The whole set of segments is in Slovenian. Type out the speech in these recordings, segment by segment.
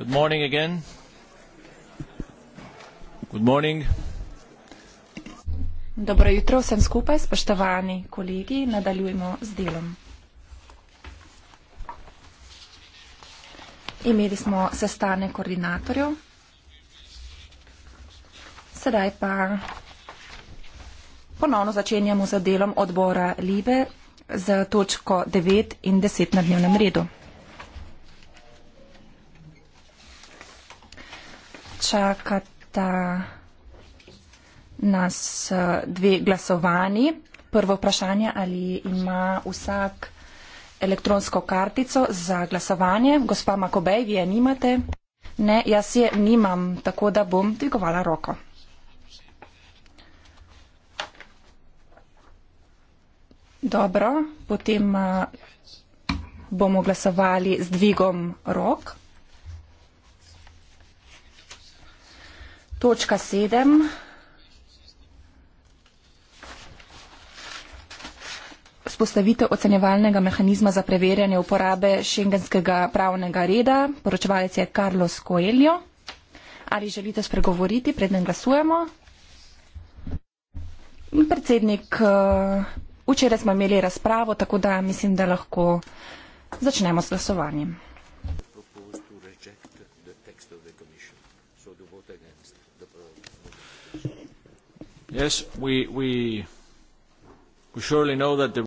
Good morning again. Good morning. Dobro jutro vsem skupaj, spoštovani kolegi, nadaljujemo z delom. Imeli smo sestanek koordinatorjev, sedaj pa ponovno začenjamo z delom odbora Libe s točko devet in deset na dnevnem redu. čakata nas eh, dve glasovani. Prvo vprašanje, ali ima vsak elektronsko kartico za glasovanje. Gospa Makobej, vi je nimate? Ne, jaz je nimam, tako da bom dvigovala roko. Dobro, potem eh, bomo glasovali z dvigom rok. Točka sedem. Spostavitev ocenjevalnega mehanizma za preverjanje uporabe šengenskega pravnega reda. Poročevalec je Carlos Coelho. Ali želite spregovoriti, preden glasujemo? Predsednik, eh, včeraj smo imeli razpravo, tako da mislim, da lahko začnemo s glasovanjem. Yes, we, we, we surely know that the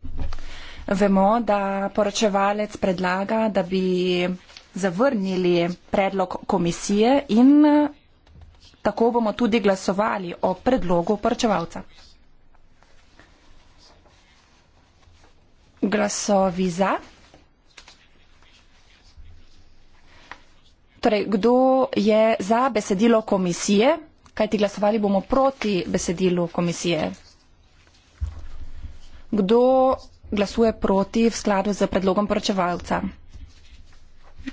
Vemo, da poročevalec predlaga, da bi zavrnili predlog komisije in tako bomo tudi glasovali o predlogu poročevalca. Glasovi za. Torej, kdo je za besedilo komisije? kajti glasovali bomo proti besedilu komisije. Kdo glasuje proti v skladu z predlogom poročevalca?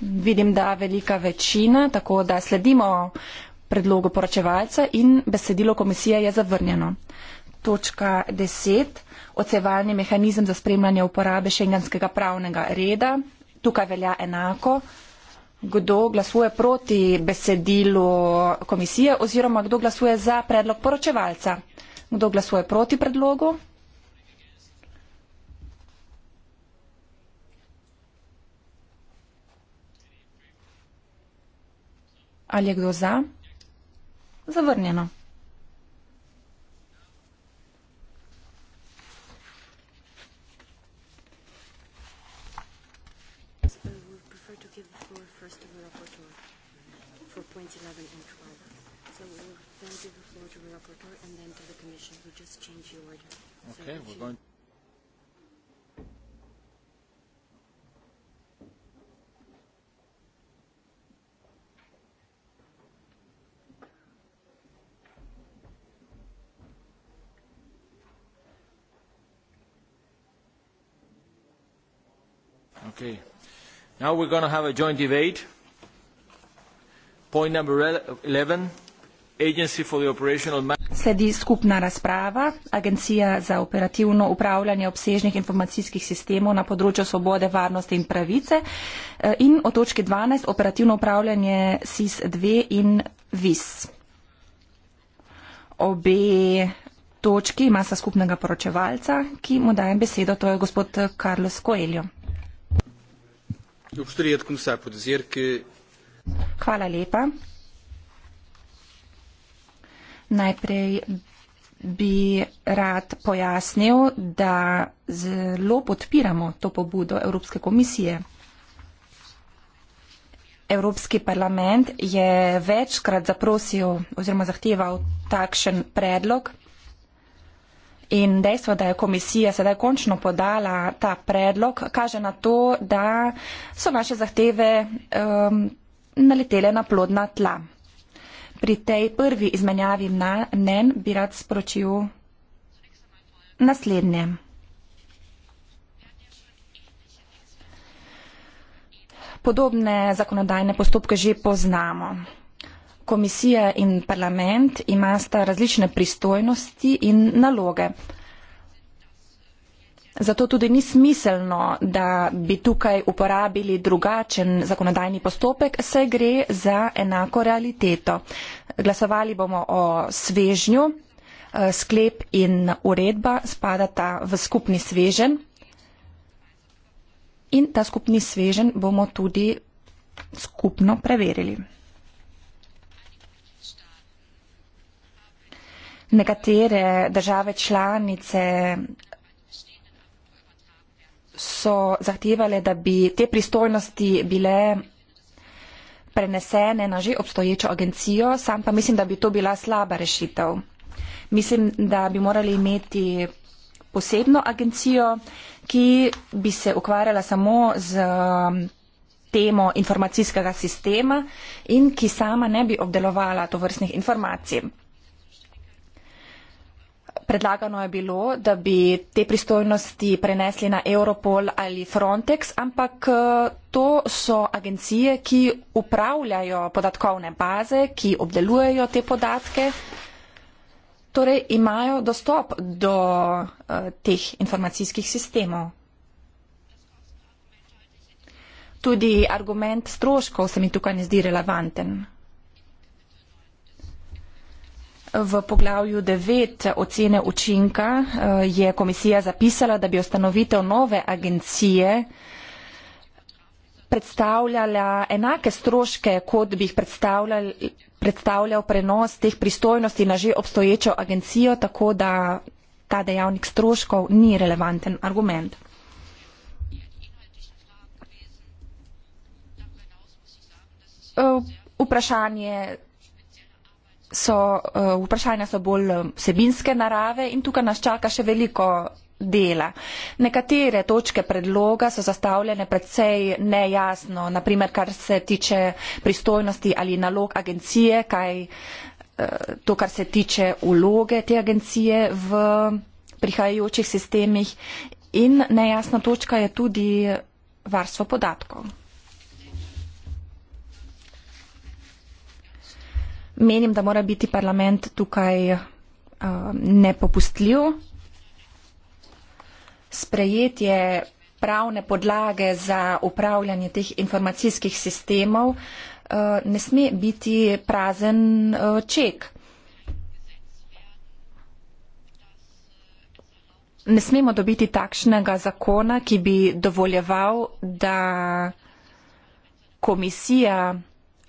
Vidim, da velika večina, tako da sledimo predlogu poročevalca in besedilo komisije je zavrnjeno. Točka 10. Ocevalni mehanizem za spremljanje uporabe šengenskega pravnega reda. Tukaj velja enako kdo glasuje proti besedilu komisije oziroma kdo glasuje za predlog poročevalca. Kdo glasuje proti predlogu? Ali je kdo za? Zavrnjeno. Okay. Now we're going to have a joint debate. Point number 11. Agency for the operational Sledi skupna razprava Agencija za operativno upravljanje obsežnih informacijskih sistemov na področju svobode, varnosti in pravice eh, in o točki 12 operativno upravljanje SIS-2 in VIS. Obe točki ima sa skupnega poročevalca, ki mu dajem besedo, to je gospod eh, Carlos Coelho. Eu gostaria de começar por dizer que. Hvala lepa. Najprej bi rad pojasnil, da zelo podpiramo to pobudo Evropske komisije. Evropski parlament je večkrat zaprosil oziroma zahteval takšen predlog. In dejstvo, da je komisija sedaj končno podala ta predlog, kaže na to, da so vaše zahteve um, naletele na plodna tla. Pri tej prvi izmenjavi mnen bi rad sporočil naslednje. Podobne zakonodajne postopke že poznamo. Komisija in parlament imasta različne pristojnosti in naloge. Zato tudi ni smiselno, da bi tukaj uporabili drugačen zakonodajni postopek, saj gre za enako realiteto. Glasovali bomo o svežnju, eh, sklep in uredba spadata v skupni svežen in ta skupni svežen bomo tudi skupno preverili. Nekatere države članice so zahtevale, da bi te pristojnosti bile prenesene na že obstoječo agencijo, sam pa mislim, da bi to bila slaba rešitev. Mislim, da bi morali imeti posebno agencijo, ki bi se ukvarjala samo z um, temo informacijskega sistema in ki sama ne bi obdelovala to vrstnih informacij predlagano je bilo, da bi te pristojnosti prenesli na Europol ali Frontex, ampak eh, to so agencije, ki upravljajo podatkovne baze, ki obdelujejo te podatke, torej imajo dostop do eh, teh informacijskih sistemov. Tudi argument stroškov se mi tukaj ne zdi relevanten. V poglavju 9 ocene učinka eh, je komisija zapisala, da bi ustanovitev nove agencije predstavljala enake stroške, kot bi jih predstavljal prenos teh pristojnosti na že obstoječo agencijo, tako da ta dejavnik stroškov ni relevanten argument. Eh, vprašanje so eh, vprašanja so bolj eh, sebinske narave in tukaj nas čaka še veliko dela. Nekatere točke predloga so zastavljene predvsej nejasno, naprimer kar se tiče pristojnosti ali nalog agencije, kaj eh, to, kar se tiče uloge te agencije v prihajajočih sistemih in nejasna točka je tudi varstvo podatkov. menim, da mora biti parlament tukaj uh, nepopustljiv. Sprejetje pravne podlage za upravljanje teh informacijskih sistemov eh, ne sme biti prazen eh, ček. Ne smemo dobiti takšnega zakona, ki bi dovoljeval, da komisija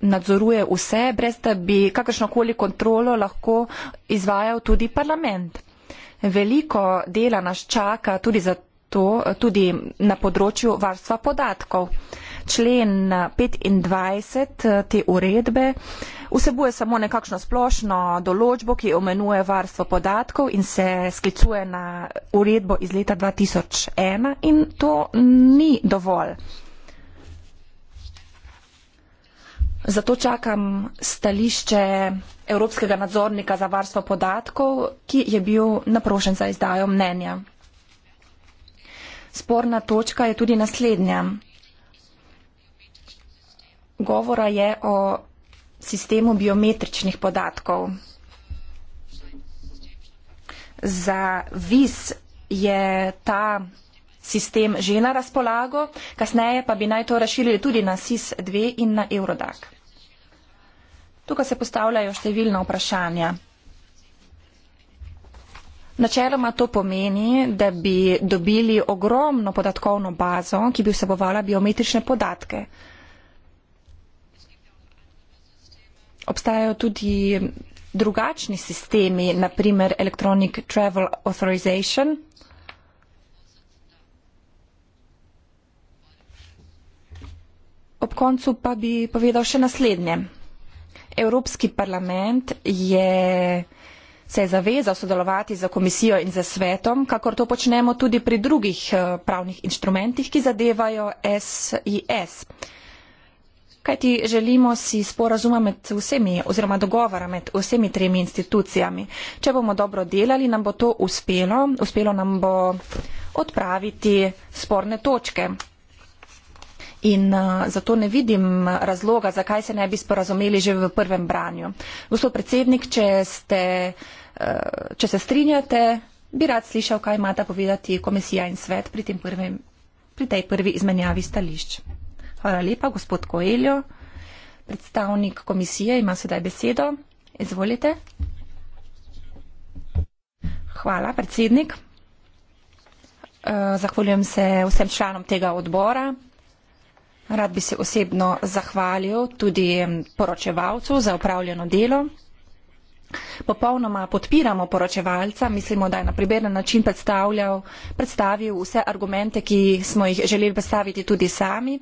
nadzoruje vse, brez da bi kakršnokoli kontrolo lahko izvajal tudi parlament. Veliko dela nas čaka tudi, zato, tudi na področju varstva podatkov. Člen 25 eh, te uredbe vsebuje samo nekakšno splošno določbo, ki omenuje varstvo podatkov in se sklicuje na uredbo iz leta 2001 in to ni dovolj. Zato čakam stališče Evropskega nadzornika za varstvo podatkov, ki je bil naprošen za izdajo mnenja. Sporna točka je tudi naslednja. Govora je o sistemu biometričnih podatkov. Za vis je ta sistem že na razpolago, kasneje pa bi naj to razširili tudi na SIS-2 in na Eurodac. Tukaj se postavljajo številna vprašanja. Načeloma to pomeni, da bi dobili ogromno podatkovno bazo, ki bi vsebovala biometrične podatke. Obstajajo tudi drugačni sistemi, naprimer Electronic Travel Authorization, Ob koncu pa bi povedal še naslednje. Evropski parlament je, se je zavezal sodelovati za komisijo in za svetom, kakor to počnemo tudi pri drugih eh, pravnih inštrumentih, ki zadevajo SIS. Kaj ti želimo si sporazuma med vsemi oziroma dogovora med vsemi tremi institucijami? Če bomo dobro delali, nam bo to uspelo, uspelo nam bo odpraviti sporne točke in eh, zato ne vidim razloga, zakaj se ne bi sporazumeli že v prvem branju. Gospod predsednik, če, ste, eh, če se strinjate, bi rad slišal, kaj imata povedati komisija in svet pri, prvem, pri tej prvi izmenjavi stališč. Hvala lepa, gospod Koeljo. Predstavnik komisije ima sedaj besedo. Izvolite. Hvala, predsednik. Eh, zahvaljujem se vsem članom tega odbora. Rad bi se osebno zahvalil tudi poročevalcu za upravljeno delo. Popolnoma podpiramo poročevalca, mislimo, da je na primeren način predstavil vse argumente, ki smo jih želeli predstaviti tudi sami. Eh,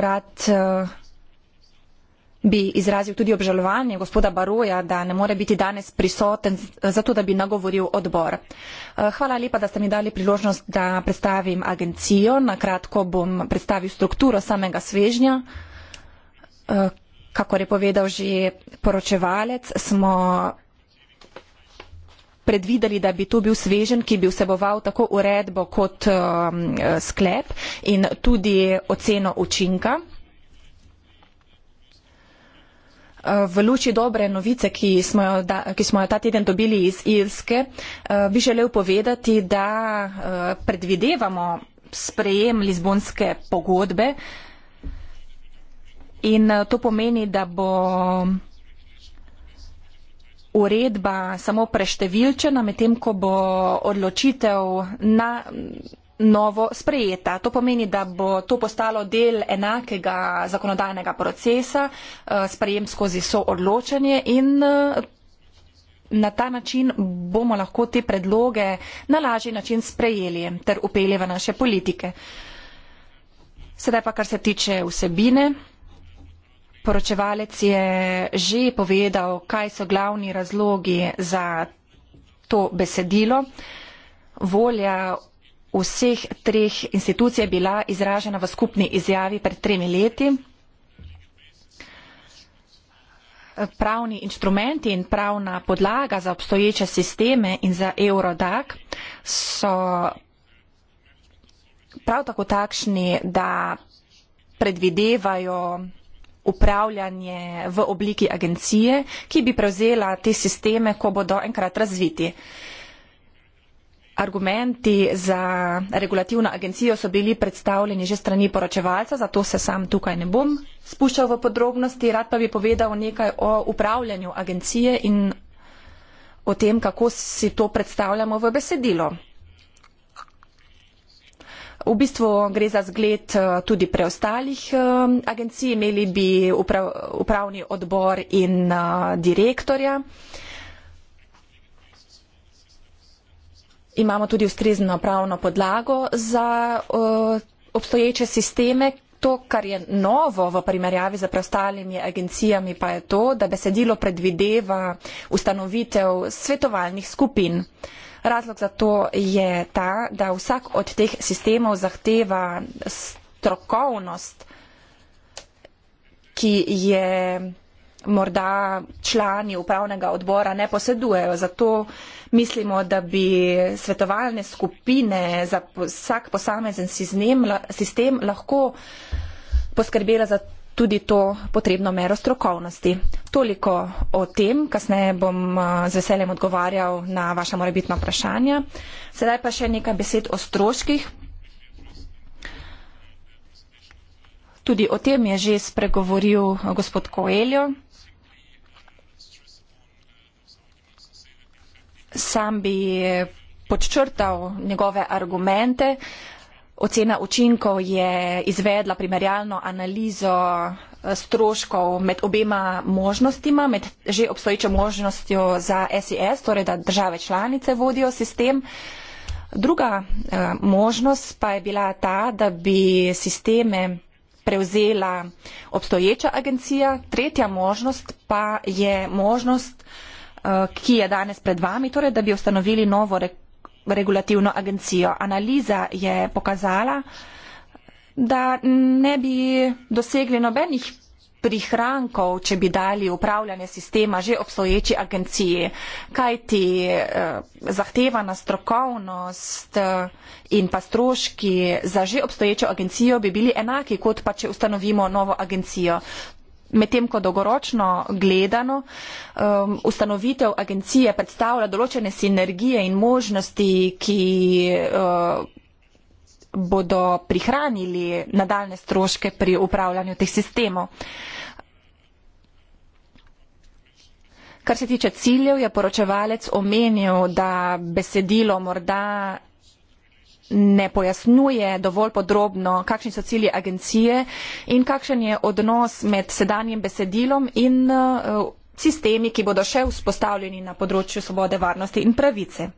rad eh, bi izrazil tudi obžalovanje gospoda Baroja, da ne more biti danes prisoten, eh, zato da bi nagovoril odbor. Eh, hvala lepa, da ste mi dali priložnost, da predstavim agencijo. Nakratko bom predstavil strukturo samega svežnja. Eh, Kako je povedal že poročevalec, smo predvideli, da bi to bil svežen, ki bi vseboval tako uredbo kot sklep in tudi oceno učinka. V luči dobre novice, ki smo jo, da, ki smo jo ta teden dobili iz Irske, eh, bi želel povedati, da eh, predvidevamo sprejem Lizbonske pogodbe in eh, to pomeni, da bo uredba samo preštevilčena, medtem ko bo odločitev na novo sprejeta. To pomeni, da bo to postalo del enakega zakonodajnega procesa, eh, sprejem skozi soodločanje in eh, na ta način bomo lahko te predloge na lažji način sprejeli ter upeljali v naše politike. Sedaj pa, kar se tiče vsebine. Poročevalec je že povedal, kaj so glavni razlogi za to besedilo. Volja vseh treh institucij je bila izražena v skupni izjavi pred tremi leti. Pravni inštrumenti in pravna podlaga za obstoječe sisteme in za Eurodag so prav tako takšni, da predvidevajo upravljanje v obliki agencije, ki bi prevzela te sisteme, ko bodo enkrat razviti. Uh, argumenti za regulativno agencijo so bili predstavljeni že strani poročevalca, zato se sam tukaj ne bom spuščal v podrobnosti. Rad pa bi povedal nekaj o upravljanju agencije in o tem, kako si to predstavljamo v besedilo. V bistvu gre za zgled eh, tudi preostalih eh, agencij. Imeli bi upravni odbor in eh, direktorja. imamo tudi ustrezno pravno podlago za uh, obstoječe sisteme. To, kar je novo v primerjavi z preostalimi agencijami, pa je to, da besedilo predvideva ustanovitev svetovalnih skupin. Razlog za to je ta, da vsak od teh sistemov zahteva strokovnost, ki je morda člani upravnega odbora ne posedujejo. Zato mislimo, da bi svetovalne skupine za vsak posamezen sistem, sistem lahko poskrbela za tudi to potrebno mero strokovnosti. Toliko o tem, kasneje bom z veseljem odgovarjal na vaša morebitna vprašanja. Sedaj pa še nekaj besed o stroških. Tudi o tem je že spregovoril gospod Koeljo. sam bi podčrtal njegove argumente. Ocena učinkov je izvedla primerjalno analizo eh, stroškov med obema možnostima, med že obstoječo možnostjo za SES, torej da države članice vodijo sistem. Druga eh, možnost pa je bila ta, da bi sisteme prevzela obstoječa agencija. Tretja možnost pa je možnost, Eh, ki je danes pred vami, torej da bi ustanovili novo re, regulativno agencijo. Analiza je pokazala, da ne bi dosegli nobenih prihrankov, če bi dali upravljanje sistema že obstoječi agenciji, kajti eh, zahtevana strokovnost eh, in pa stroški za že obstoječo agencijo bi bili enaki, kot pa če ustanovimo novo agencijo medtem ko dolgoročno gledano um, ustanovitev agencije predstavlja določene sinergije in možnosti, ki uh, bodo prihranili nadaljne stroške pri upravljanju teh sistemov. Kar se tiče ciljev, je poročevalec omenil, da besedilo morda ne pojasnjuje dovolj podrobno, kakšni so cilji agencije in kakšen je odnos med sedanjim besedilom in eh, sistemi, ki bodo še vzpostavljeni na področju svobode, varnosti in pravice.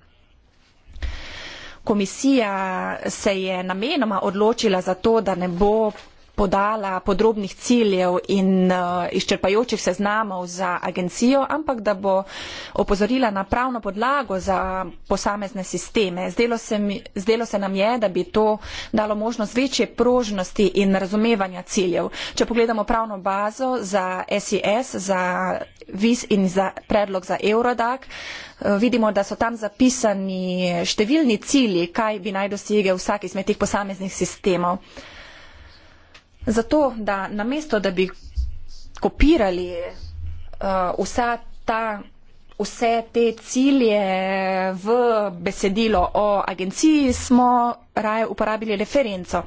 Komisija se je namenoma odločila za to, da ne bo podala podrobnih ciljev in uh, izčrpajočih seznamov za agencijo, ampak da bo opozorila na pravno podlago za posamezne sisteme. Zdelo se, mi, zdelo se nam je, da bi to dalo možnost večje prožnosti in razumevanja ciljev. Če pogledamo pravno bazo za SIS, za VIS in za predlog za Eurodak, eh, Vidimo, da so tam zapisani številni cilji, kaj bi naj dosegel vsak izmed teh posameznih sistemov. Uh, Zato, da namesto, da bi kopirali uh, vsa ta, vse te cilje v besedilo o agenciji, smo raje uporabili referenco.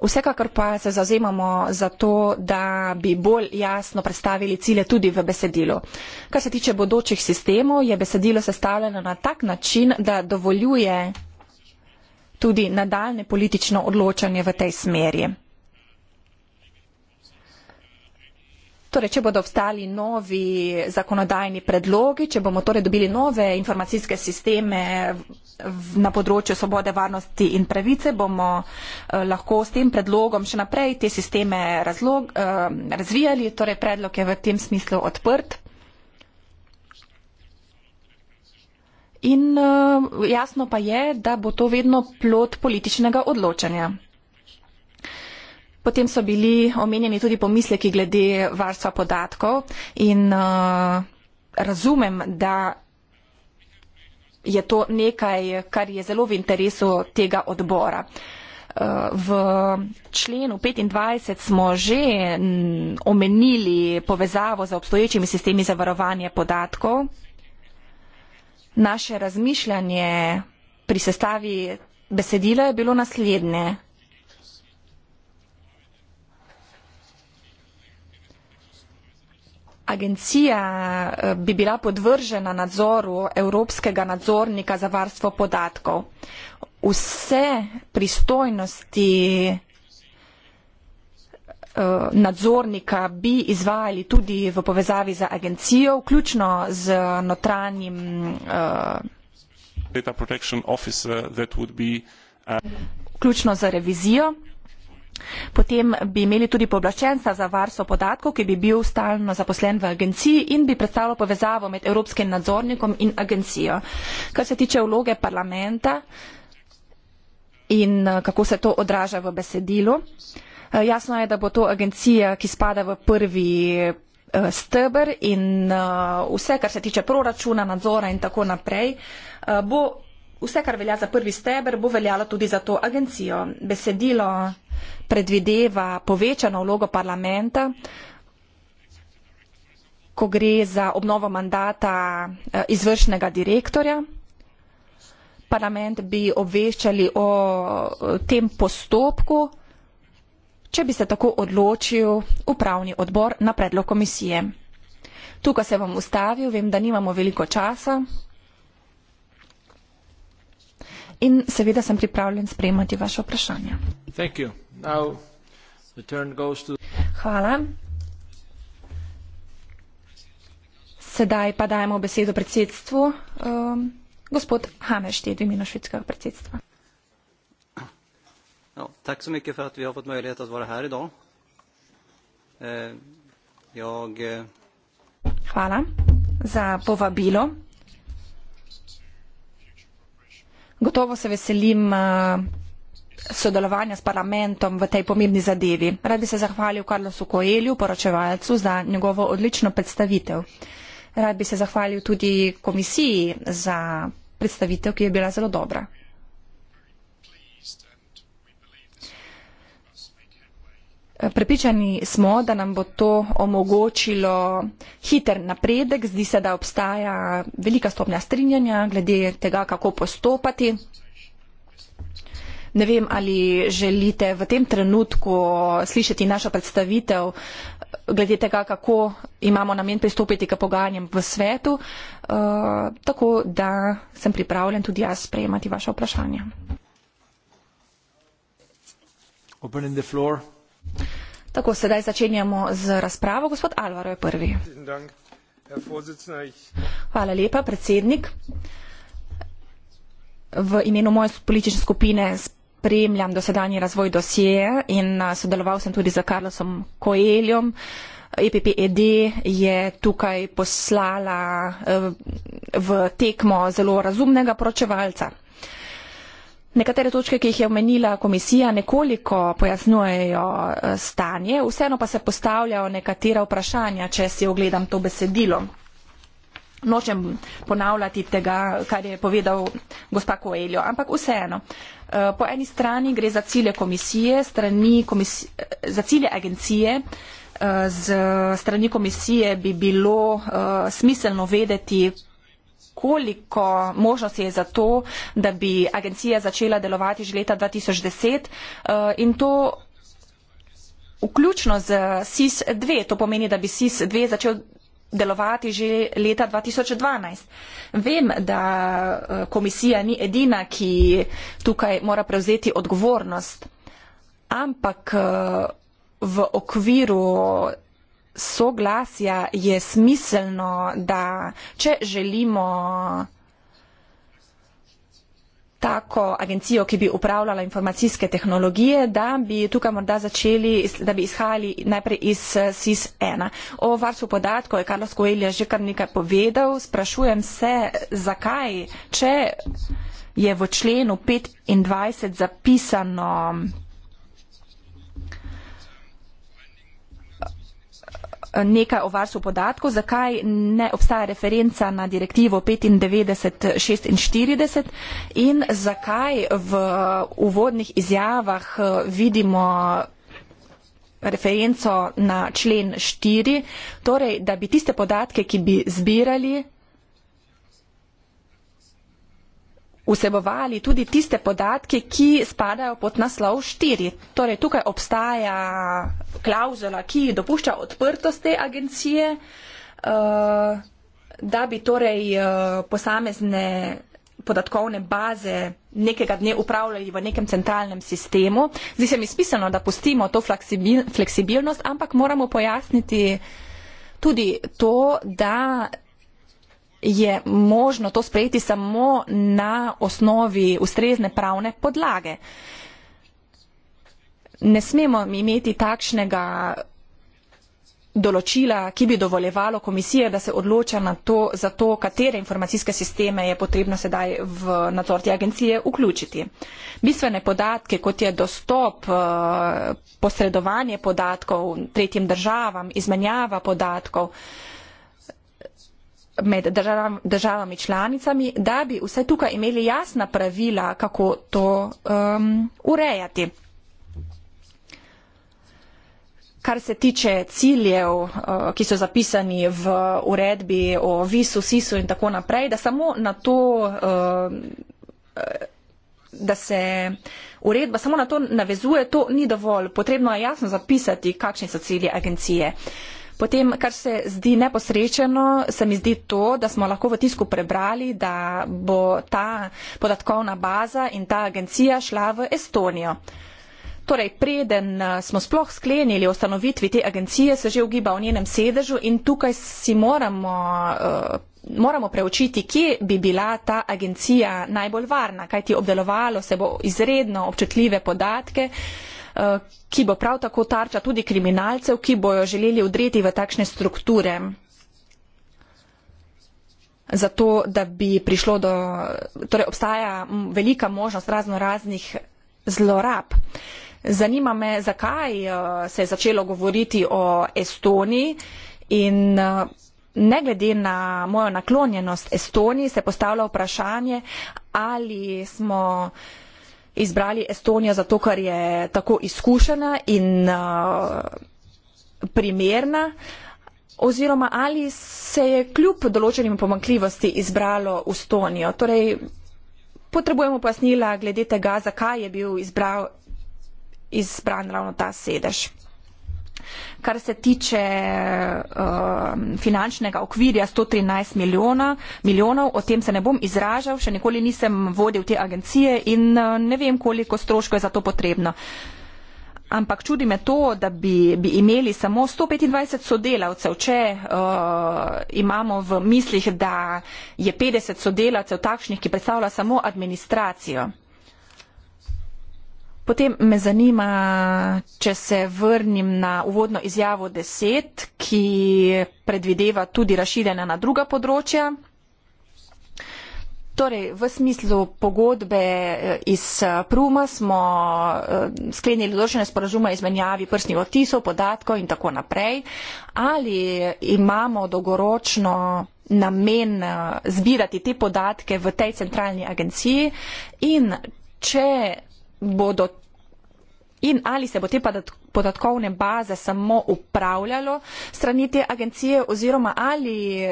Vsekakor pa se zazemamo za to, da bi bolj jasno predstavili cilje tudi v besedilu. Kar se tiče bodočih sistemov, je besedilo sestavljeno na tak način, da dovoljuje tudi nadaljne politično odločanje v tej smeri. Torej, če bodo obstali novi zakonodajni predlogi, če bomo torej dobili nove informacijske sisteme na področju svobode, varnosti in pravice, bomo eh, lahko s tem predlogom še naprej te sisteme razlog, eh, razvijali, torej predlog je v tem smislu odprt. In uh, jasno pa je, da bo to vedno plot političnega odločanja. Potem so bili omenjeni tudi pomisleki glede varstva podatkov in uh, razumem, da je to nekaj, kar je zelo v interesu tega odbora. Eh, v členu 25 smo že mm, omenili povezavo z obstoječimi sistemi zavarovanja podatkov naše razmišljanje pri sestavi besedila je bilo naslednje. Agencija eh, bi bila podvržena nadzoru Evropskega nadzornika za varstvo podatkov. Vse pristojnosti Eh, nadzornika bi izvajali tudi v povezavi z agencijo, vključno z notranjim eh, data protection officer that would be uh, ključno za revizijo. Potem bi imeli tudi pooblaščenca za varstvo podatkov, ki bi bil stalno zaposlen v agenciji in bi predstavljal povezavo med evropskim nadzornikom in agencijo. Kar se tiče vloge parlamenta in eh, kako se to odraža v besedilu, uh, Eh, jasno je, da bo to agencija, ki spada v prvi eh, steber in eh, vse, kar se tiče proračuna, nadzora in tako naprej, bo vse, kar velja za prvi steber, bo veljalo tudi za to agencijo. Besedilo predvideva povečano vlogo parlamenta, ko gre za obnovo mandata izvršnega direktorja. Parlament bi obveščali o tem postopku, če bi se tako odločil upravni odbor na predlog komisije. Tukaj se bom ustavil, vem, da nimamo veliko časa in seveda sem pripravljen sprejemati vaše vprašanje. Hvala. Sedaj pa dajemo besedo predsedstvu, ehm, gospod Hamerštet v imenu švedskega predsedstva. Ja, tack så mycket för att vi har fått möjlighet att vara här idag. Eh, jag... Eh, Hvala za povabilo. Gotovo se veselim uh, sodelovanja s parlamentom v tej pomembni zadevi. Rad bi se zahvalil Karlosu Koelju, poročevalcu, za njegovo odlično predstavitev. Rad bi se zahvalil tudi komisiji za predstavitev, ki je bila zelo dobra. Prepričani smo, da nam bo to omogočilo hiter napredek. Zdi se, da obstaja velika stopnja strinjanja glede tega, kako postopati. Ne vem, ali želite v tem trenutku slišati našo predstavitev glede tega, kako imamo namen pristopiti k pogajanjem v svetu, uh, tako da sem pripravljen tudi jaz sprejemati vaše vprašanje. Odprem prostor. Tako, sedaj začenjamo z razpravo. Gospod Alvaro je prvi. Hvala lepa, predsednik. V imenu moje politične skupine spremljam dosedanji razvoj dosjeja in sodeloval sem tudi z Karlosom Koeljom. EPPED je tukaj poslala e, v tekmo zelo razumnega poročevalca. Nekatere točke, ki jih je omenila komisija, nekoliko pojasnjujejo eh, stanje, vseeno pa se postavljajo nekatera vprašanja, če si ogledam to besedilo. Nočem ponavljati tega, kar je povedal gospa Koeljo, ampak vseeno. Eh, po eni strani gre za cilje komisije, komisi, eh, za cilje agencije. Z strani komisije bi bilo smiselno vedeti, koliko možnosti je za to, da bi agencija začela delovati že leta 2010 uh, eh, in to vključno z SIS-2. To pomeni, da bi SIS-2 začel delovati že leta 2012. Vem, da eh, komisija ni edina, ki tukaj mora prevzeti odgovornost, ampak eh, v okviru soglasja je smiselno, da če želimo tako agencijo, ki bi upravljala informacijske tehnologije, da bi tukaj morda začeli, da bi izhajali najprej iz eh, SIS-1. O varstvu podatkov je Carlos Coelho že kar nekaj povedal. Sprašujem se, zakaj, če je v členu 25 zapisano, nekaj o varstvu podatkov, zakaj ne obstaja referenca na direktivo 95.46 in zakaj v uvodnih izjavah eh, vidimo referenco na člen 4, torej da bi tiste podatke, ki bi zbirali, vsebovali tudi tiste podatke, ki spadajo pod naslov 4. Torej, tukaj obstaja klauzula, ki dopušča odprtost te agencije, eh, da bi torej eh, posamezne podatkovne baze nekega dne upravljali v nekem centralnem sistemu. Zdi se mi smiselno, da pustimo to fleksibilnost, ampak moramo pojasniti tudi to, da je možno to sprejeti samo na osnovi ustrezne pravne podlage. Ne smemo imeti takšnega določila, ki bi dovoljevalo komisije, da se odloča na to, za to, katere informacijske sisteme je potrebno sedaj v nadzor te agencije vključiti. Bistvene podatke, kot je dostop, eh, posredovanje podatkov tretjim državam, izmenjava podatkov, med državami, državami članicami, da bi vse tukaj imeli jasna pravila, kako to um, urejati. Kar se tiče ciljev, uh, ki so zapisani v uredbi o visu, sisu in tako naprej, da samo na to, um, da se uredba samo na to navezuje, to ni dovolj. Potrebno je jasno zapisati, kakšni so cilje agencije. Potem, kar se zdi neposrečeno, se mi zdi to, da smo lahko v tisku prebrali, da bo ta podatkovna baza in ta agencija šla v Estonijo. Torej, preden eh, smo sploh sklenili o ustanovitvi te agencije, se že ugiba v njenem sedežu in tukaj si moramo. Uh, Moramo preučiti, kje bi bila ta agencija najbolj varna, kajti obdelovalo se bo izredno občutljive podatke, uh, Eh, ki bo prav tako tarča tudi kriminalcev, ki bojo želeli odreti v takšne strukture, zato da bi prišlo do, torej obstaja velika možnost razno raznih zlorab. Zanima me, zakaj eh, se je začelo govoriti o Estoniji in eh, ne glede na mojo naklonjenost Estoniji se postavlja vprašanje, ali smo izbrali Estonijo zato, ker je tako izkušena in uh, primerna, oziroma ali se je kljub določenim pomankljivosti izbralo Estonijo. Torej, potrebujemo pojasnila glede tega, zakaj je bil izbral, izbran ravno ta sedež. Kar se tiče uh, finančnega okvirja 113 milijona, milijonov, o tem se ne bom izražal, še nikoli nisem vodil te agencije in uh, ne vem, koliko stroško je za to potrebno. Ampak čudi me to, da bi, bi imeli samo 125 sodelavcev, če uh, imamo v mislih, da je 50 sodelavcev takšnih, ki predstavlja samo administracijo. Potem me zanima, če se vrnim na uvodno izjavo 10, ki predvideva tudi raširjanje na druga področja. Torej, v smislu pogodbe eh, iz eh, Pruma smo eh, sklenili določene sporazume o izmenjavi prstnih otisov, podatkov in tako naprej. Ali imamo dolgoročno namen zbirati te podatke v tej centralni agenciji in če bodo in ali se bo te podatkovne baze samo upravljalo strani te agencije oziroma ali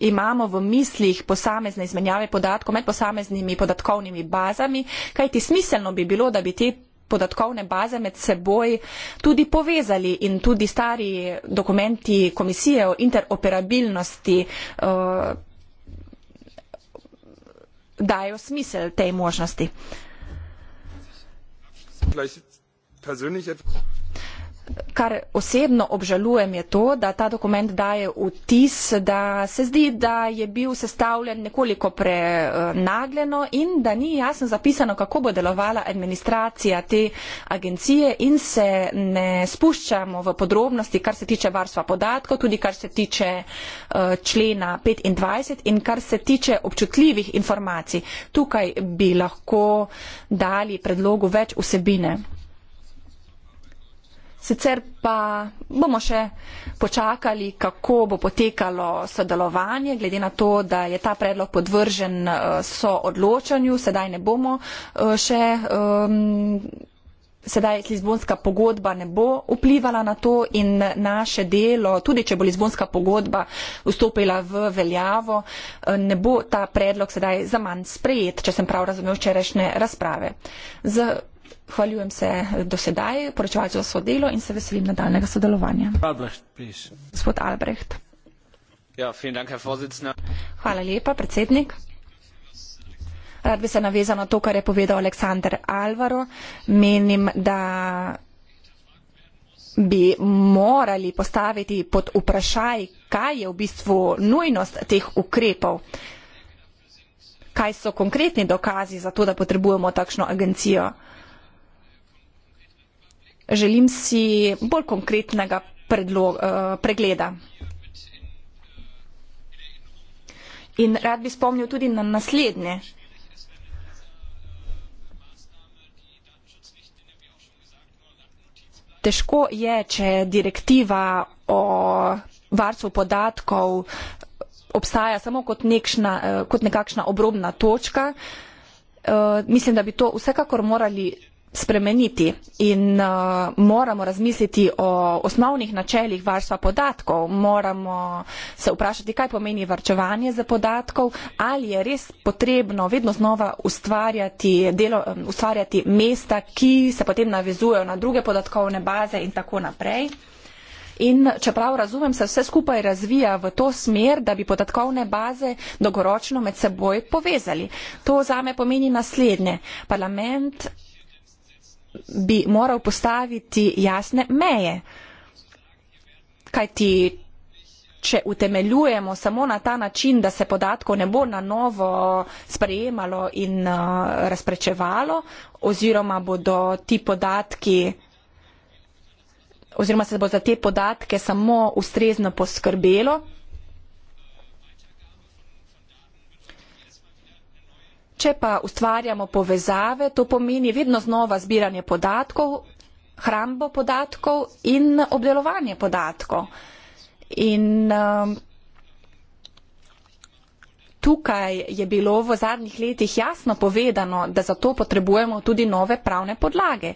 imamo v mislih posamezne izmenjave podatkov med posameznimi podatkovnimi bazami, kajti smiselno bi bilo, da bi te podatkovne baze med seboj tudi povezali in tudi stari dokumenti komisije o interoperabilnosti uh, dajo smisel tej možnosti. Uh, vielleicht persönlich etwas kar osebno obžalujem, je to, da ta dokument daje vtis, da se zdi, da je bil sestavljen nekoliko prenagljeno in da ni jasno zapisano, kako bo delovala administracija te agencije in se ne spuščamo v podrobnosti, kar se tiče varstva podatkov, tudi kar se tiče eh, člena 25 in kar se tiče občutljivih informacij. Tukaj bi lahko dali predlogu več vsebine. Sicer pa bomo še počakali, kako bo potekalo sodelovanje, glede na to, da je ta predlog podvržen eh, so odločanju. Sedaj ne bomo eh, še. Um, Sedaj Lizbonska pogodba ne bo vplivala na to in naše delo, tudi če bo Lizbonska pogodba vstopila v veljavo, eh, ne bo ta predlog sedaj za manj sprejet, če sem prav razumel včerajšnje razprave. Z Hvaljujem se do sedaj, poročevalcu za svoje delo in se veselim nadaljnega sodelovanja. Gospod Albrecht. Ja, dank, Hvala lepa, predsednik. Rad bi se navezal na to, kar je povedal Aleksandr Alvaro. Menim, da bi morali postaviti pod vprašaj, kaj je v bistvu nujnost teh ukrepov. Kaj so konkretni dokazi za to, da potrebujemo takšno agencijo? Želim si bolj konkretnega predlog, eh, pregleda. In rad bi spomnil tudi na naslednje. Težko je, če direktiva o varstvu podatkov obstaja samo kot, nekšna, eh, kot nekakšna obrobna točka. Eh, mislim, da bi to vsekakor morali spremeniti in uh, moramo razmisliti o osnovnih načeljih varstva podatkov. Moramo se vprašati, kaj pomeni varčevanje za podatkov, ali je res potrebno vedno znova ustvarjati, delo, um, ustvarjati mesta, ki se potem navezujejo na druge podatkovne baze in tako naprej. In čeprav razumem, se vse skupaj razvija v to smer, da bi podatkovne baze dolgoročno med seboj povezali. To zame pomeni naslednje. Parlament bi moral postaviti jasne meje. Kaj ti, če utemeljujemo samo na ta način, da se podatkov ne bo na novo sprejemalo in uh, razprečevalo, oziroma bodo ti podatki oziroma se bo za te podatke samo ustrezno poskrbelo, Če pa ustvarjamo povezave, to pomeni vedno znova zbiranje podatkov, hrambo podatkov in obdelovanje podatkov. In um, tukaj je bilo v zadnjih letih jasno povedano, da za to potrebujemo tudi nove pravne podlage.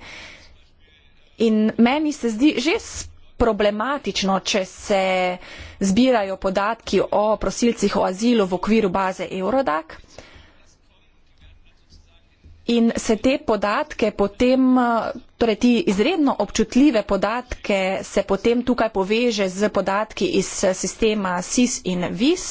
In meni se zdi že problematično, če se zbirajo podatki o prosilcih o azilu v okviru baze Eurodac in se te podatke potem, eh, torej ti izredno občutljive podatke se potem tukaj poveže z podatki iz eh, sistema SIS in VIS.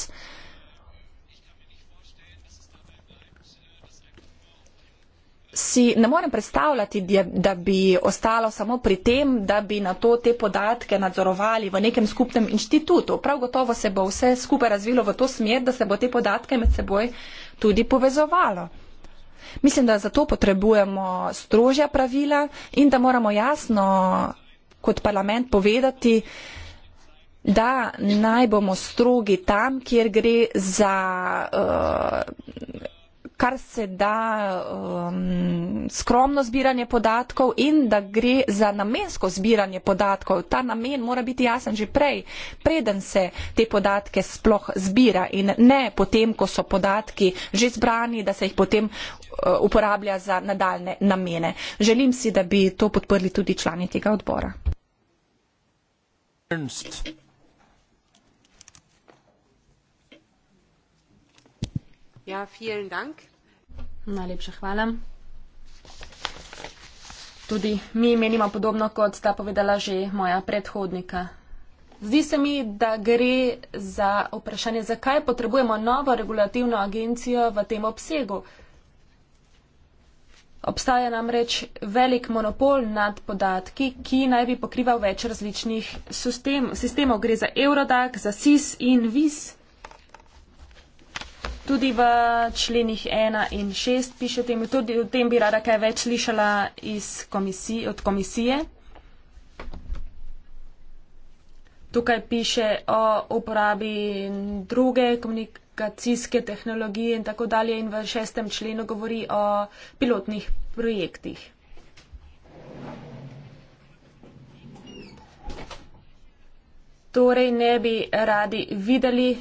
Si ne morem predstavljati, da bi ostalo samo pri tem, da bi na to te podatke nadzorovali v nekem skupnem inštitutu. Prav gotovo se bo vse skupaj razvilo v to smer, da se bo te podatke med seboj tudi povezovalo. Mislim, da zato potrebujemo strožja pravila in da moramo jasno kot parlament povedati, da naj bomo strogi tam, kjer gre za uh, kar se da um, skromno zbiranje podatkov in da gre za namensko zbiranje podatkov. Ta namen mora biti jasen že prej, preden se te podatke sploh zbira in ne potem, ko so podatki že zbrani, da se jih potem Eh, uporablja za nadaljne namene. Želim si, da bi to podprli tudi člani tega odbora. Ernst. Ja, vielen dank. Najlepša hvala. Tudi mi menimo podobno, kot sta povedala že moja predhodnika. Zdi se mi, da gre za vprašanje, zakaj potrebujemo novo regulativno agencijo v tem obsegu. Obstaja namreč velik monopol nad podatki, ki naj bi pokrival več različnih sistem, sistemov. Gre za Eurodac, za SIS in VIS. Tudi v členih 1 in 6 piše o tem, tudi o tem bi rada kaj več slišala komisij, od komisije. Tukaj piše o uporabi druge komunikacije telekomunikacijske tehnologije in tako dalje in v šestem členu govori o pilotnih projektih. Torej ne bi radi videli,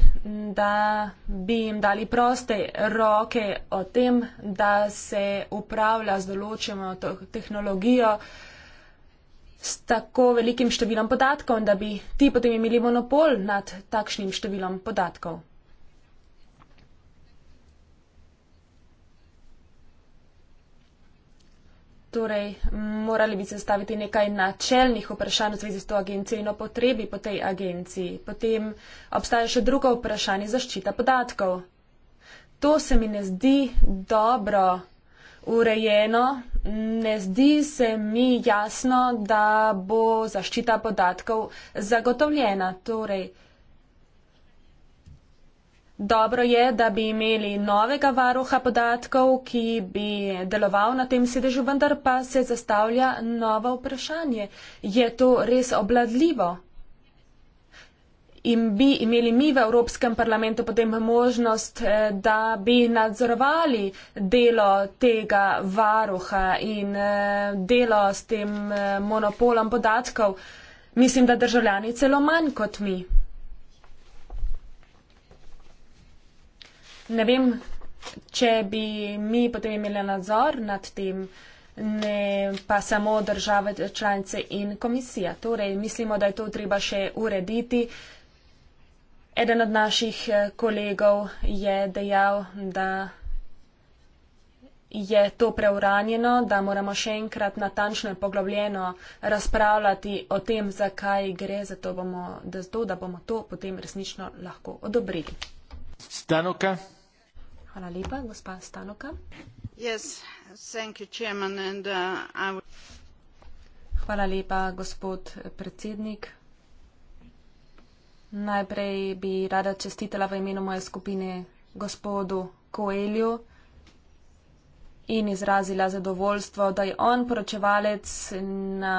da bi jim dali proste roke o tem, da se upravlja z določeno tehnologijo s tako velikim številom podatkov in da bi ti potem imeli monopol nad takšnim številom podatkov. Torej, morali bi se staviti nekaj načelnih vprašanj v zvezi s to agencijo in o potrebi po tej agenciji. Potem obstaja še drugo vprašanje zaščita podatkov. To se mi ne zdi dobro urejeno, ne zdi se mi jasno, da bo zaščita podatkov zagotovljena. Torej, Dobro je, da bi imeli novega varuha podatkov, ki bi deloval na tem sedežu, vendar pa se zastavlja novo vprašanje. Je to res obladljivo? In bi imeli mi v Evropskem parlamentu potem možnost, eh, da bi nadzorovali delo tega varuha in eh, delo s tem eh, monopolom podatkov? Mislim, da državljani celo manj kot mi. ne vem, če bi mi potem imeli nadzor nad tem, ne pa samo države članice in komisija. Torej, mislimo, da je to treba še urediti. Eden od naših eh, kolegov je dejal, da je to preuranjeno, da moramo še enkrat natančno in poglobljeno razpravljati o tem, zakaj gre, zato, bomo, da, zato da bomo to potem resnično lahko odobrili. Stanoka. Hvala lepa. Gospa Stanoka. Yes, thank you, chairman, and uh, I will. Hvala lepa, gospod predsednik. Najprej bi rada čestitela v imenu moje skupine gospodu Koelju in izrazila zadovoljstvo, da je on poročevalec na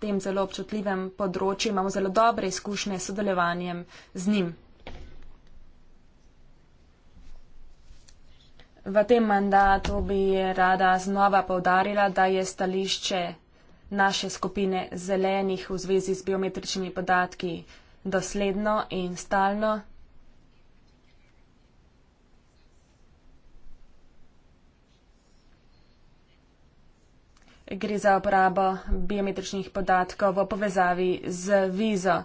tem zelo občutljivem področju. Imamo zelo dobre izkušnje s sodelovanjem z njim. V tem mandatu bi rada znova povdarila, da je stališče naše skupine zelenih v zvezi z biometričnimi podatki dosledno in stalno. Gre za uporabo biometričnih podatkov v povezavi z vizo.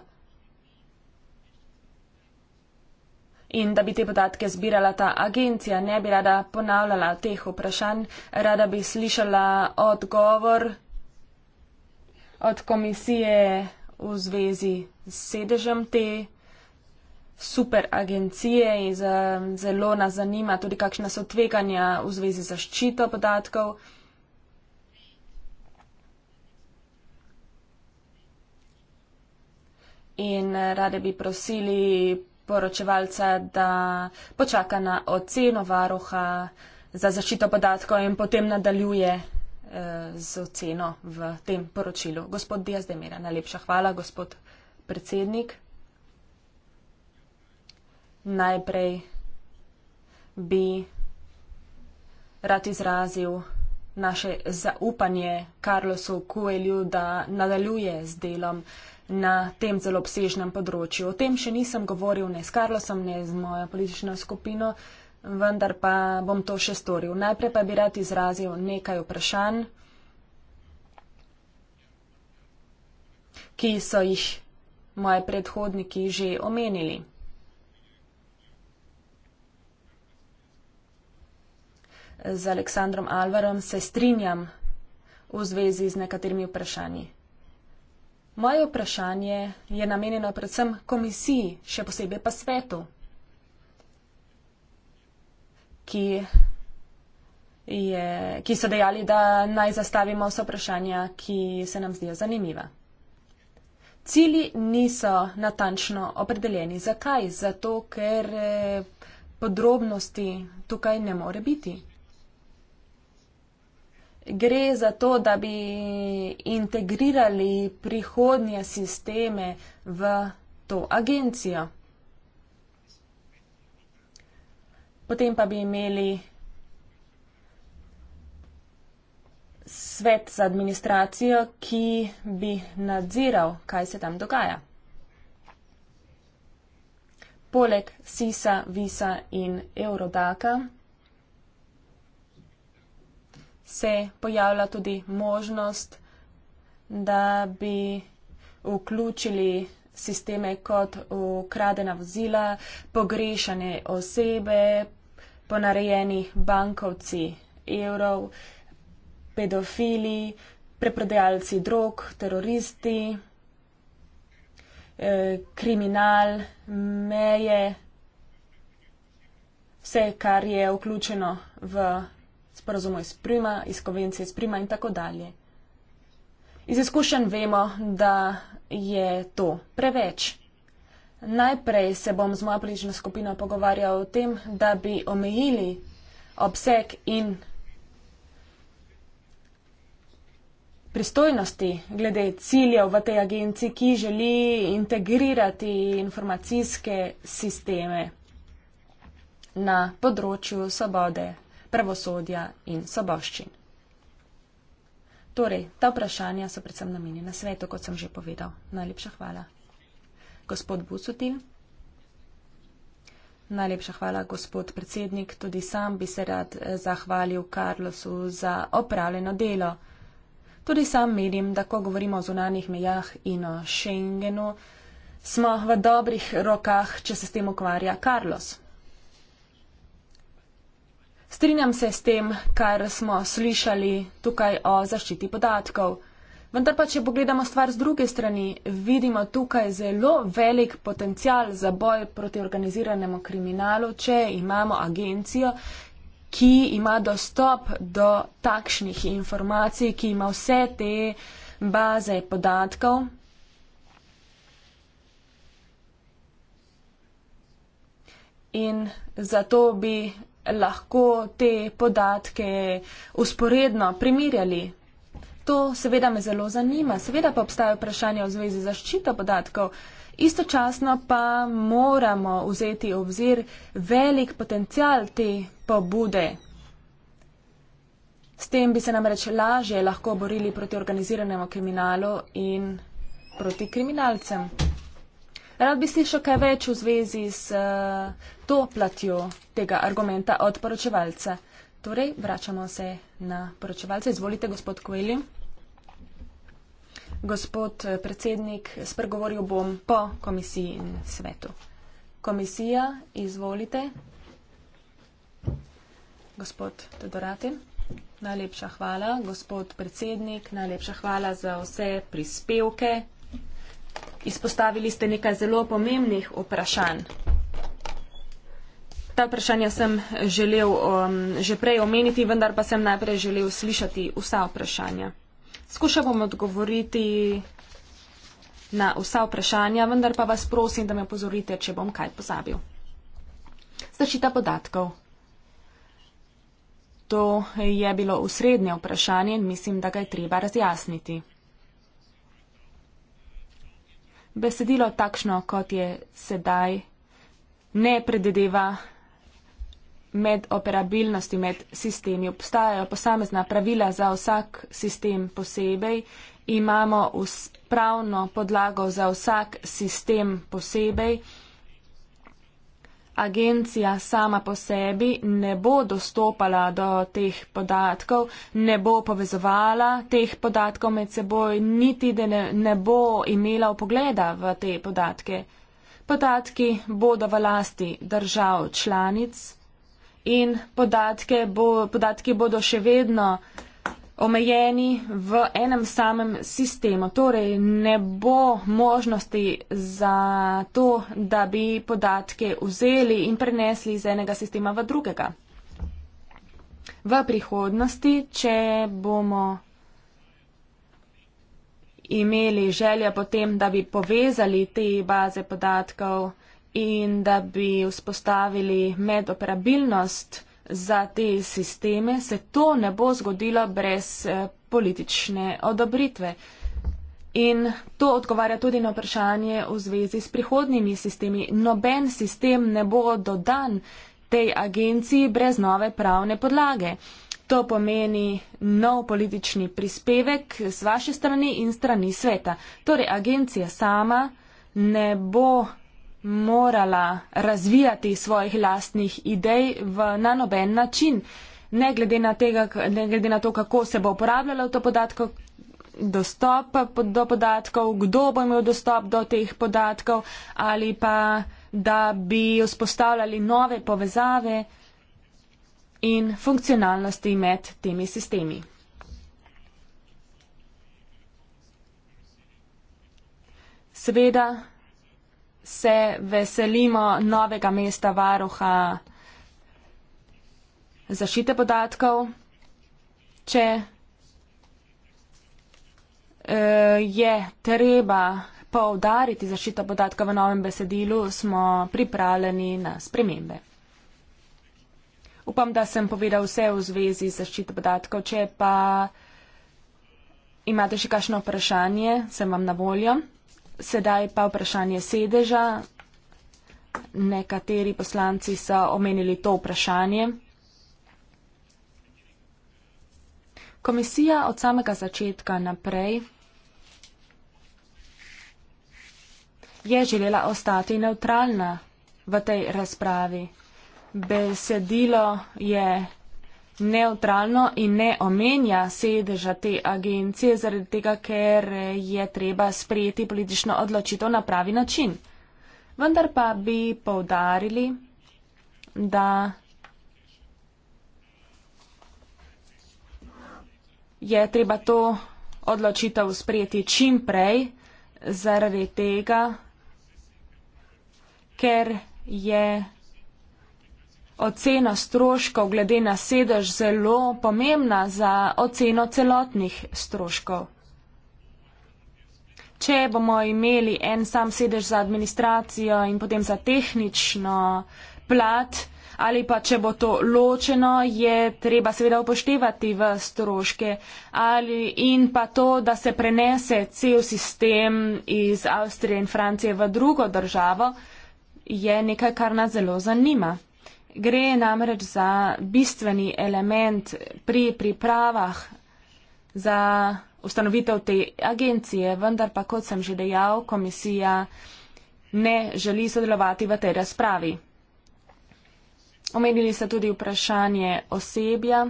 In da bi te podatke zbirala ta agencija, ne bi rada ponavljala teh vprašanj, rada bi slišala odgovor od komisije v zvezi s sedežem te super agencije in zelo nas zanima tudi, kakšna so tveganja v zvezi zaščito podatkov. In eh, rade bi prosili poročevalca, da počaka na oceno varuha za zaščito podatkov in potem nadaljuje eh, z oceno v tem poročilu. Gospod Dias Demira, najlepša hvala, gospod predsednik. Najprej bi rad izrazil naše zaupanje Karlosu Kueliu, da nadaljuje z delom na tem zelo obsežnem področju. O tem še nisem govoril ne s Karlosom, ne z mojo politično skupino, vendar pa bom to še storil. Najprej pa bi rad izrazil nekaj vprašanj, ki so jih moje predhodniki že omenili. Z Aleksandrom Alvarom se strinjam v zvezi z nekaterimi vprašanji. Moje vprašanje je namenjeno predvsem komisiji, še posebej pa svetu, ki, je, ki so dejali, da naj zastavimo vsa vprašanja, ki se nam zdijo zanimiva. Cili niso natančno opredeljeni. Zakaj? Zato, ker eh, podrobnosti tukaj ne more biti gre za to, da bi integrirali prihodnje sisteme v to agencijo. Potem pa bi imeli svet za administracijo, ki bi nadziral, kaj se tam dogaja. Poleg SISA, VISA in Eurodaka se pojavlja tudi možnost, da bi vključili sisteme kot ukradena vozila, pogrešane osebe, ponarejeni bankovci evrov, pedofili, preprodajalci drog, teroristi, eh, kriminal, meje, vse, kar je vključeno v sporazumu iz Prima, iz konvencije iz Prima in tako dalje. Iz izkušenj vemo, da je to preveč. Najprej se bom z mojo politično skupino pogovarjal o tem, da bi omejili obseg in pristojnosti glede ciljev v tej agenciji, ki želi integrirati informacijske sisteme na področju svobode pravosodja in soboščin. Torej, ta vprašanja so predvsem namenjena svetu, kot sem že povedal. Najlepša hvala. Gospod Busutil. Najlepša hvala, gospod predsednik. Tudi sam bi se rad eh, zahvalil Karlosu za opravljeno delo. Tudi sam menim, da ko govorimo o zunanih mejah in o Schengenu, smo v dobrih rokah, če se s tem ukvarja Karlos. Strinjam se s tem, kar smo slišali tukaj o zaščiti podatkov. Vendar pa, če pogledamo stvar z druge strani, vidimo tukaj zelo velik potencial za boj proti organiziranemu kriminalu, če imamo agencijo, ki ima dostop do takšnih informacij, ki ima vse te baze podatkov. In zato bi lahko te podatke usporedno primerjali. To seveda me zelo zanima. Seveda pa obstajajo vprašanja v zvezi z zaščito podatkov. Istočasno pa moramo vzeti v obzir velik potencial te pobude. S tem bi se namreč lažje lahko borili proti organiziranemu kriminalu in proti kriminalcem. Rad bi slišal kaj več v zvezi s uh, to platjo tega argumenta od poročevalca. Torej, vračamo se na poročevalce. Izvolite, gospod Kveli. Gospod eh, predsednik, spregovoril bom po komisiji in svetu. Komisija, izvolite. Gospod Todoratin, najlepša hvala. Gospod predsednik, najlepša hvala za vse prispevke. Izpostavili ste nekaj zelo pomembnih vprašanj. Ta vprašanja sem želel um, že prej omeniti, vendar pa sem najprej želel slišati vsa vprašanja. Skušal bom odgovoriti na vsa vprašanja, vendar pa vas prosim, da me pozorite, če bom kaj pozabil. Zaščita podatkov. To je bilo usrednje vprašanje in mislim, da ga je treba razjasniti besedilo takšno, kot je sedaj, ne predvideva med operabilnosti, med sistemi. Obstajajo posamezna pravila za vsak sistem posebej. Imamo pravno podlago za vsak sistem posebej agencija sama po sebi ne bo dostopala do teh podatkov, ne bo povezovala teh podatkov med seboj, niti da ne, ne bo imela upogleda v te podatke. Podatki bodo v lasti držav članic in podatke bo, podatki bodo še vedno omejeni v enem samem sistemu. Torej, ne bo možnosti za to, da bi podatke vzeli in prenesli iz enega sistema v drugega. V prihodnosti, če bomo imeli želje potem, da bi povezali te baze podatkov in da bi vzpostavili medoperabilnost, za te sisteme, se to ne bo zgodilo brez eh, politične odobritve. In to odgovarja tudi na vprašanje v zvezi s prihodnimi sistemi. Noben sistem ne bo dodan tej agenciji brez nove pravne podlage. To pomeni nov politični prispevek z vaše strani in strani sveta. Torej, agencija sama ne bo morala razvijati svojih lastnih idej v, na noben način. Ne glede na, tega, ne glede na to, kako se bo uporabljalo to podatko, dostop do podatkov, kdo bo imel dostop do teh podatkov ali pa da bi vzpostavljali nove povezave in funkcionalnosti med temi sistemi. Seveda se veselimo novega mesta varuha zašite podatkov. Če uh, je treba povdariti zašito podatka v novem besedilu, smo pripravljeni na spremembe. Upam, da sem povedal vse v zvezi z zaščito podatkov. Če pa imate še kakšno vprašanje, sem vam na voljo. Sedaj pa vprašanje sedeža. Nekateri poslanci so omenili to vprašanje. Komisija od samega začetka naprej je želela ostati neutralna v tej razpravi. Besedilo je neutralno in ne omenja sedeža te agencije, zaradi tega, ker je treba sprejeti politično odločitev na pravi način. Vendar pa bi povdarili, da je treba to odločitev sprejeti čim prej, zaradi tega, ker je ocena stroškov glede na sedež zelo pomembna za oceno celotnih stroškov. Če bomo imeli en sam sedež za administracijo in potem za tehnično plat, ali pa če bo to ločeno, je treba seveda upoštevati v stroške ali, in pa to, da se prenese cel sistem iz Avstrije in Francije v drugo državo, je nekaj, kar nas zelo zanima. Gre namreč za bistveni element pri pripravah za ustanovitev te agencije, vendar pa, kot sem že dejal, komisija ne želi sodelovati v tej razpravi. Omenili ste tudi vprašanje osebja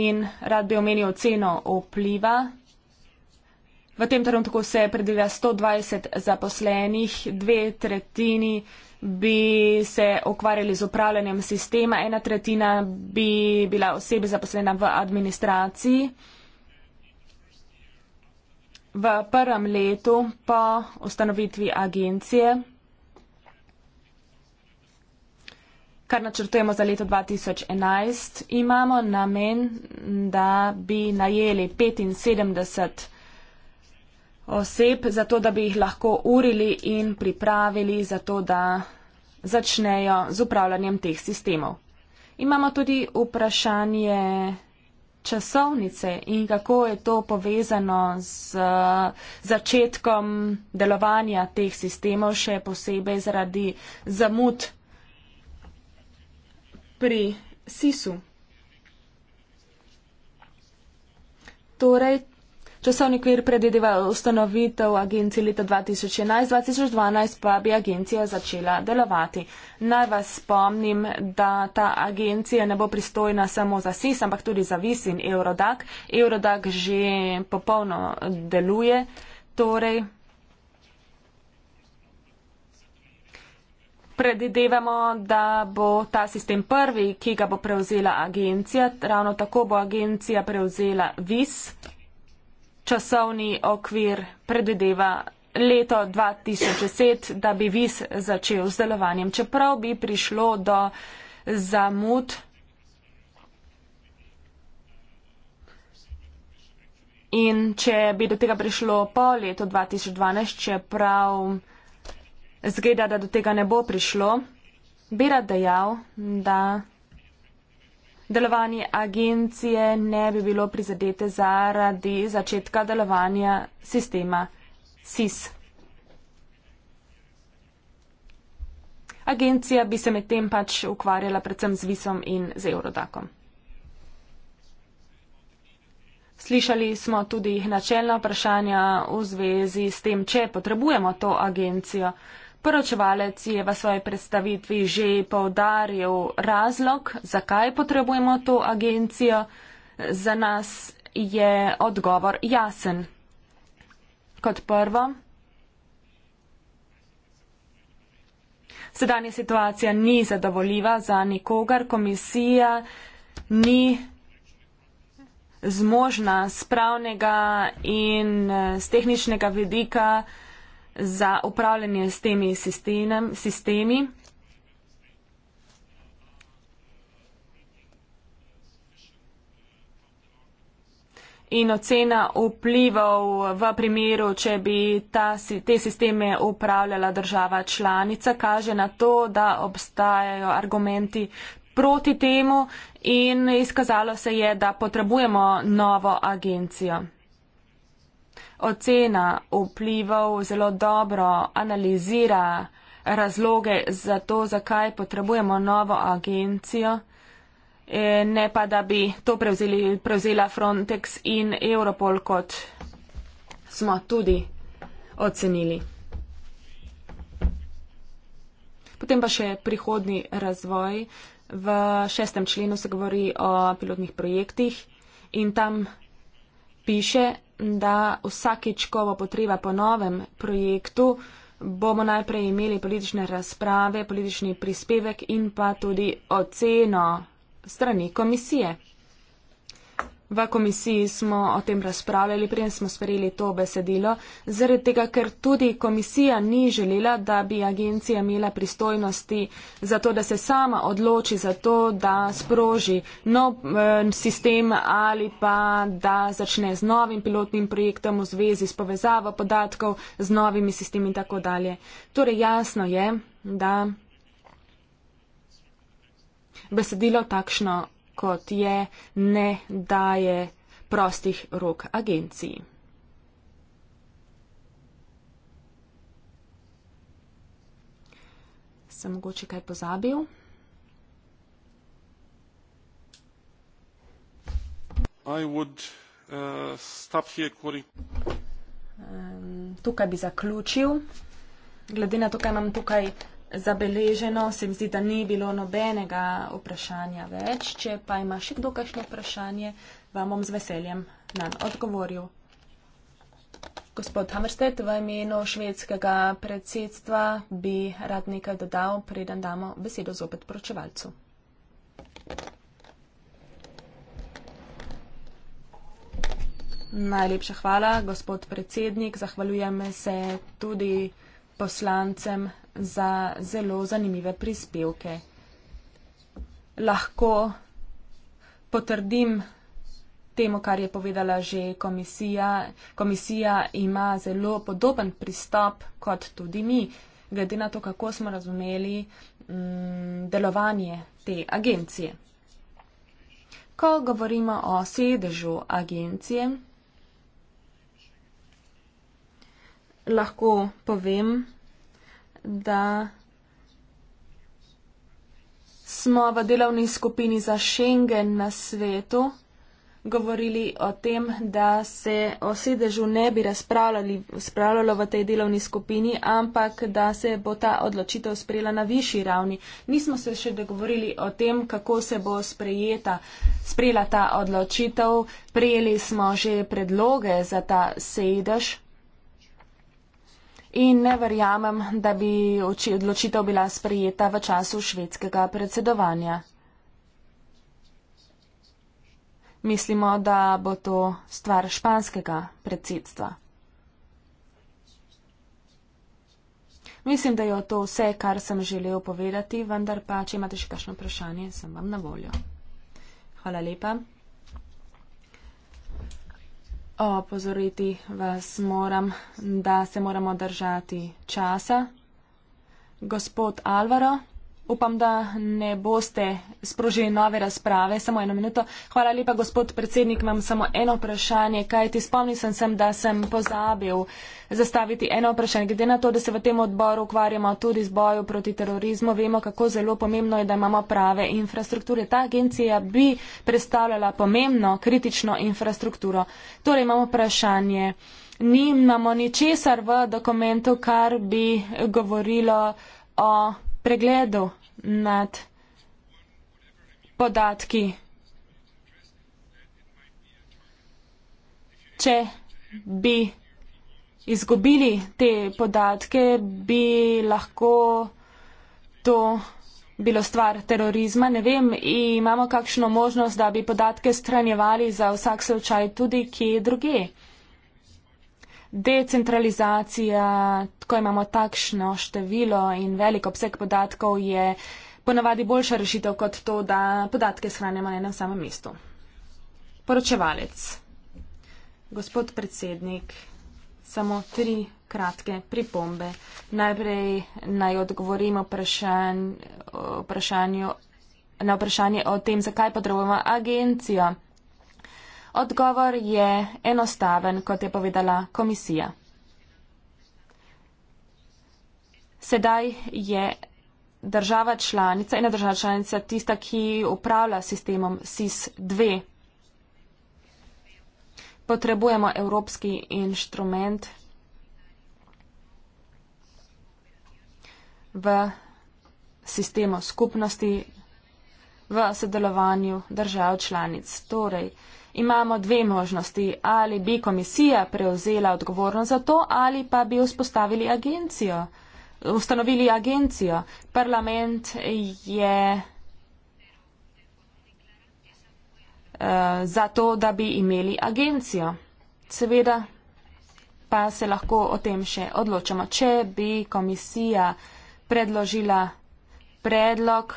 in rad bi omenil ceno vpliva. V tem trenutku se predvideva 120 zaposlenih, dve tretjini bi se okvarjali z upravljanjem sistema, ena tretjina bi bila osebe zaposlena v administraciji. V prvem letu po ustanovitvi agencije, kar načrtujemo za leto 2011, imamo namen, da bi najeli 75 oseb, zato da bi jih lahko urili in pripravili, zato da začnejo z upravljanjem teh sistemov. Imamo tudi vprašanje časovnice in kako je to povezano z začetkom delovanja teh sistemov, še posebej zaradi zamud pri SIS-u. Torej, Časovni kvir predvideva ustanovitev agencije leta 2011-2012, pa bi agencija začela delovati. Naj vas spomnim, da ta agencija ne bo pristojna samo za SIS, ampak tudi za VIS in Eurodak. Eurodak že popolno deluje. Torej, Predvidevamo, da bo ta sistem prvi, ki ga bo prevzela agencija. Ravno tako bo agencija prevzela VIS časovni okvir predvideva leto 2010, da bi vis začel z delovanjem, čeprav bi prišlo do zamud. In če bi do tega prišlo po letu 2012, čeprav zgleda, da do tega ne bo prišlo, bi rad dejal, da delovanje agencije ne bi bilo prizadete zaradi začetka delovanja sistema SIS. Agencija bi se medtem pač ukvarjala predvsem z visom in z eurodakom. Slišali smo tudi načelna vprašanja v zvezi s tem, če potrebujemo to agencijo. Poročevalec je v svoji predstavitvi že povdaril razlog, zakaj potrebujemo to agencijo. Za nas je odgovor jasen. Kot prvo, sedanja situacija ni zadovoljiva za nikogar, komisija ni zmožna spravnega in z eh, tehničnega vidika za upravljanje s temi sistemem, sistemi. In ocena vplivov v primeru, če bi ta, te sisteme upravljala država članica, kaže na to, da obstajajo argumenti proti temu in izkazalo se je, da potrebujemo novo agencijo ocena vplivov zelo dobro analizira razloge za to, zakaj potrebujemo novo agencijo, eh, ne pa da bi to prevzeli, prevzela Frontex in Europol, kot smo tudi ocenili. Potem pa še prihodni razvoj. V šestem členu se govori o pilotnih projektih in tam piše, da vsakeč, ko bo potreba po novem projektu, bomo najprej imeli politične razprave, politični prispevek in pa tudi oceno strani komisije. V komisiji smo o tem razpravljali, prijem smo sprejeli to besedilo, zaradi tega, ker tudi komisija ni želela, da bi agencija imela pristojnosti za to, da se sama odloči za to, da sproži nov eh, sistem ali pa da začne z novim pilotnim projektom v zvezi s povezavo podatkov z novimi sistemi in tako dalje. Torej jasno je, da besedilo takšno kot je, ne daje prostih rok agenciji. Sem mogoče kaj pozabil? Would, uh, um, tukaj bi zaključil. Glede na to, kaj imam tukaj zabeleženo, se mi zdi, da ni bilo nobenega vprašanja več. Če pa ima še kdo kakšno vprašanje, vam bom z veseljem nam odgovoril. Gospod Hammerstedt, v imenu švedskega predsedstva bi rad nekaj dodal, preden damo besedo zopet poročevalcu. Najlepša hvala, gospod predsednik. Zahvaljujem se tudi poslancem za zelo zanimive prispevke. Lahko potrdim temu, kar je povedala že komisija. Komisija ima zelo podoben pristop kot tudi mi, glede na to, kako smo razumeli mm, delovanje te agencije. Ko govorimo o sedežu agencije, lahko povem, da smo v delovni skupini za Schengen na svetu govorili o tem, da se o sedežu ne bi razpravljalo v tej delovni skupini, ampak da se bo ta odločitev sprejela na višji ravni. Nismo se še dogovorili o tem, kako se bo sprejeta, sprejela ta odločitev. Prijeli smo že predloge za ta sedež in ne verjamem, da bi odločitev bila sprejeta v času švedskega predsedovanja. Mislimo, da bo to stvar španskega predsedstva. Mislim, da je to vse, kar sem želel povedati, vendar pa, če imate še kakšno vprašanje, sem vam na voljo. Hvala lepa opozoriti vas moram, da se moramo držati časa. Gospod Alvaro. Upam, da ne boste sprožili nove razprave. Samo eno minuto. Hvala lepa, gospod predsednik. Imam samo eno vprašanje, kaj ti spomnil sem, sem, da sem pozabil zastaviti eno vprašanje. Glede na to, da se v tem odboru ukvarjamo tudi z boju proti terorizmu, vemo, kako zelo pomembno je, da imamo prave infrastrukture. Ta agencija bi predstavljala pomembno kritično infrastrukturo. Torej imamo vprašanje. Nimamo ničesar v dokumentu, kar bi govorilo o pregledu nad podatki. Če bi izgubili te podatke, bi lahko to bilo stvar terorizma, ne vem, imamo kakšno možnost, da bi podatke stranjevali za vsak slučaj tudi kje druge decentralizacija, ko imamo takšno število in velik obseg podatkov, je ponavadi boljša rešitev kot to, da podatke shranimo na enem samem mestu. Poročevalec, gospod predsednik, samo tri kratke pripombe. Najprej naj odgovorim vprašanj, vprašanju, na vprašanje o tem, zakaj potrebujemo agencijo. Odgovor je enostaven, kot je povedala komisija. Sedaj je država članica, ena država članica, tista, ki upravlja sistemom SIS-2. Potrebujemo evropski inštrument v sistemu skupnosti, v sodelovanju držav članic. Torej, imamo dve možnosti. Ali bi komisija prevzela odgovornost za to, ali pa bi vzpostavili agencijo, ustanovili agencijo. Parlament je uh, za to, da bi imeli agencijo. Seveda pa se lahko o tem še odločamo. Če bi komisija predložila predlog,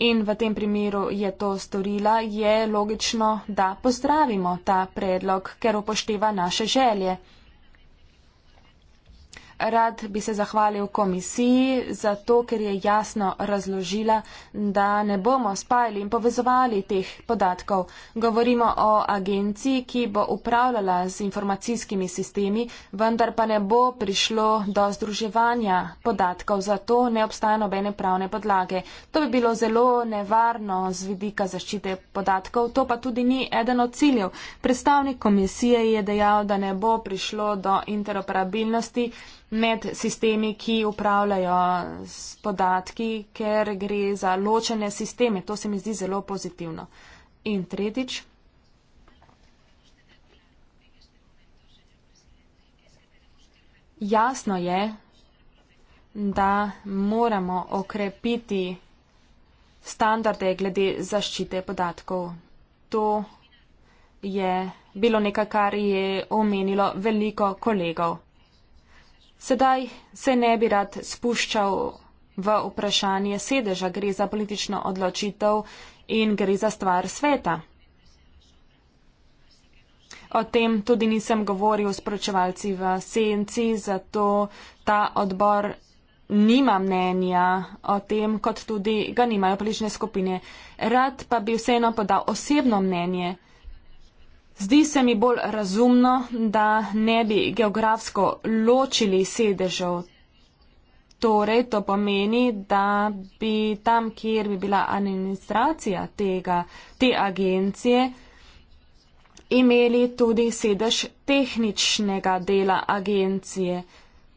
in v tem primeru je to storila, je logično, da pozdravimo ta predlog, ker upošteva naše želje rad bi se zahvalil komisiji za to, ker je jasno razložila, da ne bomo spajali in povezovali teh podatkov. Govorimo o agenciji, ki bo upravljala z informacijskimi sistemi, vendar pa ne bo prišlo do združevanja podatkov, zato ne obstaja nobene pravne podlage. To bi bilo zelo nevarno z vidika zaščite podatkov, to pa tudi ni eden od ciljev. Predstavnik komisije je dejal, da ne bo prišlo do interoperabilnosti med sistemi, ki upravljajo s podatki, ker gre za ločene sisteme. To se mi zdi zelo pozitivno. In tretjič. Jasno je, da moramo okrepiti standarde glede zaščite podatkov. To je bilo nekaj, kar je omenilo veliko kolegov. Sedaj se ne bi rad spuščal v vprašanje sedeža, gre za politično odločitev in gre za stvar sveta. O tem tudi nisem govoril s pročevalci v senci, zato ta odbor nima mnenja o tem, kot tudi ga nimajo politične skupine. Rad pa bi vseeno podal osebno mnenje. Zdi se mi bolj razumno, da ne bi geografsko ločili sedežev. Torej, to pomeni, da bi tam, kjer bi bila administracija tega, te agencije, imeli tudi sedež tehničnega dela agencije.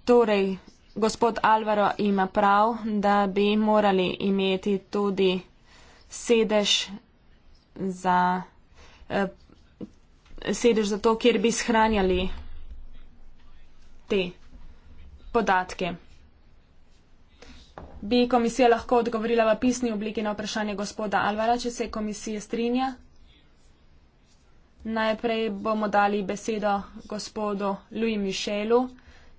Torej, gospod Alvaro ima prav, da bi morali imeti tudi sedež za. Eh, sedež za to, kjer bi shranjali te podatke. Bi komisija lahko odgovorila v pisni obliki na vprašanje gospoda Alvara, če se komisija strinja? Najprej bomo dali besedo gospodu Louis Michelu,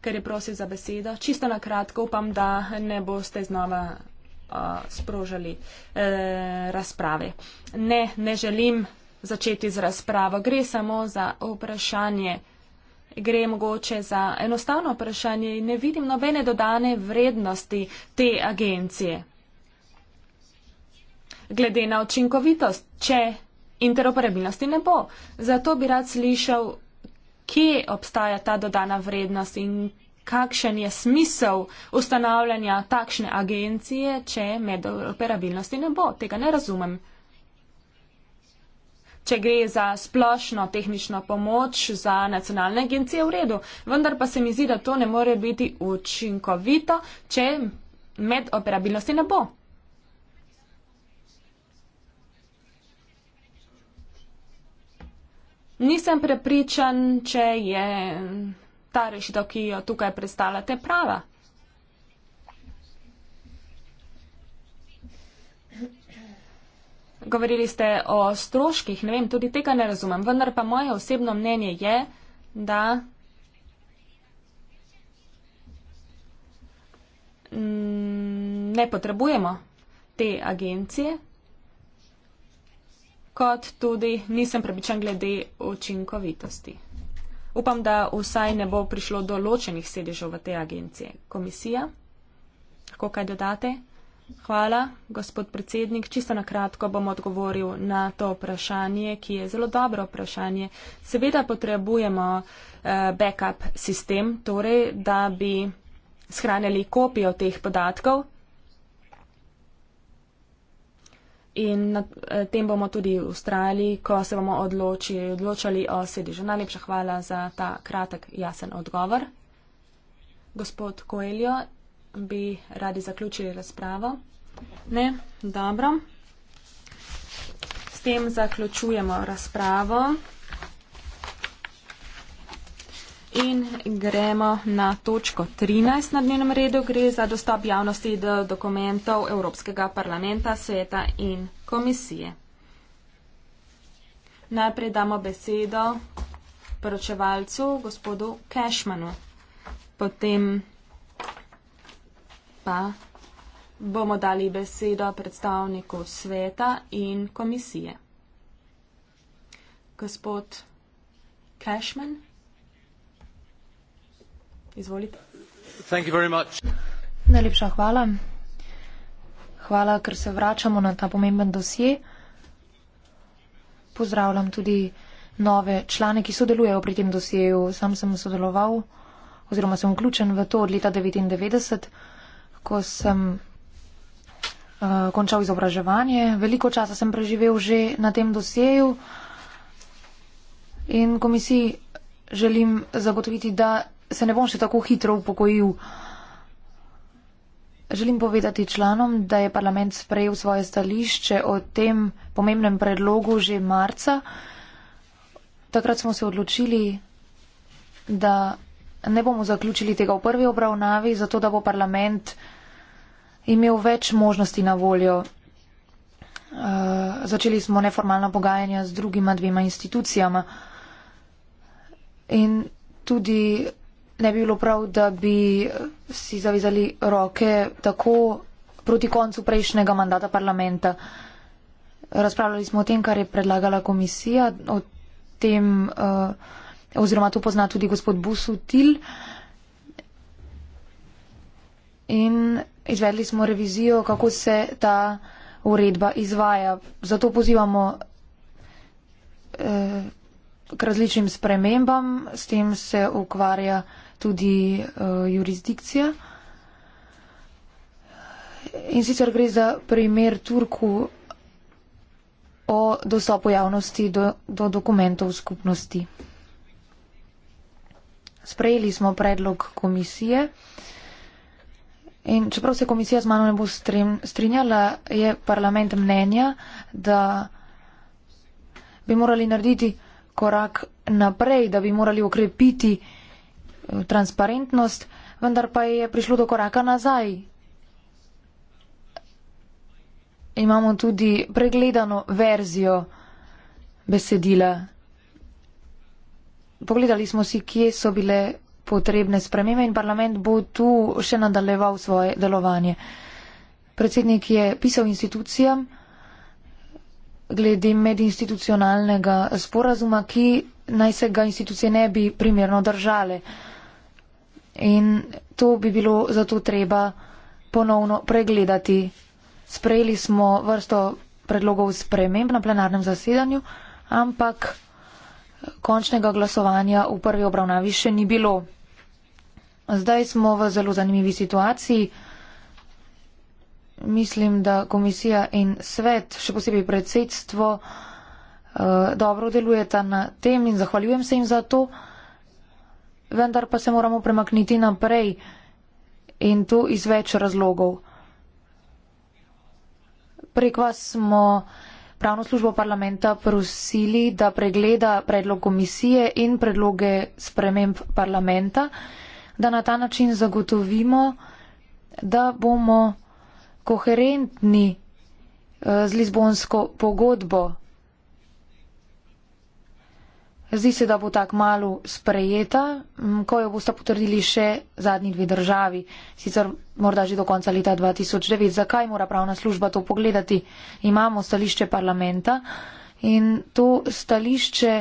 ker je prosil za besedo. Čisto na kratko upam, da ne boste znova uh, sprožali uh, razprave. Ne, ne želim začeti z razpravo. Gre samo za vprašanje. Gre mogoče za enostavno vprašanje in ne vidim nobene dodane vrednosti te agencije. Glede na učinkovitost, če interoperabilnosti ne bo. Zato bi rad slišal, kje obstaja ta dodana vrednost in kakšen je smisel ustanavljanja takšne agencije, če medoperabilnosti ne bo. Tega ne razumem če gre za splošno tehnično pomoč za nacionalne agencije, v redu. Vendar pa se mi zdi, da to ne more biti učinkovito, če med operabilnosti ne bo. Nisem prepričan, če je ta rešitev, ki jo tukaj predstavljate, prava. Govorili ste o stroških, ne vem, tudi tega ne razumem, vendar pa moje osebno mnenje je, da ne potrebujemo te agencije, kot tudi nisem prepričan glede učinkovitosti. Upam, da vsaj ne bo prišlo do ločenih sedežev v te agencije. Komisija, lahko kaj dodate? Hvala, gospod predsednik. Čisto na kratko bom odgovoril na to vprašanje, ki je zelo dobro vprašanje. Seveda potrebujemo uh, backup sistem, torej, da bi shranili kopijo teh podatkov. In na uh, tem bomo tudi ustrajali, ko se bomo odločili, odločali o sedežu. Najlepša hvala za ta kratek, jasen odgovor. Gospod Koeljo, bi radi zaključili razpravo? Ne? Dobro. S tem zaključujemo razpravo in gremo na točko 13 na dnevnem redu. Gre za dostop javnosti do dokumentov Evropskega parlamenta, sveta in komisije. Najprej damo besedo poročevalcu gospodu Kešmanu. Potem pa bomo dali besedo predstavniku sveta in komisije. Gospod Cashman, izvolite. Thank you very much. Najlepša hvala. Hvala, ker se vračamo na ta pomemben dosje. Pozdravljam tudi nove člane, ki sodelujejo pri tem dosjeju. Sam sem sodeloval oziroma sem vključen v to od leta 1999 ko sem uh, končal izobraževanje. Veliko časa sem preživel že na tem dosjeju in komisiji želim zagotoviti, da se ne bom še tako hitro upokojil. Želim povedati članom, da je parlament sprejel svoje stališče o tem pomembnem predlogu že marca. Takrat smo se odločili, da ne bomo zaključili tega v prvi obravnavi, zato da bo parlament uh, imel več možnosti na voljo. Uh, začeli smo neformalno pogajanje z drugima dvema institucijama in tudi ne bi bilo prav, da bi si zavizali roke tako proti koncu prejšnjega mandata parlamenta. Razpravljali smo o tem, kar je predlagala komisija, o tem, uh, oziroma to pozna tudi gospod Busutil. In izvedli smo revizijo, kako se ta uredba izvaja. Zato pozivamo eh, k različnim spremembam, s tem se ukvarja tudi eh, jurisdikcija. In sicer gre za primer Turku o dostopu javnosti do, do dokumentov skupnosti. Sprejeli smo predlog komisije. Uh, In čeprav se komisija z mano ne bo strinjala, je parlament mnenja, da bi morali narediti korak naprej, da bi morali okrepiti eh, transparentnost, vendar pa je prišlo do koraka nazaj. Imamo tudi pregledano verzijo besedila. Pogledali smo si, kje so bile potrebne spremembe in parlament bo tu še nadaljeval svoje delovanje. Predsednik je pisal institucijam glede medinstitucionalnega sporazuma, ki naj se ga institucije ne bi primerno držale. In to bi bilo zato treba ponovno pregledati. Sprejeli smo vrsto predlogov sprememb na plenarnem zasedanju, ampak končnega glasovanja v prvi obravnavi še ni bilo. Zdaj smo v zelo zanimivi situaciji. Mislim, da komisija in svet, še posebej predsedstvo, eh, dobro delujeta na tem in zahvaljujem se jim za to. Vendar pa se moramo premakniti naprej in to iz več razlogov. Prek vas smo pravno službo parlamenta prosili, da pregleda predlog komisije in predloge sprememb parlamenta da na ta način zagotovimo, da bomo koherentni eh, z Lizbonsko pogodbo. Zdi se, da bo tak malu sprejeta, ko jo boste potrdili še zadnji dve državi, sicer morda že do konca leta 2009. Zakaj mora pravna služba to pogledati? Imamo stališče parlamenta in to stališče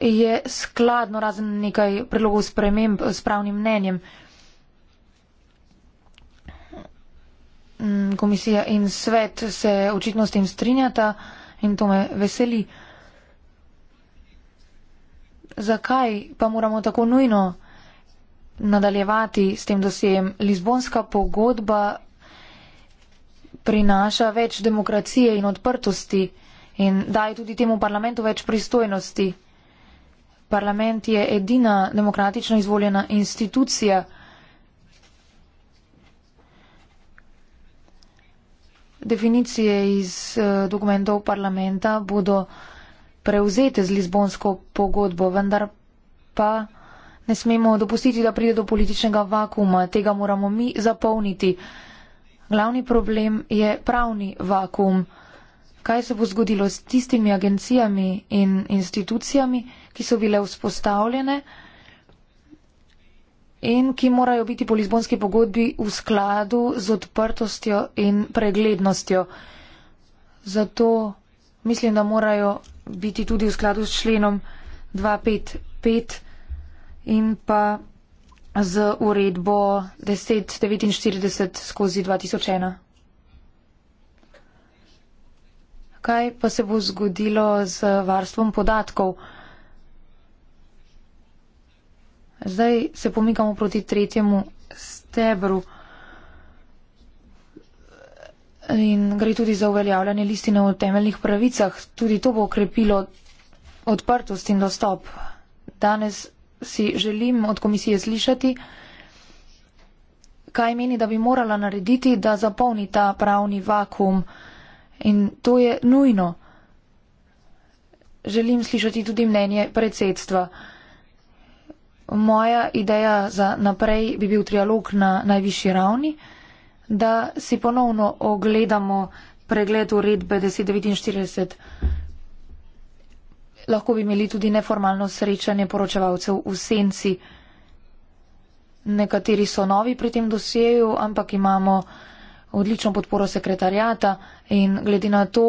je skladno razen nekaj predlogov sprememb s pravnim mnenjem. Mm, komisija in svet se očitno s tem strinjata in to me veseli. Zakaj pa moramo tako nujno nadaljevati s tem, da se jim Lizbonska pogodba prinaša več demokracije in odprtosti in daje tudi temu parlamentu več pristojnosti? parlament je edina demokratično izvoljena institucija. Definicije iz eh, dokumentov parlamenta bodo prevzete z Lizbonsko pogodbo, vendar pa ne smemo dopustiti, da pride do političnega vakuma. Tega moramo mi zapolniti. Glavni problem je pravni vakum kaj se bo zgodilo s tistimi agencijami in institucijami, ki so bile vzpostavljene in ki morajo biti po Lizbonski pogodbi v skladu z odprtostjo in preglednostjo. Zato mislim, da morajo biti tudi v skladu s členom 255 in pa z uredbo 1049 skozi 2001. kaj pa se bo zgodilo z varstvom podatkov? Zdaj se pomikamo proti tretjemu stebru in gre tudi za uveljavljanje listine o temeljnih pravicah. Tudi to bo okrepilo odprtost in dostop. Danes si želim od komisije slišati, kaj meni, da bi morala narediti, da zapolni ta pravni vakum. In to je nujno. Želim slišati tudi mnenje predsedstva. Moja ideja za naprej bi bil trialog na najvišji ravni, da si ponovno ogledamo pregled uredbe 1049. Lahko bi imeli tudi neformalno srečanje poročevalcev v senci. Nekateri so novi pri tem dosjeju, ampak imamo odlično podporo sekretarjata in glede na to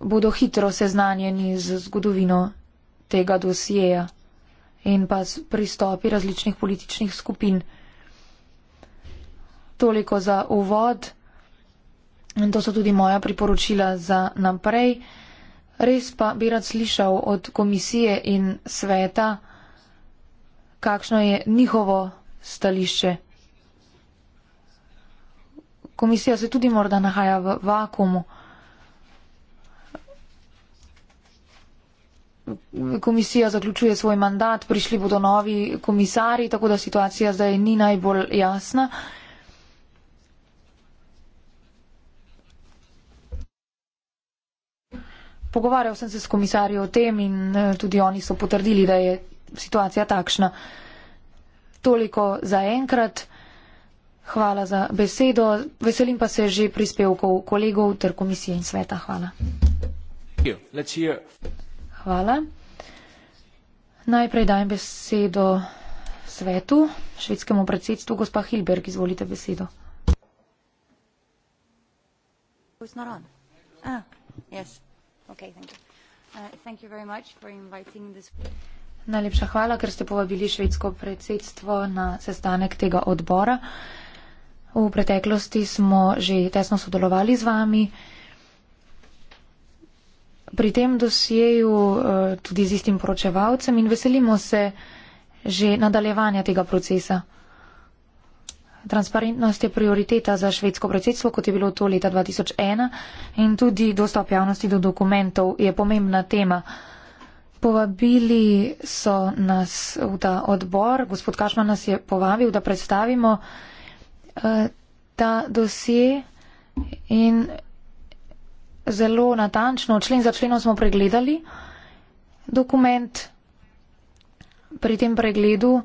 bodo hitro seznanjeni z zgodovino tega dosjeja in pa z pristopi različnih političnih skupin. Toliko za uvod in to so tudi moja priporočila za naprej. Res pa bi rad slišal od komisije in sveta, kakšno je njihovo stališče komisija se tudi morda nahaja v vakumu. Komisija zaključuje svoj mandat, prišli bodo novi komisari, tako da situacija zdaj ni najbolj jasna. Pogovarjal sem se s komisarji o tem in eh, tudi oni so potrdili, da je situacija takšna. Toliko za enkrat. Hvala za besedo. Veselim pa se že prispevkov kolegov ter komisije in sveta. Hvala. Hvala. Najprej dajem besedo svetu, švedskemu predsedstvu, gospa Hilberg, izvolite besedo. Ah, uh, Najlepša hvala, ker ste povabili švedsko predsedstvo na sestanek tega odbora. Uh, V preteklosti smo že tesno sodelovali z vami. Pri tem dosjeju eh, tudi z istim poročevalcem in veselimo se že nadaljevanja tega procesa. Transparentnost je prioriteta za švedsko predsedstvo, kot je bilo to leta 2001 in tudi dostop javnosti do dokumentov je pomembna tema. Povabili so nas v ta odbor, gospod Kašman nas je povabil, da predstavimo Eh, ta dosje in zelo natančno, člen za členom smo pregledali dokument. Pri tem pregledu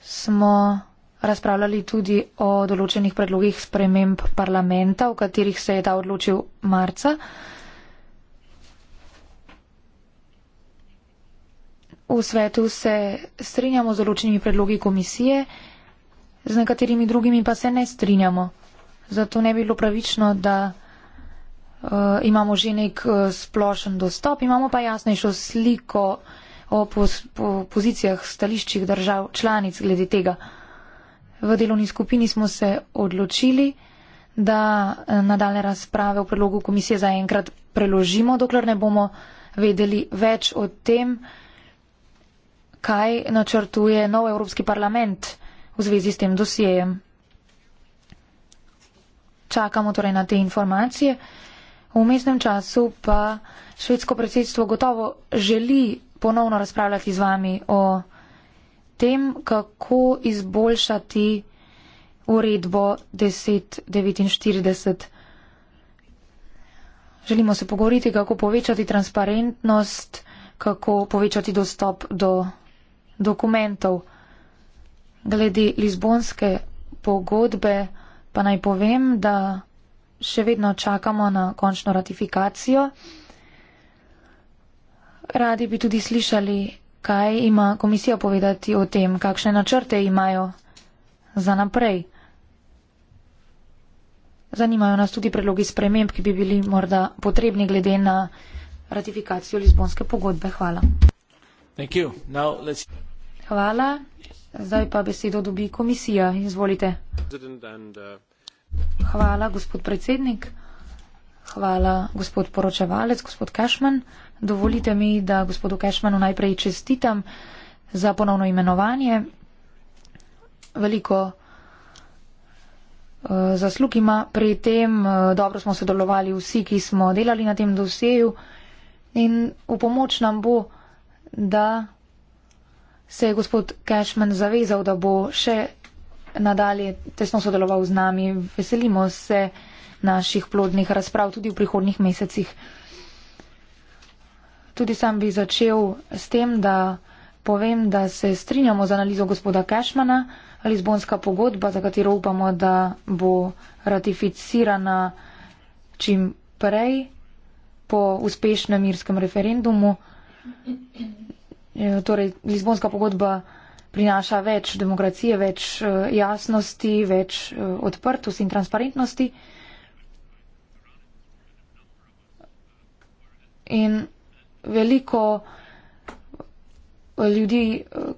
smo razpravljali tudi o določenih predlogih sprememb parlamenta, v katerih se je ta odločil marca. V svetu se strinjamo z določenimi predlogi komisije, z nekaterimi drugimi pa se ne strinjamo. Zato ne bi bilo pravično, da uh, imamo že nek uh, splošen dostop, imamo pa jasnejšo sliko o pos, po pozicijah, stališčih držav članic glede tega. V delovni skupini smo se odločili, da eh, nadaljne razprave o predlogu komisije zaenkrat preložimo, dokler ne bomo vedeli več o tem, kaj načrtuje nov Evropski parlament v zvezi s tem dosjejem. Čakamo torej na te informacije. V umestnem času pa švedsko predsedstvo gotovo želi ponovno razpravljati z vami o tem, kako izboljšati uredbo 1049. Želimo se pogovoriti, kako povečati transparentnost, kako povečati dostop do dokumentov. Glede Lizbonske pogodbe pa naj povem, da še vedno čakamo na končno ratifikacijo. Radi bi tudi slišali, kaj ima komisija povedati o tem, kakšne načrte imajo za naprej. Zanimajo nas tudi predlogi sprememb, ki bi bili morda potrebni glede na ratifikacijo Lizbonske pogodbe. Hvala. Hvala. Yes. Zdaj pa besedo dobi komisija. Izvolite. Hvala, gospod predsednik. Hvala, gospod poročevalec, gospod Kešman. Dovolite mi, da gospodu Kešmanu najprej čestitam za ponovno imenovanje. Veliko eh, zaslug ima pri tem. Eh, dobro smo sodelovali vsi, ki smo delali na tem doseju. In v pomoč nam bo, da se je gospod Cashman zavezal, da bo še nadalje tesno sodeloval z nami. Veselimo se naših plodnih razprav tudi v prihodnih mesecih. Tudi sam bi začel s tem, da povem, da se strinjamo z analizo gospoda Cashmana. Lizbonska pogodba, za katero upamo, da bo ratificirana čim prej po uspešnem irskem referendumu, E, torej, Lizbonska pogodba prinaša več demokracije, več e, jasnosti, več e, odprtosti in transparentnosti. In veliko ljudi,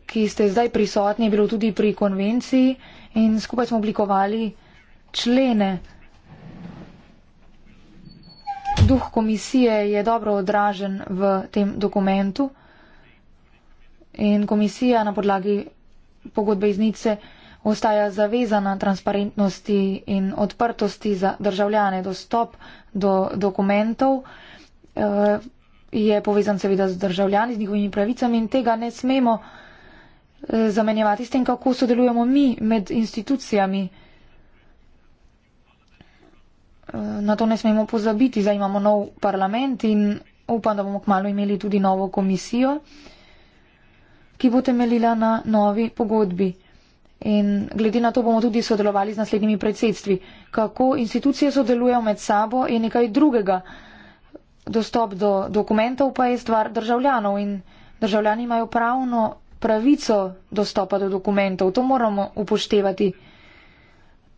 ki ste zdaj prisotni, je bilo tudi pri konvenciji in skupaj smo oblikovali člene. Duh komisije je dobro odražen v tem dokumentu in komisija na podlagi pogodbe iz Nice ostaja zavezana transparentnosti in odprtosti za državljane, dostop do dokumentov eh, je povezan seveda z državljani, z njihovimi pravicami in tega ne smemo eh, zamenjevati s tem, kako sodelujemo mi med institucijami. Eh, na to ne smemo pozabiti, zdaj imamo nov parlament in upam, da bomo kmalo imeli tudi novo komisijo ki bo temeljila na novi pogodbi. In glede na to bomo tudi sodelovali z naslednjimi predsedstvi. Kako institucije sodelujejo med sabo je nekaj drugega. Dostop do dokumentov pa je stvar državljanov in državljani imajo pravno pravico dostopa do dokumentov. To moramo upoštevati.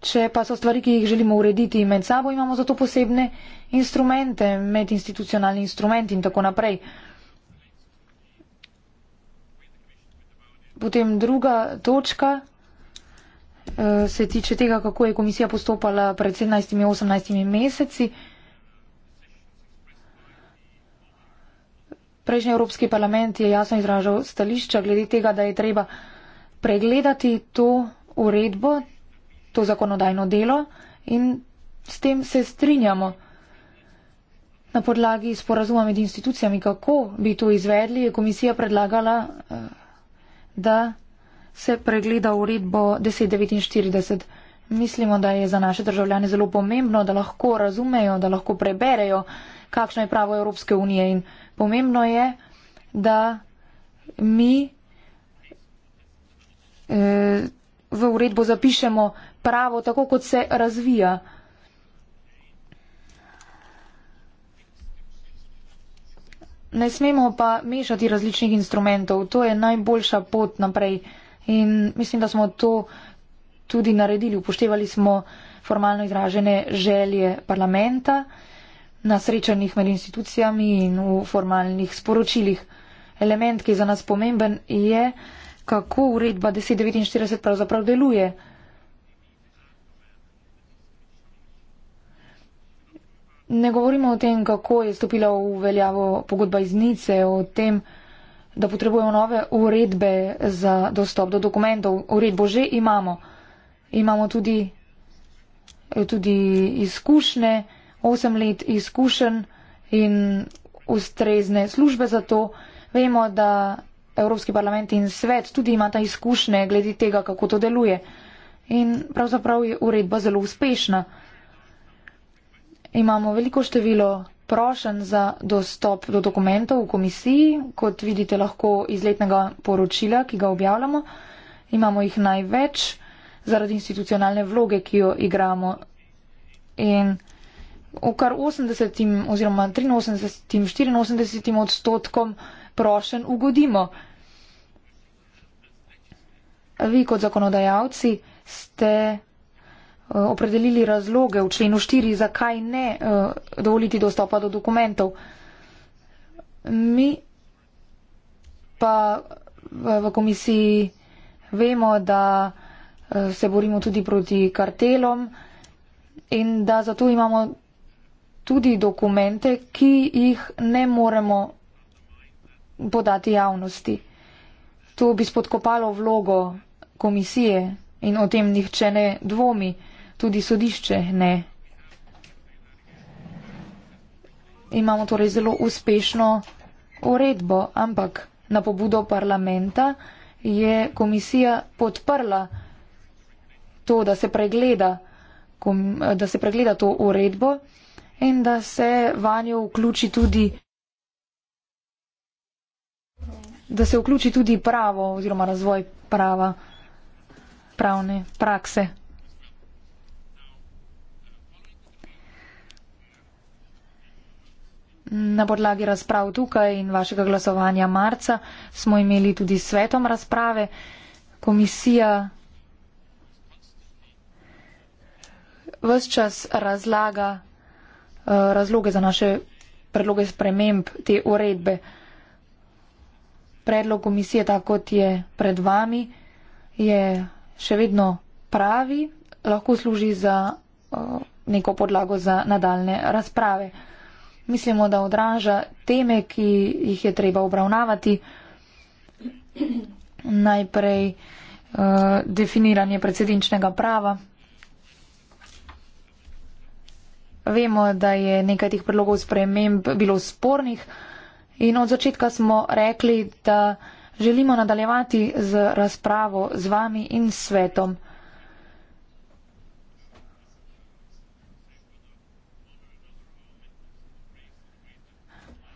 Če pa so stvari, ki jih želimo urediti med sabo, imamo za to posebne instrumente, medinstitucionalni instrument in tako naprej. Potem druga točka eh, se tiče tega, kako je komisija postopala pred 17-18 meseci. Prejšnji Evropski parlament je jasno izražal stališča glede tega, da je treba pregledati to uredbo, to zakonodajno delo in s tem se strinjamo na podlagi sporazuma med institucijami, kako bi to izvedli, je komisija predlagala eh, da se pregleda uredbo 1049. Mislimo, da je za naše državljane zelo pomembno, da lahko razumejo, da lahko preberejo, kakšno je pravo Evropske unije in pomembno je, da mi e, v uredbo zapišemo pravo tako, kot se razvija. ne smemo pa mešati različnih instrumentov. To je najboljša pot naprej. In mislim, da smo to tudi naredili. Upoštevali smo formalno izražene želje parlamenta na srečanjih med institucijami in v formalnih sporočilih. Element, ki je za nas pomemben, je, kako uredba 1049 pravzaprav deluje. Ne govorimo o tem, kako je stopila v veljavo pogodba iz Nice, o tem, da potrebujemo nove uredbe za dostop do dokumentov. Uredbo že imamo. Imamo tudi, tudi izkušnje, 8 let izkušenj in ustrezne službe za to. Vemo, da Evropski parlament in svet tudi imata izkušnje glede tega, kako to deluje. In pravzaprav je uredba zelo uspešna imamo veliko število prošen za dostop do dokumentov v komisiji, kot vidite lahko iz letnega poročila, ki ga objavljamo. Imamo jih največ zaradi institucionalne vloge, ki jo igramo. In v kar 80 oziroma 83, 84 odstotkom prošen ugodimo. Vi kot zakonodajalci ste Eh, opredelili razloge v členu 4, zakaj ne eh, dovoliti dostopa do dokumentov. Mi pa eh, v komisiji vemo, da se borimo tudi proti kartelom in da zato imamo tudi dokumente, ki jih ne moremo podati javnosti. To bi spodkopalo vlogo komisije in o tem nihče ne dvomi tudi sodišče ne. Imamo torej zelo uspešno uredbo, ampak na pobudo parlamenta je komisija podprla to, da se pregleda, da se pregleda to uredbo in da se vanjo vključi tudi da se vključi tudi pravo oziroma razvoj prava, pravne prakse. Na podlagi razprav tukaj in vašega glasovanja marca smo imeli tudi svetom razprave. Komisija vse čas razlaga uh, razloge za naše predloge sprememb te uredbe. Predlog komisije, tako kot je pred vami, je še vedno pravi, lahko služi za uh, neko podlago za nadaljne razprave mislimo, da odraža teme, ki jih je treba obravnavati. Najprej uh, definiranje predsedničnega prava. Vemo, da je nekaj teh predlogov sprememb bilo spornih in od začetka smo rekli, da želimo nadaljevati z razpravo z vami in svetom.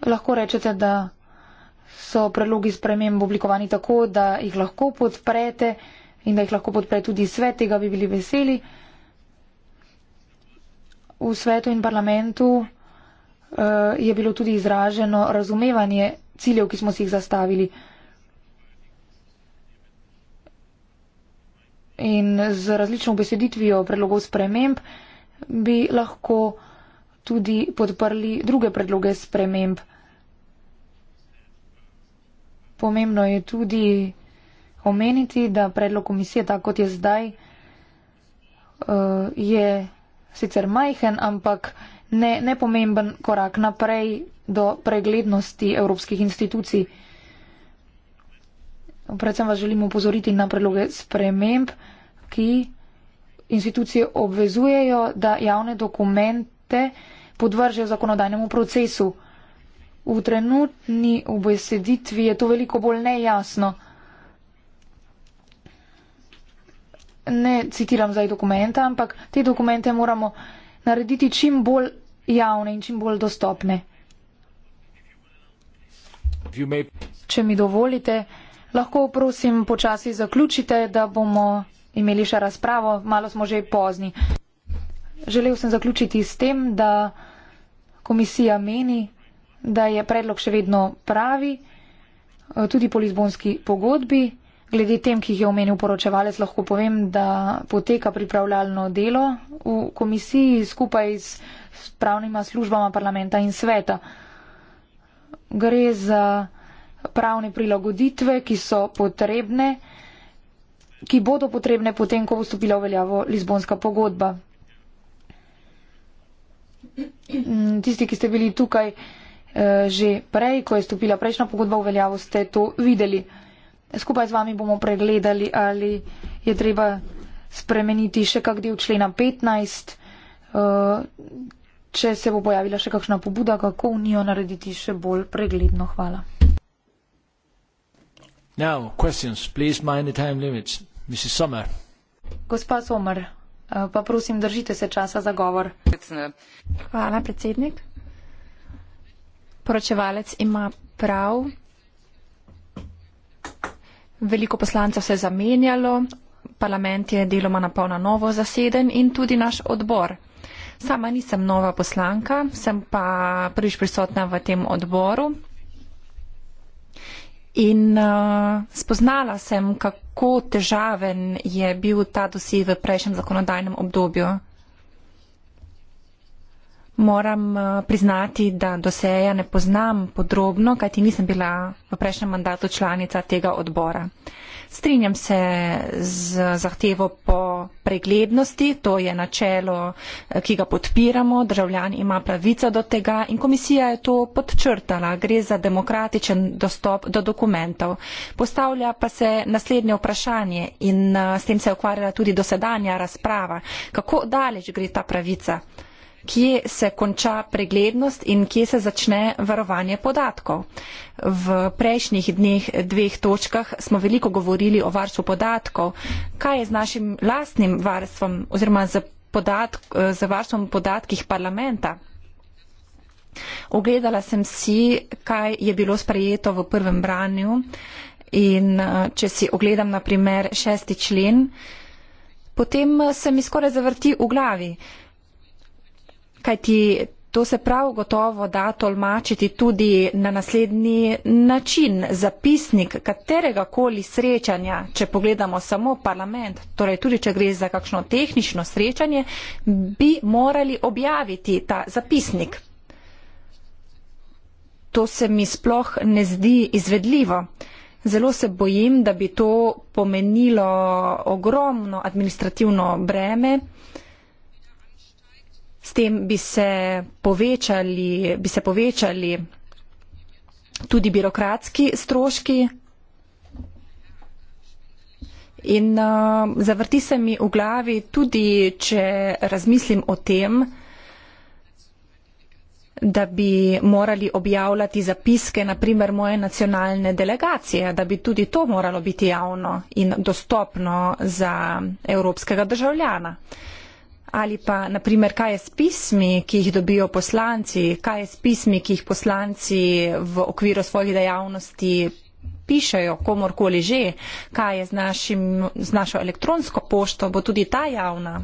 lahko rečete, da so predlogi sprememb oblikovani tako, da jih lahko podprete in da jih lahko podpre tudi svet, tega bi bili veseli. V svetu in parlamentu uh, je bilo tudi izraženo razumevanje ciljev, ki smo si jih zastavili. In z različno besedvijo predlogov sprememb bi lahko tudi podprli druge predloge sprememb. Pomembno je tudi omeniti, da predlog komisije, tako kot je zdaj, eh, je sicer majhen, ampak ne, nepomemben korak naprej do preglednosti evropskih institucij. Predvsem vas želim upozoriti na predloge sprememb, ki institucije obvezujejo, da javne dokumente podvržejo zakonodajnemu procesu. V trenutni obeseditvi je to veliko bolj nejasno. Ne citiram zdaj dokumenta, ampak te dokumente moramo narediti čim bolj javne in čim bolj dostopne. Če mi dovolite, lahko prosim počasi zaključite, da bomo imeli še razpravo, malo smo že pozni. Želel sem zaključiti s tem, da komisija meni, da je predlog še vedno pravi, eh, tudi po Lizbonski pogodbi. Glede tem, ki jih je omenil poročevalec, lahko povem, da poteka pripravljalno delo v komisiji skupaj s pravnima službama parlamenta in sveta. Gre za pravne prilagoditve, ki so potrebne, ki bodo potrebne potem, ko bo vstopila v veljavo Lizbonska pogodba. Mm, tisti, ki ste bili tukaj Eh, že prej, ko je stopila prejšnja pogodba v veljavo, ste to videli. Skupaj z vami bomo pregledali, ali je treba spremeniti še kak del člena 15, eh, če se bo pojavila še kakšna pobuda, kako unijo narediti še bolj pregledno. Hvala. Now, questions, please mind the time limits. Mrs. Sommer. Gospa Sommer, eh, pa prosim, držite se časa za govor. Hvala, predsednik poročevalec ima prav. Veliko poslancev se je zamenjalo, parlament je deloma napolna novo zaseden in tudi naš odbor. Sama nisem nova poslanka, sem pa prvič prisotna v tem odboru. In uh, spoznala sem, kako težaven je bil ta dosi v prejšnjem zakonodajnem obdobju. Moram eh, priznati, da doseja ne poznam podrobno, kajti nisem bila v prejšnjem mandatu članica tega odbora. Strinjam se z zahtevo po preglednosti, to je načelo, eh, ki ga podpiramo, državljan ima pravico do tega in komisija je to podčrtala. Gre za demokratičen dostop do dokumentov. Postavlja pa se naslednje vprašanje in eh, s tem se je ukvarjala tudi dosedanja razprava, kako daleč gre ta pravica kje se konča preglednost in kje se začne varovanje podatkov. V prejšnjih dneh, dveh točkah smo veliko govorili o varstvu podatkov. Kaj je z našim lastnim varstvom oziroma z, podatk, z varstvom podatkih parlamenta? Ogledala sem si, kaj je bilo sprejeto v prvem branju in če si ogledam na primer šesti člen, potem se mi skoraj zavrti v glavi kajti to se prav gotovo da tolmačiti tudi na naslednji način. Zapisnik katerega koli srečanja, če pogledamo samo parlament, torej tudi če gre za kakšno tehnično srečanje, bi morali objaviti ta zapisnik. To se mi sploh ne zdi izvedljivo. Zelo se bojim, da bi to pomenilo ogromno administrativno breme. Uh, S tem bi se povečali, bi se povečali tudi birokratski stroški. In uh, zavrti se mi v glavi tudi, če razmislim o tem, da bi morali objavljati zapiske, naprimer moje nacionalne delegacije, da bi tudi to moralo biti javno in dostopno za evropskega državljana. Uh, ali pa, naprimer, kaj je s pismi, ki jih dobijo poslanci, kaj je s pismi, ki jih poslanci v okviru svojih dejavnosti pišajo komorkoli že, kaj je z, našim, z našo elektronsko pošto, bo tudi ta javna.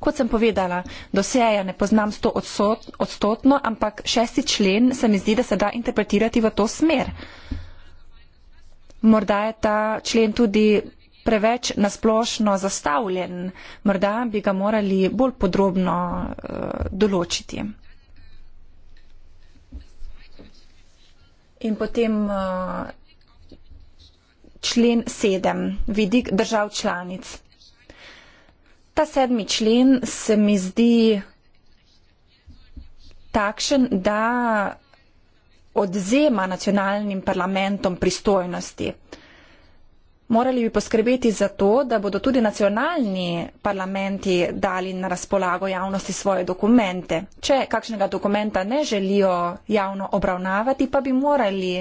Kot sem povedala, doseja ne poznam 100 odstot, odstotno, ampak šesti člen se mi zdi, da se da interpretirati v to smer. Morda je ta člen tudi preveč nasplošno zastavljen. Morda bi ga morali bolj podrobno eh, določiti. In potem eh, člen sedem, vidik držav članic. Ta sedmi člen se mi zdi takšen, da odzema nacionalnim parlamentom pristojnosti. Morali bi poskrbeti za to, da bodo tudi nacionalni parlamenti dali na razpolago javnosti svoje dokumente. Če kakšnega dokumenta ne želijo javno obravnavati, pa bi morali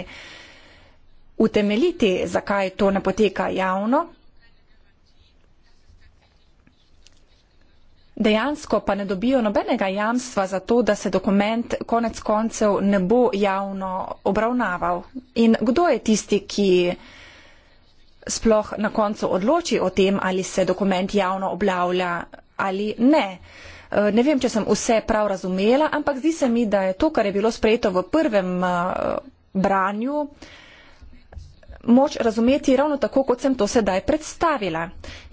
utemeliti, zakaj to ne poteka javno. Dejansko pa ne dobijo nobenega jamstva za to, da se dokument konec koncev ne bo javno obravnaval. In kdo je tisti, ki sploh na koncu odloči o tem, ali se dokument javno objavlja ali ne. Eh, ne vem, če sem vse prav razumela, ampak zdi se mi, da je to, kar je bilo sprejeto v prvem eh, branju, moč razumeti ravno tako, kot sem to sedaj predstavila.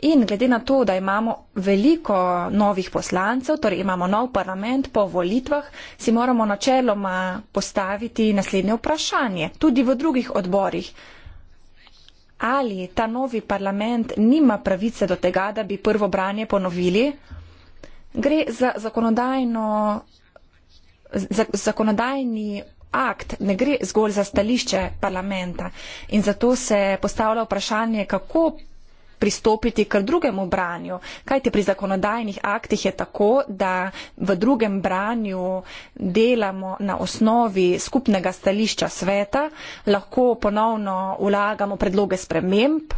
In glede na to, da imamo veliko novih poslancev, torej imamo nov parlament po volitvah, si moramo načeloma postaviti naslednje vprašanje, tudi v drugih odborih ali ta novi parlament nima pravice do tega, da bi prvo branje ponovili. Gre za zakonodajno, za, zakonodajni akt, ne gre zgolj za stališče parlamenta. In zato se postavlja vprašanje, kako pristopiti k drugemu branju. Kajti pri zakonodajnih aktih je tako, da v drugem branju delamo na osnovi skupnega stališča sveta, lahko ponovno vlagamo predloge sprememb,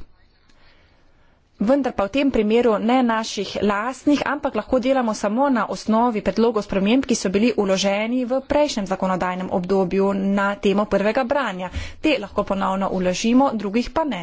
vendar pa v tem primeru ne naših lastnih, ampak lahko delamo samo na osnovi predlogov sprememb, ki so bili uloženi v prejšnjem zakonodajnem obdobju na temo prvega branja. Te lahko ponovno uložimo, drugih pa ne.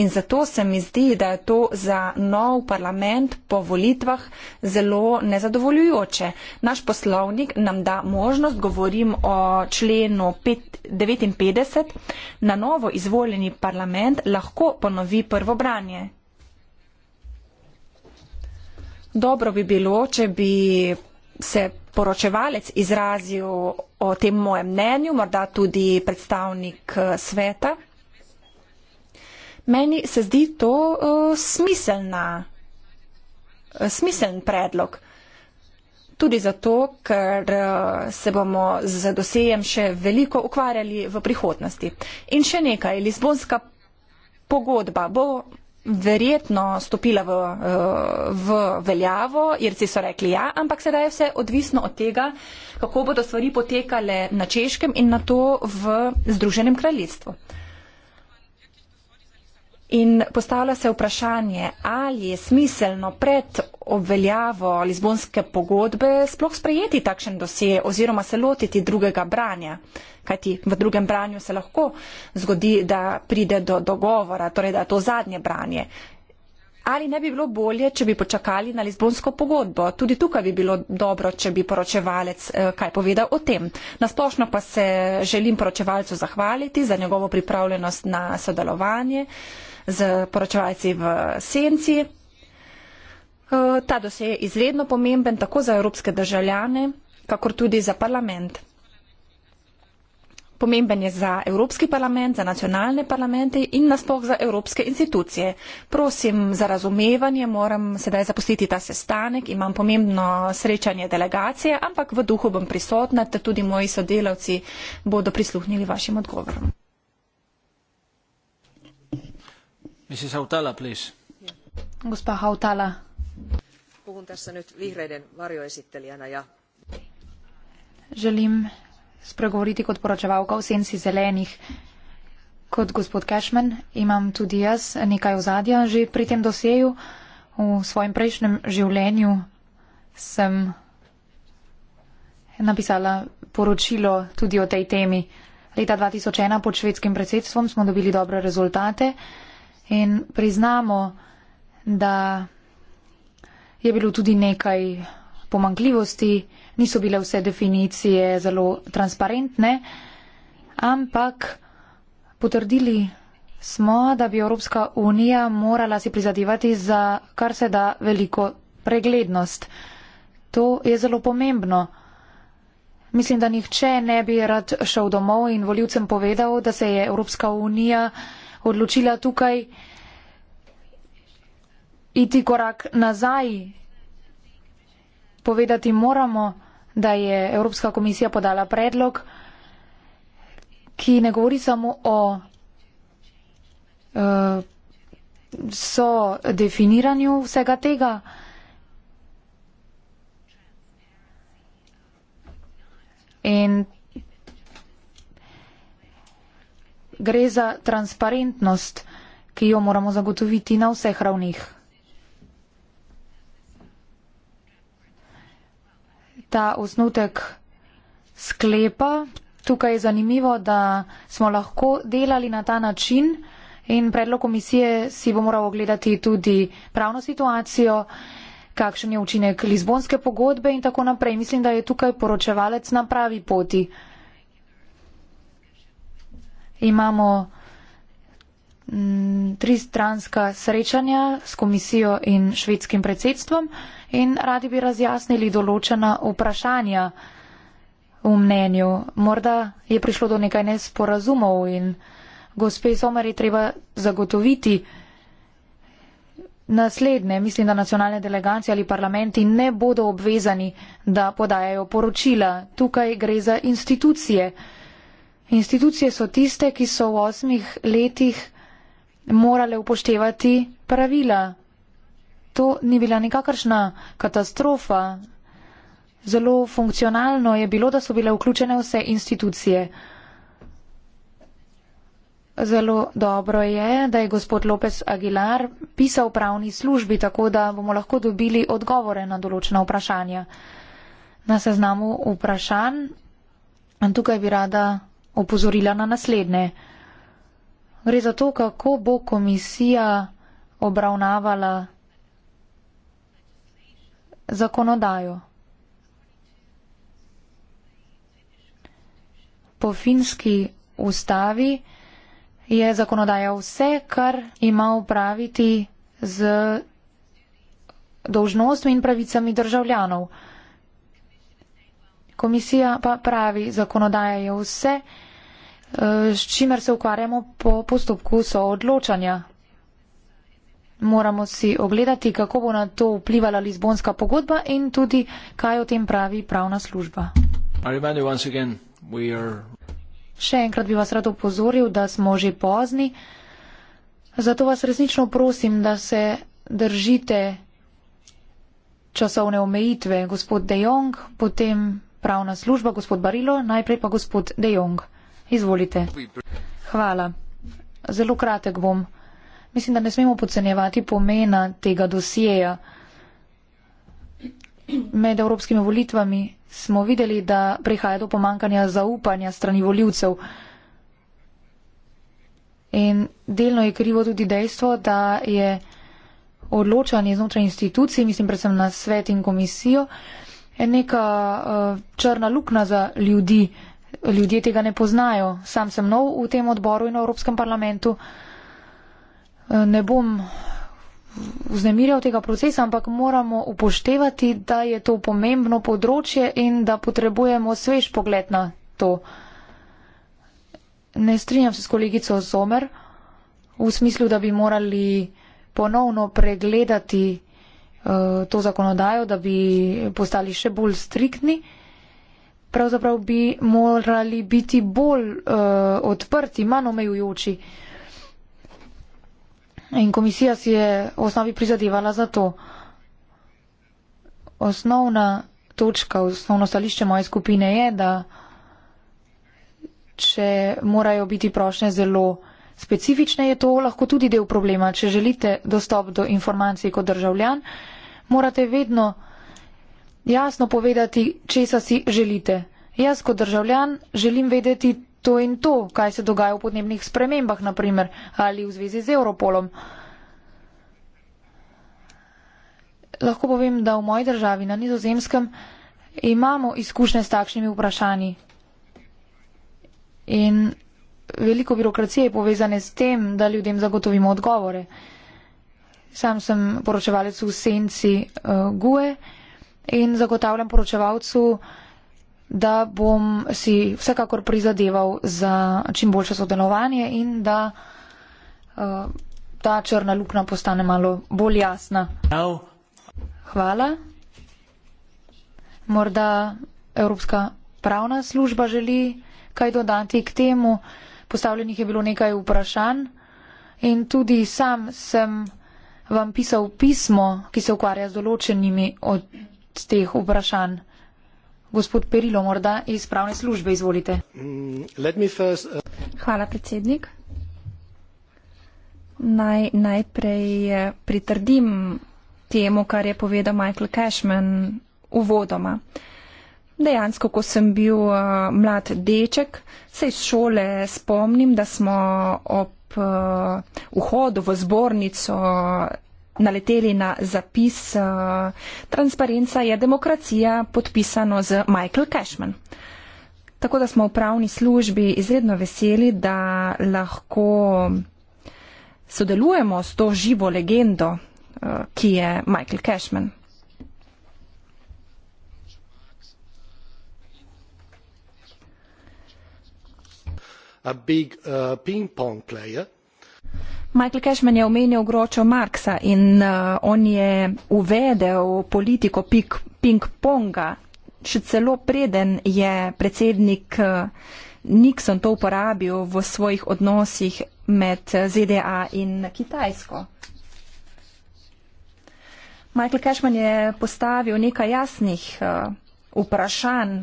In zato se mi zdi, da je to za nov parlament po volitvah zelo nezadovoljujoče. Naš poslovnik nam da možnost, govorim o členu 59, na novo izvoljeni parlament lahko ponovi prvo branje. Dobro bi bilo, če bi se poročevalec izrazil o tem mojem mnenju, morda tudi predstavnik eh, sveta. Meni se zdi to eh, smiselna, eh, smiseln predlog. Tudi zato, ker se bomo z dosejem še veliko ukvarjali v prihodnosti. In še nekaj, Lizbonska pogodba bo verjetno stopila v, eh, v veljavo, jer si so rekli ja, ampak sedaj je vse odvisno od tega, kako bodo stvari potekale na Češkem in na to v Združenem kraljestvu. In postavlja se vprašanje, ali je smiselno pred obveljavo Lizbonske pogodbe sploh sprejeti takšen dosje oziroma se lotiti drugega branja. Kajti v drugem branju se lahko zgodi, da pride do dogovora, torej da je to zadnje branje. Ali ne bi bilo bolje, če bi počakali na Lizbonsko pogodbo? Tudi tukaj bi bilo dobro, če bi poročevalec eh, kaj povedal o tem. Nasplošno pa se želim poročevalcu zahvaliti za njegovo pripravljenost na sodelovanje z poročevalci v Senci. Eh, ta dosej je izredno pomemben tako za evropske državljane, kakor tudi za parlament. Pomemben je za Evropski parlament, za nacionalne parlamente in nasploh za evropske institucije. Prosim za razumevanje, moram sedaj zapustiti ta sestanek, imam pomembno srečanje delegacije, ampak v duhu bom prisotna, ter tudi moji sodelavci bodo prisluhnili vašim odgovorom. Gospa Hautala, puhun tässä nyt vihreiden varjoesittelijänä ja Želim spregovoriti kot poročevalka v senci zelenih. Kot gospod Cashman imam tudi jaz nekaj ozadja že pri tem doseju. V svojem prejšnjem življenju sem napisala poročilo tudi o tej temi. Leta 2001 pod švedskim predsedstvom smo dobili dobre rezultate in priznamo, da je bilo tudi nekaj pomankljivosti, niso bile vse definicije zelo transparentne, ampak potrdili smo, da bi Evropska unija morala si prizadevati za kar se da veliko preglednost. To je zelo pomembno. Mislim, da nihče ne bi rad šel domov in voljivcem povedal, da se je Evropska unija odločila tukaj iti korak nazaj. Povedati moramo, da je Evropska komisija podala predlog, ki ne govori samo o uh, so definiranju vsega tega. In gre za transparentnost, ki jo moramo zagotoviti na vseh ravnih. ta osnutek sklepa. Tukaj je zanimivo, da smo lahko delali na ta način in predlog komisije si bo moral ogledati tudi pravno situacijo, kakšen je učinek Lizbonske pogodbe in tako naprej. Mislim, da je tukaj poročevalec na pravi poti. Imamo tristranska srečanja s komisijo in švedskim predsedstvom in radi bi razjasnili določena vprašanja v mnenju. Morda je prišlo do nekaj nesporazumov in gospe Somer je treba zagotoviti naslednje. Mislim, da nacionalne delegacije ali parlamenti ne bodo obvezani, da podajajo poročila. Tukaj gre za institucije. Institucije so tiste, ki so v osmih letih morale upoštevati pravila. To ni bila nikakršna katastrofa. Zelo funkcionalno je bilo, da so bile vključene vse institucije. Zelo dobro je, da je gospod López Aguilar pisal pravni službi, tako da bomo lahko dobili odgovore na določena vprašanja. Na seznamu vprašanj, in tukaj bi rada opozorila na naslednje. Gre za to, kako bo komisija obravnavala zakonodajo. Po finski ustavi je zakonodaja vse, kar ima upraviti z dožnostmi in pravicami državljanov. Komisija pa pravi, zakonodaja je vse, kar ima upraviti z dožnostmi in pravicami državljanov. Eh, s čimer se ukvarjamo po postopku soodločanja. Moramo si ogledati, kako bo na to vplivala Lizbonska pogodba in tudi, kaj o tem pravi pravna služba. Še enkrat bi vas rad opozoril, da smo že pozni. Zato vas resnično prosim, da se držite časovne omejitve. Gospod De Jong, potem pravna služba, gospod Barilo, najprej pa gospod De Jong. Izvolite. Hvala. Zelo kratek bom. Mislim, da ne smemo podcenjevati pomena tega dosjeja. Med evropskimi volitvami smo videli, da prihaja do pomankanja zaupanja strani voljivcev. In delno je krivo tudi dejstvo, da je odločanje znotraj institucij, mislim predvsem na svet in komisijo, neka uh, črna lukna za ljudi. Uh, ljudje tega ne poznajo. Sam sem nov v tem odboru in v Evropskem parlamentu. Eh, ne bom vznemirjal tega procesa, ampak moramo upoštevati, da je to pomembno področje in da potrebujemo svež pogled na to. Ne strinjam se s kolegico Zomer v smislu, da bi morali ponovno pregledati uh, to zakonodajo, da bi postali še bolj striktni. Uh, pravzaprav bi morali biti bolj uh, odprti, manj omejujoči. In komisija si je v osnovi prizadevala za to. Osnovna točka, osnovno stališče moje skupine je, da če morajo biti prošnje zelo specifične, je to lahko tudi del problema. Če želite dostop do informacij kot državljan, morate vedno jasno povedati, česa si želite. Jaz kot državljan želim vedeti to in to, kaj se dogaja v podnebnih spremembah, naprimer, ali v zvezi z Europolom. Lahko povem, da v moji državi na nizozemskem imamo izkušnje s takšnimi vprašanji. In veliko birokracije je povezane s tem, da ljudem zagotovimo odgovore. Sam sem poročevalec v senci uh, GUE in zagotavljam poročevalcu, da bom si vsekakor prizadeval za čim boljše sodelovanje in da uh, ta črna luknja postane malo bolj jasna. Hvala. Morda Evropska pravna služba želi kaj dodati k temu. Postavljenih je bilo nekaj vprašanj in tudi sam sem vam pisal pismo, ki se ukvarja z določenimi od teh vprašanj. Gospod Perilo, morda iz pravne službe, izvolite. Mm, first, uh... Hvala, predsednik. Naj, najprej eh, pritrdim temu, kar je povedal Michael Cashman uvodoma. Dejansko, ko sem bil uh, mlad deček, se iz šole spomnim, da smo ob uh, vhodu v zbornico naleteli na zapis uh, Transparenca je demokracija podpisano z Michael Cashman. Tako da smo v pravni službi izredno veseli, da lahko sodelujemo s to živo legendo, uh, ki je Michael Cashman. A big uh, ping pong player. Michael Cashman je omenil gročo Marksa in uh, on je uvedel politiko ping-ponga, še celo preden je predsednik eh, Nixon to uporabil v svojih odnosih med eh, ZDA in Kitajsko. Michael Cashman je postavil nekaj jasnih uh, vprašanj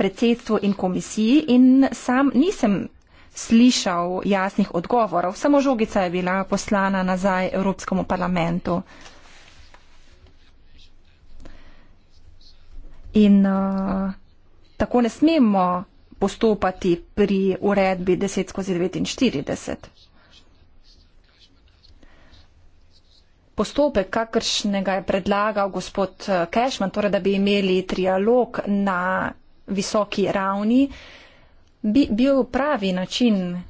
predsedstvu in komisiji in sam nisem slišal jasnih odgovorov. Samo žogica je bila poslana nazaj Evropskemu parlamentu. In uh, tako ne smemo postopati pri uredbi 10 skozi 49. Postopek, kakršnega je predlagal gospod Kešman, eh, torej da bi imeli trialog na visoki ravni, uh, bi bil pravi način.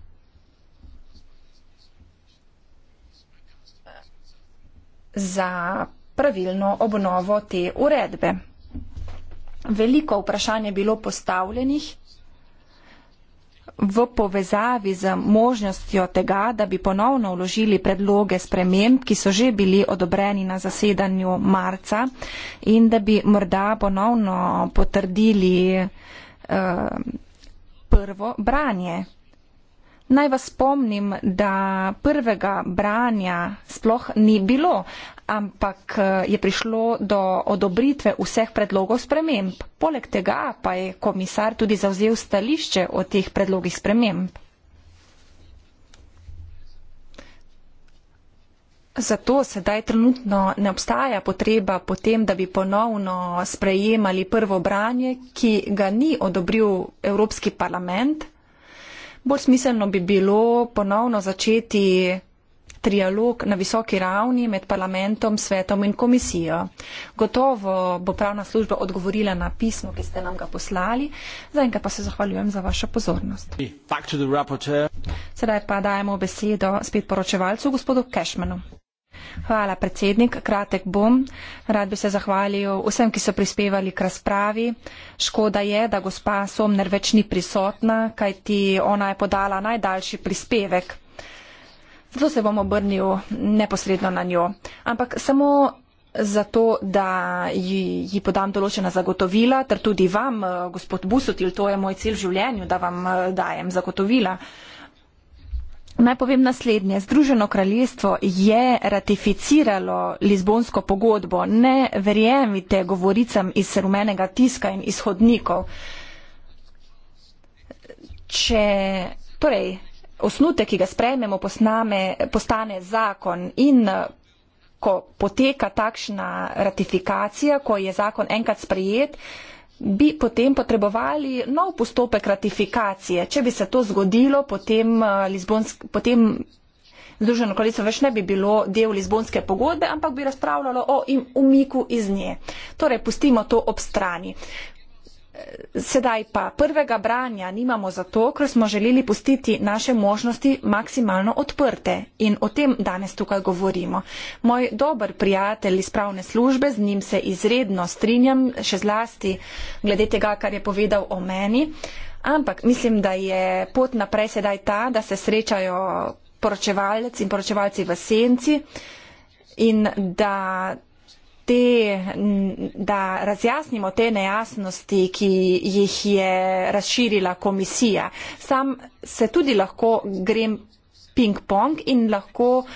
Za pravilno obnovo te uredbe. Veliko vprašanj je bilo postavljenih v povezavi z možnostjo tega, da bi ponovno vložili predloge sprememb, ki so že bili odobreni na zasedanju marca in da bi morda ponovno potrdili. Uh, prvo branje. Naj vas spomnim, da prvega branja sploh ni bilo, ampak eh, je prišlo do odobritve vseh predlogov sprememb. Poleg tega pa je komisar tudi zauzel stališče o teh predlogih sprememb. Zato sedaj trenutno ne obstaja potreba potem, da bi ponovno sprejemali prvo branje, ki ga ni odobril Evropski parlament. Bolj smiselno bi bilo ponovno začeti trialog na visoki ravni med parlamentom, svetom in komisijo. Gotovo bo pravna služba odgovorila na pismo, ki ste nam ga poslali. Zaenkrat pa se zahvaljujem za vašo pozornost. Sedaj pa dajemo besedo spet poročevalcu, gospodu Kešmanu. Hvala, predsednik. Kratek bom. Rad bi se zahvalil vsem, ki so prispevali k razpravi. Škoda je, da gospa Somner več ni prisotna, kajti ona je podala najdaljši prispevek. Zato se bom obrnil neposredno na njo. Ampak samo zato, da ji, ji podam določena zagotovila, ter tudi vam, eh, gospod Busutil, to je moj cilj v življenju, da vam eh, dajem zagotovila. Naj povem naslednje. Združeno kraljestvo je ratificiralo Lizbonsko pogodbo. Ne verjemite govoricam iz rumenega tiska in izhodnikov. Če torej, osnutek, ki ga sprejmemo, posname, postane zakon in ko poteka takšna ratifikacija, ko je zakon enkrat sprejet, bi potem potrebovali nov postopek ratifikacije. Če bi se to zgodilo, potem, eh, Lizbonsk, potem Združeno kraljestvo več ne bi bilo del Lizbonske pogodbe, ampak bi razpravljalo o umiku iz nje. Torej, pustimo to ob strani sedaj pa prvega branja nimamo zato, ker smo želeli pustiti naše možnosti maksimalno odprte in o tem danes tukaj govorimo. Moj dober prijatelj iz pravne službe, z njim se izredno strinjam, še zlasti glede tega, kar je povedal o meni, ampak mislim, da je pot naprej sedaj ta, da se srečajo poročevalec in poročevalci v senci in da te, da razjasnimo te nejasnosti, ki jih je razširila komisija. Sam se tudi lahko grem ping-pong in lahko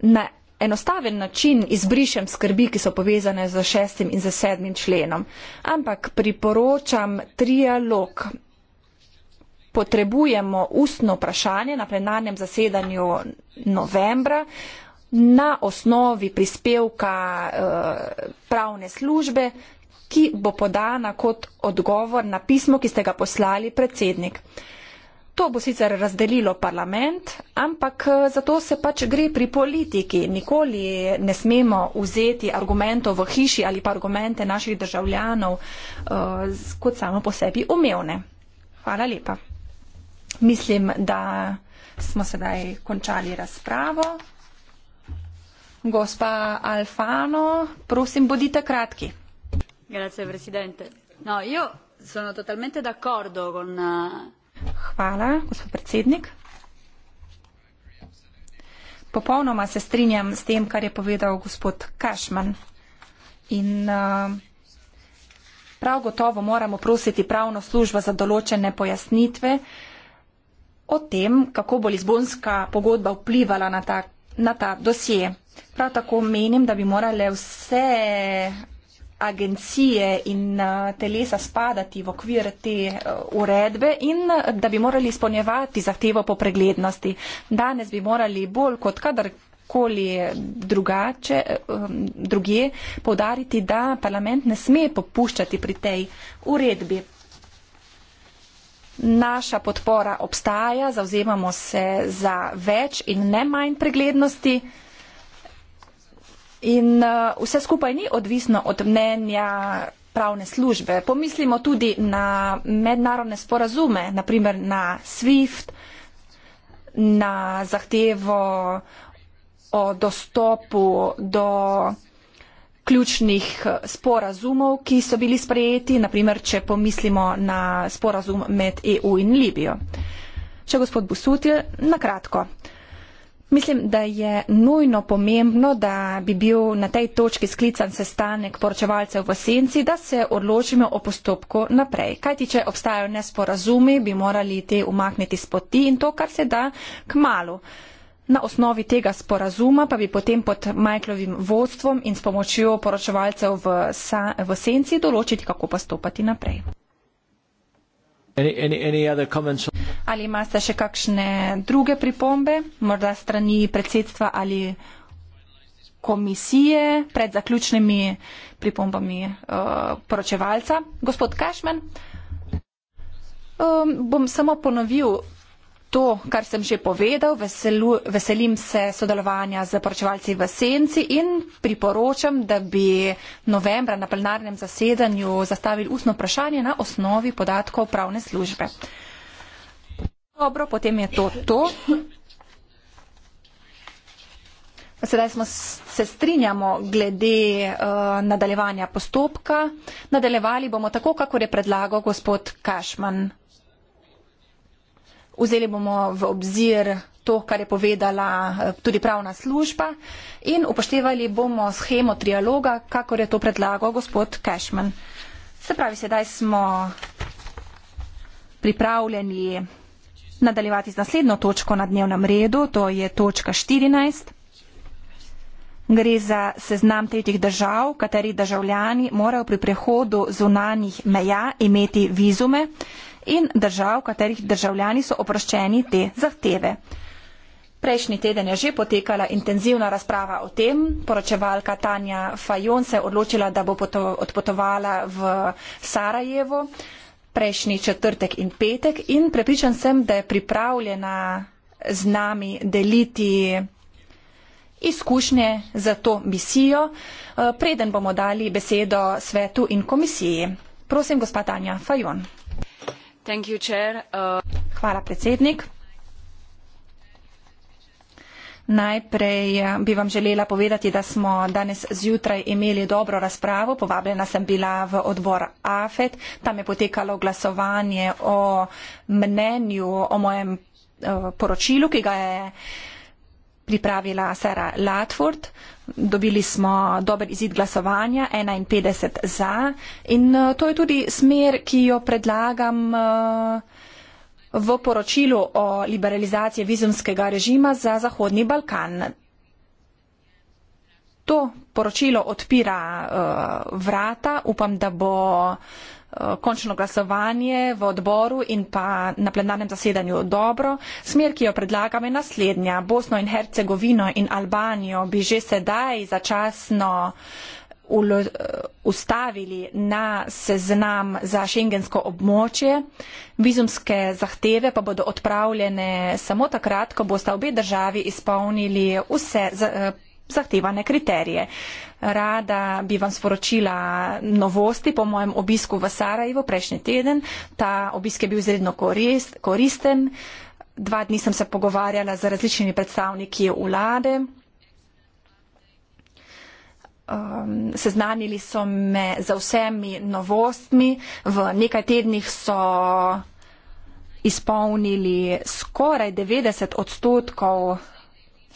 na enostaven način izbrišem skrbi, ki so povezane z šestim in z sedmim členom. Ampak priporočam trialog. Potrebujemo ustno vprašanje na plenarnem zasedanju novembra, na osnovi prispevka eh, pravne službe, ki bo podana kot odgovor na pismo, ki ste ga poslali predsednik. To bo sicer razdelilo parlament, ampak eh, zato se pač gre pri politiki. Nikoli ne smemo vzeti argumentov v hiši ali pa argumente naših državljanov uh, kot samo po sebi umevne. Hvala lepa. Mislim, da smo sedaj končali razpravo. Gospa Alfano, prosim, bodite kratki. Grazie, presidente. No, io sono totalmente d'accordo con... Eh, Hvala, gospod predsednik. Popolnoma se strinjam s tem, kar je povedal gospod Kašman. In eh, prav gotovo moramo prositi pravno službo za določene pojasnitve o tem, kako bo Lizbonska pogodba vplivala na tak na ta dosje. Prav tako menim, da bi morale vse agencije in uh, telesa spadati v okvir te uh, uredbe in uh, da bi morali izpolnjevati zahtevo po preglednosti. Danes bi morali bolj kot kadar koli drugače, um, druge, povdariti, da parlament ne sme popuščati pri tej uredbi. Naša podpora obstaja, zauzemamo se za več in ne manj preglednosti. In uh, vse skupaj ni odvisno od mnenja pravne službe. Pomislimo tudi na mednarodne sporazume, naprimer na SWIFT, na zahtevo o dostopu do ključnih eh, sporazumov, ki so bili sprejeti, naprimer, če pomislimo na sporazum med EU in Libijo. Če gospod Busutil, nakratko. Mislim, da je nujno pomembno, da bi bil na tej točki sklican sestanek poročevalcev v senci, da se odločimo o postopku naprej. Kajti, če obstajajo nesporazumi, bi morali te umakniti spoti in to, kar se da k malu. Na osnovi tega sporazuma pa bi potem pod Michaelovim vodstvom in s pomočjo poročevalcev v, sa, v senci določiti, kako pa stopati naprej. Any, any, any ali imate še kakšne druge pripombe, morda strani predsedstva ali komisije pred zaključnimi pripombami uh, poročevalca? Gospod Kašmen, um, eh, bom samo ponovil to, kar sem že povedal, veselu, veselim se sodelovanja z poročevalci v Senci in priporočam, da bi novembra na plenarnem zasedanju zastavili ustno vprašanje na osnovi podatkov pravne službe. Dobro, potem je to to. Sedaj smo, se strinjamo glede uh, nadaljevanja postopka. Nadaljevali bomo tako, kako je predlagal gospod Kašman vzeli bomo v obzir to, kar je povedala eh, tudi pravna služba in upoštevali bomo schemo trialoga, kakor je to predlagal gospod Cashman. Se pravi, sedaj smo pripravljeni nadaljevati z naslednjo točko na dnevnem redu, to je točka 14. Gre za seznam tretjih držav, katerih državljani morajo pri prehodu zunanjih meja imeti vizume in držav, katerih državljani so oproščeni te zahteve. Prejšnji teden je že potekala intenzivna razprava o tem. Poročevalka Tanja Fajon se je odločila, da bo odpotovala v Sarajevo prejšnji četrtek in petek in prepričan sem, da je pripravljena z nami deliti izkušnje za to misijo, eh, preden bomo dali besedo svetu in komisiji. Prosim, gospa Tanja Fajon. Uh, hvala predsednik najprej eh, bi vam želela povedati da smo danes zjutraj imeli dobro razpravo povabljena sem bila v odbor afet tam je potekalo glasovanje o mnenju o mojem eh, poročilu ki ga je pripravila sara ludford dobili smo dober izid glasovanja, 51 za. In eh, to je tudi smer, ki jo predlagam eh, v poročilu o liberalizaciji vizumskega režima za Zahodni Balkan. To poročilo odpira uh, vrata, upam, da bo uh, Eh, končno glasovanje v odboru in pa na plenarnem zasedanju dobro. Smer, ki jo predlagam, je naslednja. Bosno in Hercegovino in Albanijo bi že sedaj začasno eh, ustavili na seznam za šengensko območje. Vizumske zahteve pa bodo odpravljene samo takrat, ko boste obe državi izpolnili vse eh, zahtevane kriterije. Rada bi vam sporočila novosti po mojem obisku v Sarajevo prejšnji teden. Ta obisk je bil izredno koristen. Dva dni sem se pogovarjala z različnimi predstavniki vlade. Um, seznanili so me za vsemi novostmi. V nekaj tednih so izpolnili skoraj 90 odstotkov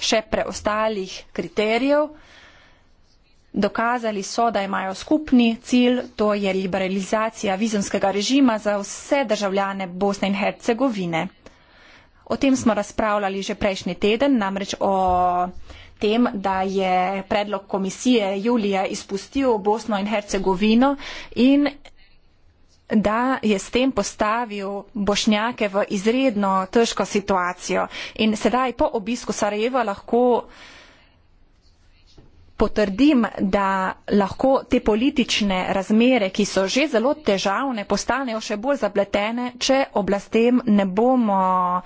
še preostalih kriterijev. Dokazali so, da imajo skupni cilj, to je liberalizacija vizumskega režima za vse državljane Bosne in Hercegovine. O tem smo razpravljali že prejšnji teden, namreč o tem, da je predlog komisije Julija izpustil Bosno in Hercegovino in da je s tem postavil bošnjake v izredno težko situacijo. In sedaj po obisku Sarajeva lahko potrdim, da lahko te politične razmere, ki so že zelo težavne, postanejo še bolj zapletene, če oblastem ne bomo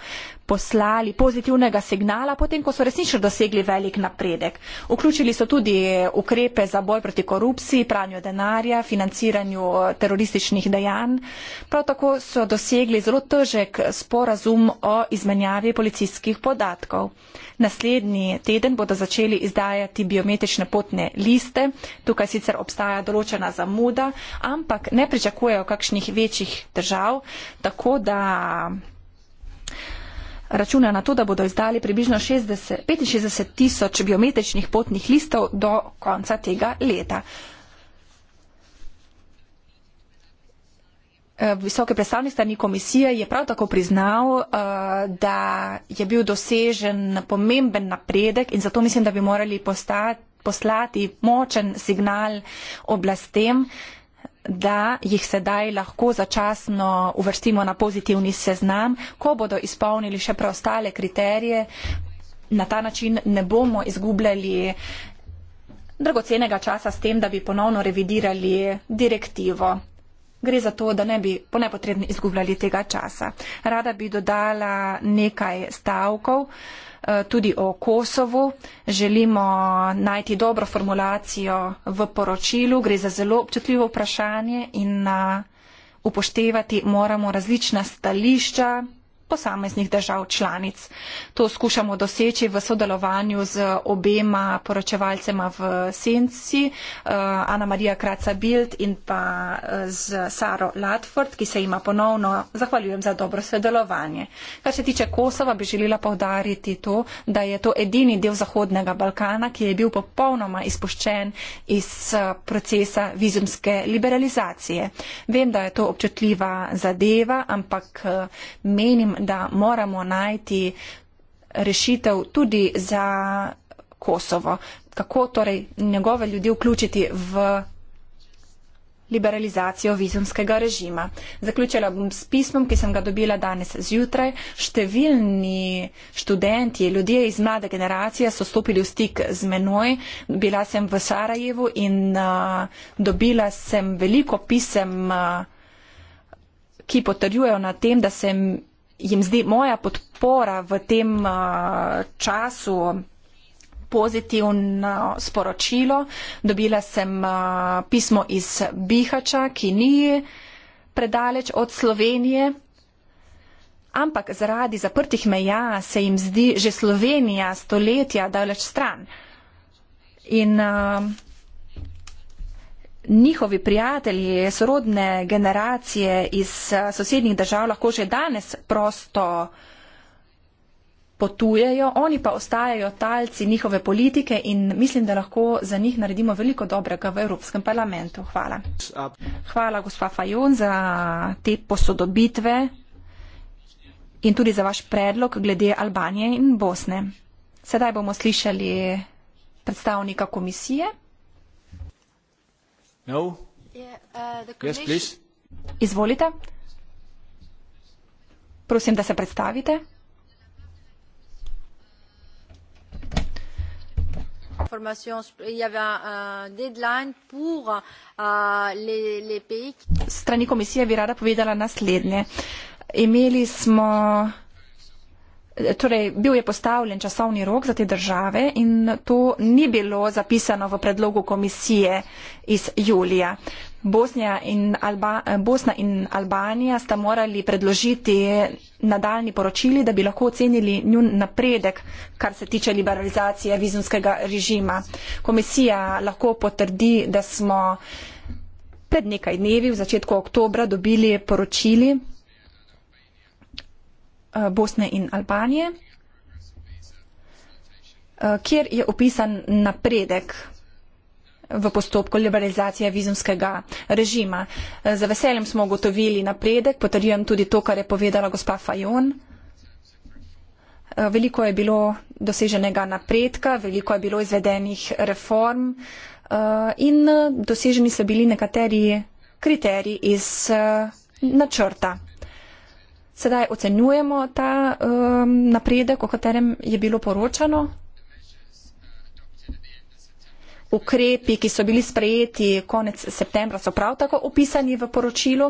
poslali pozitivnega signala, potem ko so resnično dosegli velik napredek. Vključili so tudi ukrepe za boj proti korupciji, pranju denarja, financiranju eh, terorističnih dejanj. Prav tako so dosegli zelo težek sporazum o izmenjavi policijskih podatkov. Naslednji teden bodo začeli izdajati biometrične potne liste. Tukaj sicer obstaja določena zamuda, ampak ne pričakujejo kakšnih večjih držav, tako da računa na to, da bodo izdali približno 60, 65 tisoč biometričnih potnih listov do konca tega leta. Eh, visoke predstavnik strani komisije je prav tako priznal, eh, da je bil dosežen pomemben napredek in zato mislim, da bi morali postati, poslati močen signal oblastem, da jih sedaj lahko začasno uvrstimo na pozitivni seznam, ko bodo izpolnili še preostale kriterije. Na ta način ne bomo izgubljali dragocenega časa s tem, da bi ponovno revidirali direktivo. Gre za to, da ne bi po nepotrebni izgubljali tega časa. Rada bi dodala nekaj stavkov. Uh, Eh, tudi o Kosovu. Želimo najti dobro formulacijo v poročilu. Gre za zelo občutljivo vprašanje in eh, upoštevati moramo različna stališča posameznih držav članic. To skušamo doseči v sodelovanju z obema poročevalcema v Senci, eh, Ana Marija Kraca-Bild in pa eh, z Saro Latford, ki se ima ponovno zahvaljujem za dobro sodelovanje. Kar se tiče Kosova, bi želela povdariti to, da je to edini del Zahodnega Balkana, ki je bil popolnoma izpuščen iz eh, procesa vizumske liberalizacije. Vem, da je to občutljiva zadeva, ampak menim, da moramo najti rešitev tudi za Kosovo. Kako torej njegove ljudi vključiti v liberalizacijo vizumskega režima. Zaključila bom s pismom, ki sem ga dobila danes zjutraj. Številni študenti, ljudje iz mlade generacije so stopili v stik z menoj. Bila sem v Sarajevu in uh, dobila sem veliko pisem, uh, ki potrjujejo na tem, da sem jim zdi moja podpora v tem uh, času pozitivno sporočilo. Dobila sem uh, pismo iz Bihača, ki ni predaleč od Slovenije. Ampak zaradi zaprtih meja se jim zdi že Slovenija stoletja daleč stran. In uh, njihovi prijatelji, sorodne generacije iz eh, sosednjih držav lahko že danes prosto potujejo, oni pa ostajajo talci njihove politike in mislim, da lahko za njih naredimo veliko dobrega v Evropskem parlamentu. Hvala. Hvala, gospa Fajon, za te posodobitve in tudi za vaš predlog glede Albanije in Bosne. Sedaj bomo slišali predstavnika komisije. No? Uh, yes, please. Izvolite. Prosim, da se predstavite. Euh, Strani komisije bi rada povedala naslednje. Imeli smo Torej, bil je postavljen časovni rok za te države in to ni bilo zapisano v predlogu komisije iz julija. Bosnija in Alba, Bosna in Albanija sta morali predložiti nadaljni poročili, da bi lahko ocenili njun napredek, kar se tiče liberalizacije vizumskega režima. Komisija lahko potrdi, da smo pred nekaj dnevi v začetku oktobra dobili poročili Eh, Bosne in Albanije, eh, kjer je opisan napredek v postopku liberalizacije vizumskega režima. Eh, Za veseljem smo ugotovili napredek, potrjujem tudi to, kar je povedala gospa Fajon. Veliko je bilo doseženega napredka, veliko je bilo izvedenih reform in doseženi so bili nekateri kriteriji iz načrta sedaj ocenjujemo ta um, napredek, o katerem je bilo poročano. Ukrepi, ki so bili sprejeti konec septembra, so prav tako opisani v poročilu.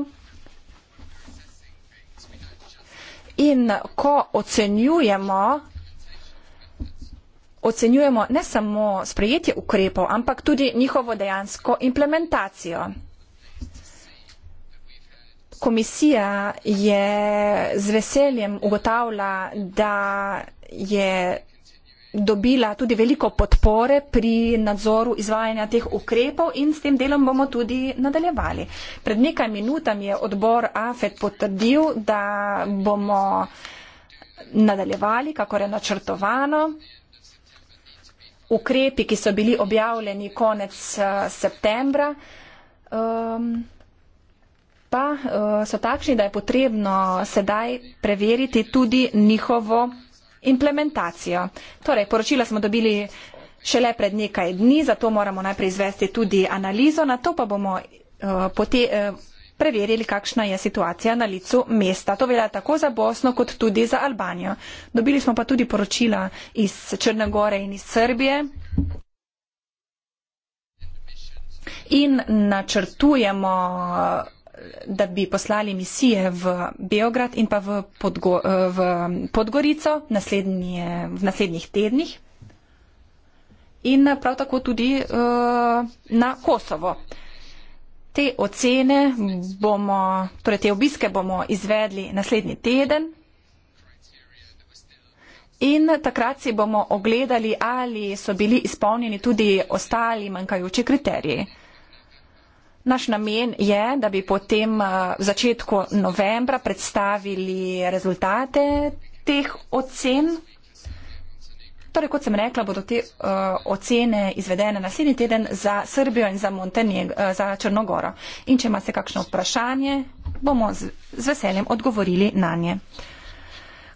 In ko ocenjujemo, ocenjujemo ne samo sprejetje ukrepov, ampak tudi njihovo dejansko implementacijo komisija je z veseljem ugotavlja, da je dobila tudi veliko podpore pri nadzoru izvajanja teh ukrepov in s tem delom bomo tudi nadaljevali. Pred nekaj minutami je odbor AFED potrdil, da bomo nadaljevali, kako je načrtovano. Ukrepi, ki so bili objavljeni konec eh, septembra, um, pa eh, so takšni, da je potrebno sedaj preveriti tudi njihovo implementacijo. Torej, poročila smo dobili šele pred nekaj dni, zato moramo najprej izvesti tudi analizo, na to pa bomo eh, pote, eh, preverili, kakšna je situacija na licu mesta. To velja tako za Bosno, kot tudi za Albanijo. Dobili smo pa tudi poročila iz Črne Gore in iz Srbije. In načrtujemo da bi poslali misije v Beograd in pa v, Podgo, eh, v Podgorico naslednje, eh, v naslednjih tednih in prav tako tudi eh, na Kosovo. Te ocene bomo, torej te obiske bomo izvedli naslednji teden in takrat si bomo ogledali, ali so bili izpolnjeni tudi ostali manjkajoči kriteriji. Naš namen je, da bi potem eh, v začetku novembra predstavili rezultate teh ocen. Torej, kot sem rekla, bodo te uh, ocene izvedene naslednji teden za Srbijo in za, uh, za Črnogoro. In če imate kakšno vprašanje, bomo z, z veseljem odgovorili na nje.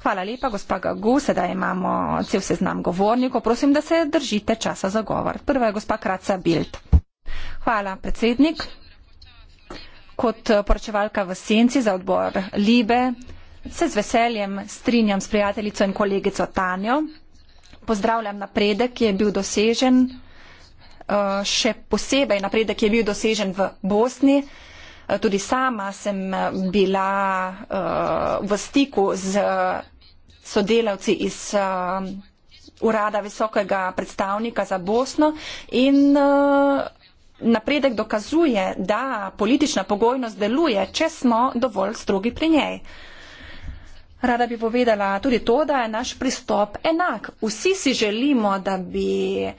Hvala lepa, gospa Gagu. Sedaj imamo cel seznam govornikov. Prosim, da se držite časa za govor. Prva je gospa Kraca Bild. Hvala, predsednik. Kot eh, poročevalka v senci za odbor Libe se z veseljem strinjam s prijateljico in kolegico Tanjo. Pozdravljam napredek, ki je bil dosežen, eh, še posebej napredek, ki je bil dosežen v Bosni. Eh, tudi sama sem bila v stiku z sodelavci iz urada visokega predstavnika za Bosno in napredek dokazuje, da politična pogojnost deluje, če smo dovolj strogi pri njej. Rada bi povedala tudi to, da je naš pristop enak. Vsi si želimo, da bi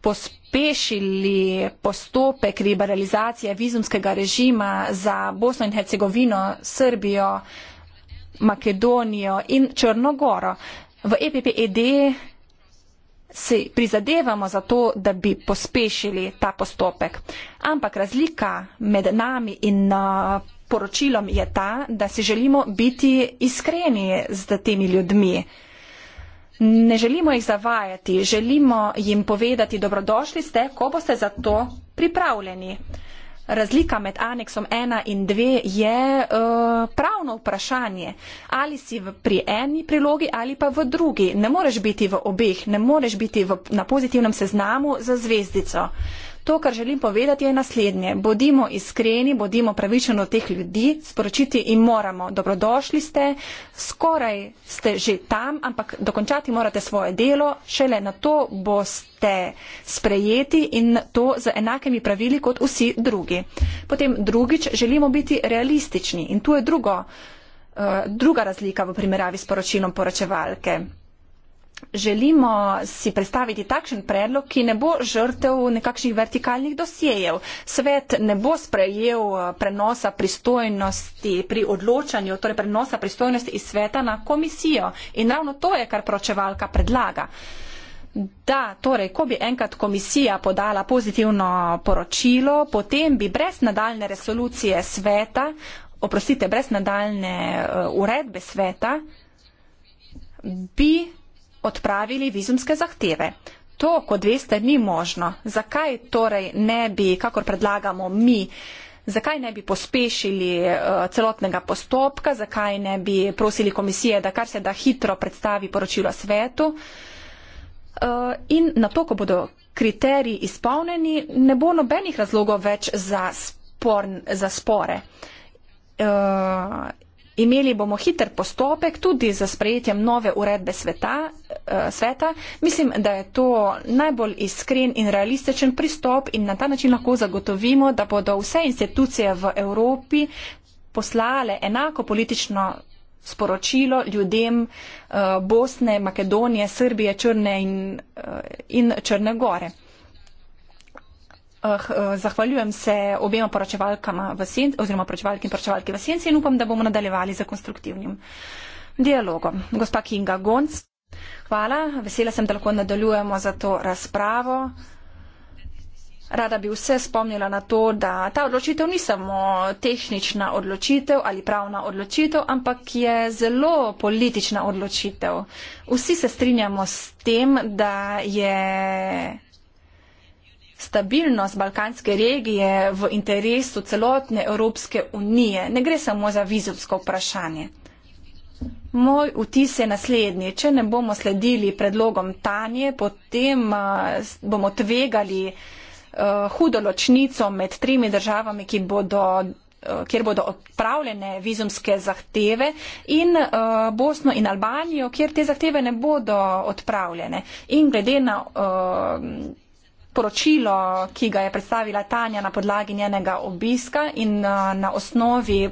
pospešili postopek liberalizacije vizumskega režima za Bosno in Hercegovino, Srbijo, Makedonijo in Črnogoro. V EPPED si prizadevamo za to, da bi pospešili ta postopek. Ampak razlika med nami in uh, poročilom je ta, da si želimo biti iskreni z temi ljudmi. Ne želimo jih zavajati, želimo jim povedati, dobrodošli ste, ko boste za to pripravljeni. Razlika med aneksom 1 in 2 je uh, pravno vprašanje, ali si v, pri eni prilogi ali pa v drugi. Ne moreš biti v obeh, ne moreš biti v, na pozitivnem seznamu za zvezdico. Uh, To, kar želim povedati, je naslednje. Bodimo iskreni, bodimo pravičeni do teh ljudi, sporočiti jim moramo. Dobrodošli ste, skoraj ste že tam, ampak dokončati morate svoje delo, šele na to boste sprejeti in to z enakimi pravili kot vsi drugi. Potem drugič, želimo biti realistični in tu je drugo, eh, druga razlika v primerjavi s poročilom poročevalke. Želimo si predstaviti takšen predlog, ki ne bo žrtev nekakšnih vertikalnih dosjejev. Svet ne bo sprejel eh, prenosa pristojnosti pri odločanju, torej prenosa pristojnosti iz sveta na komisijo. In ravno to je, kar pročevalka predlaga. Da, torej, ko bi enkrat komisija podala pozitivno poročilo, potem bi brez nadaljne resolucije sveta, oprostite, brez nadaljne eh, uredbe sveta, bi odpravili vizumske zahteve. To, kot veste, ni možno. Zakaj torej ne bi, kakor predlagamo mi, zakaj ne bi pospešili eh, celotnega postopka, zakaj ne bi prosili komisije, da kar se da hitro predstavi poročilo svetu. Eh, in na to, ko bodo kriteriji izpolneni, ne bo nobenih razlogov več za, spor, za spore. Eh, imeli bomo hiter postopek tudi za sprejetjem nove uredbe sveta Eh, sveta. Mislim, da je to najbolj iskren in realističen pristop in na ta način lahko zagotovimo, da bodo vse institucije v Evropi poslale enako politično sporočilo ljudem eh, Bosne, Makedonije, Srbije, Črne in, eh, in Črne gore. Zahvaljujem se objema poročevalkama v senci, oziroma poročevalki in poročevalki v senci in upam, da bomo nadaljevali za konstruktivnim dialogom. Gospa Kinga Gonc. Hvala, vesela sem, da lahko nadaljujemo za to razpravo. Rada bi vse spomnila na to, da ta odločitev ni samo tehnična odločitev ali pravna odločitev, ampak je zelo politična odločitev. Vsi se strinjamo s tem, da je stabilnost balkanske regije v interesu celotne Evropske unije. Ne gre samo za vizumsko vprašanje. Moj vtis je naslednji. Če ne bomo sledili predlogom Tanje, potem eh, bomo tvegali eh, hudo ločnico med trimi državami, bodo, eh, kjer bodo odpravljene vizumske zahteve in Bosno in Albanijo, kjer te zahteve ne bodo odpravljene. In glede na poročilo, ki ga je predstavila Tanja na podlagi njenega obiska in na osnovi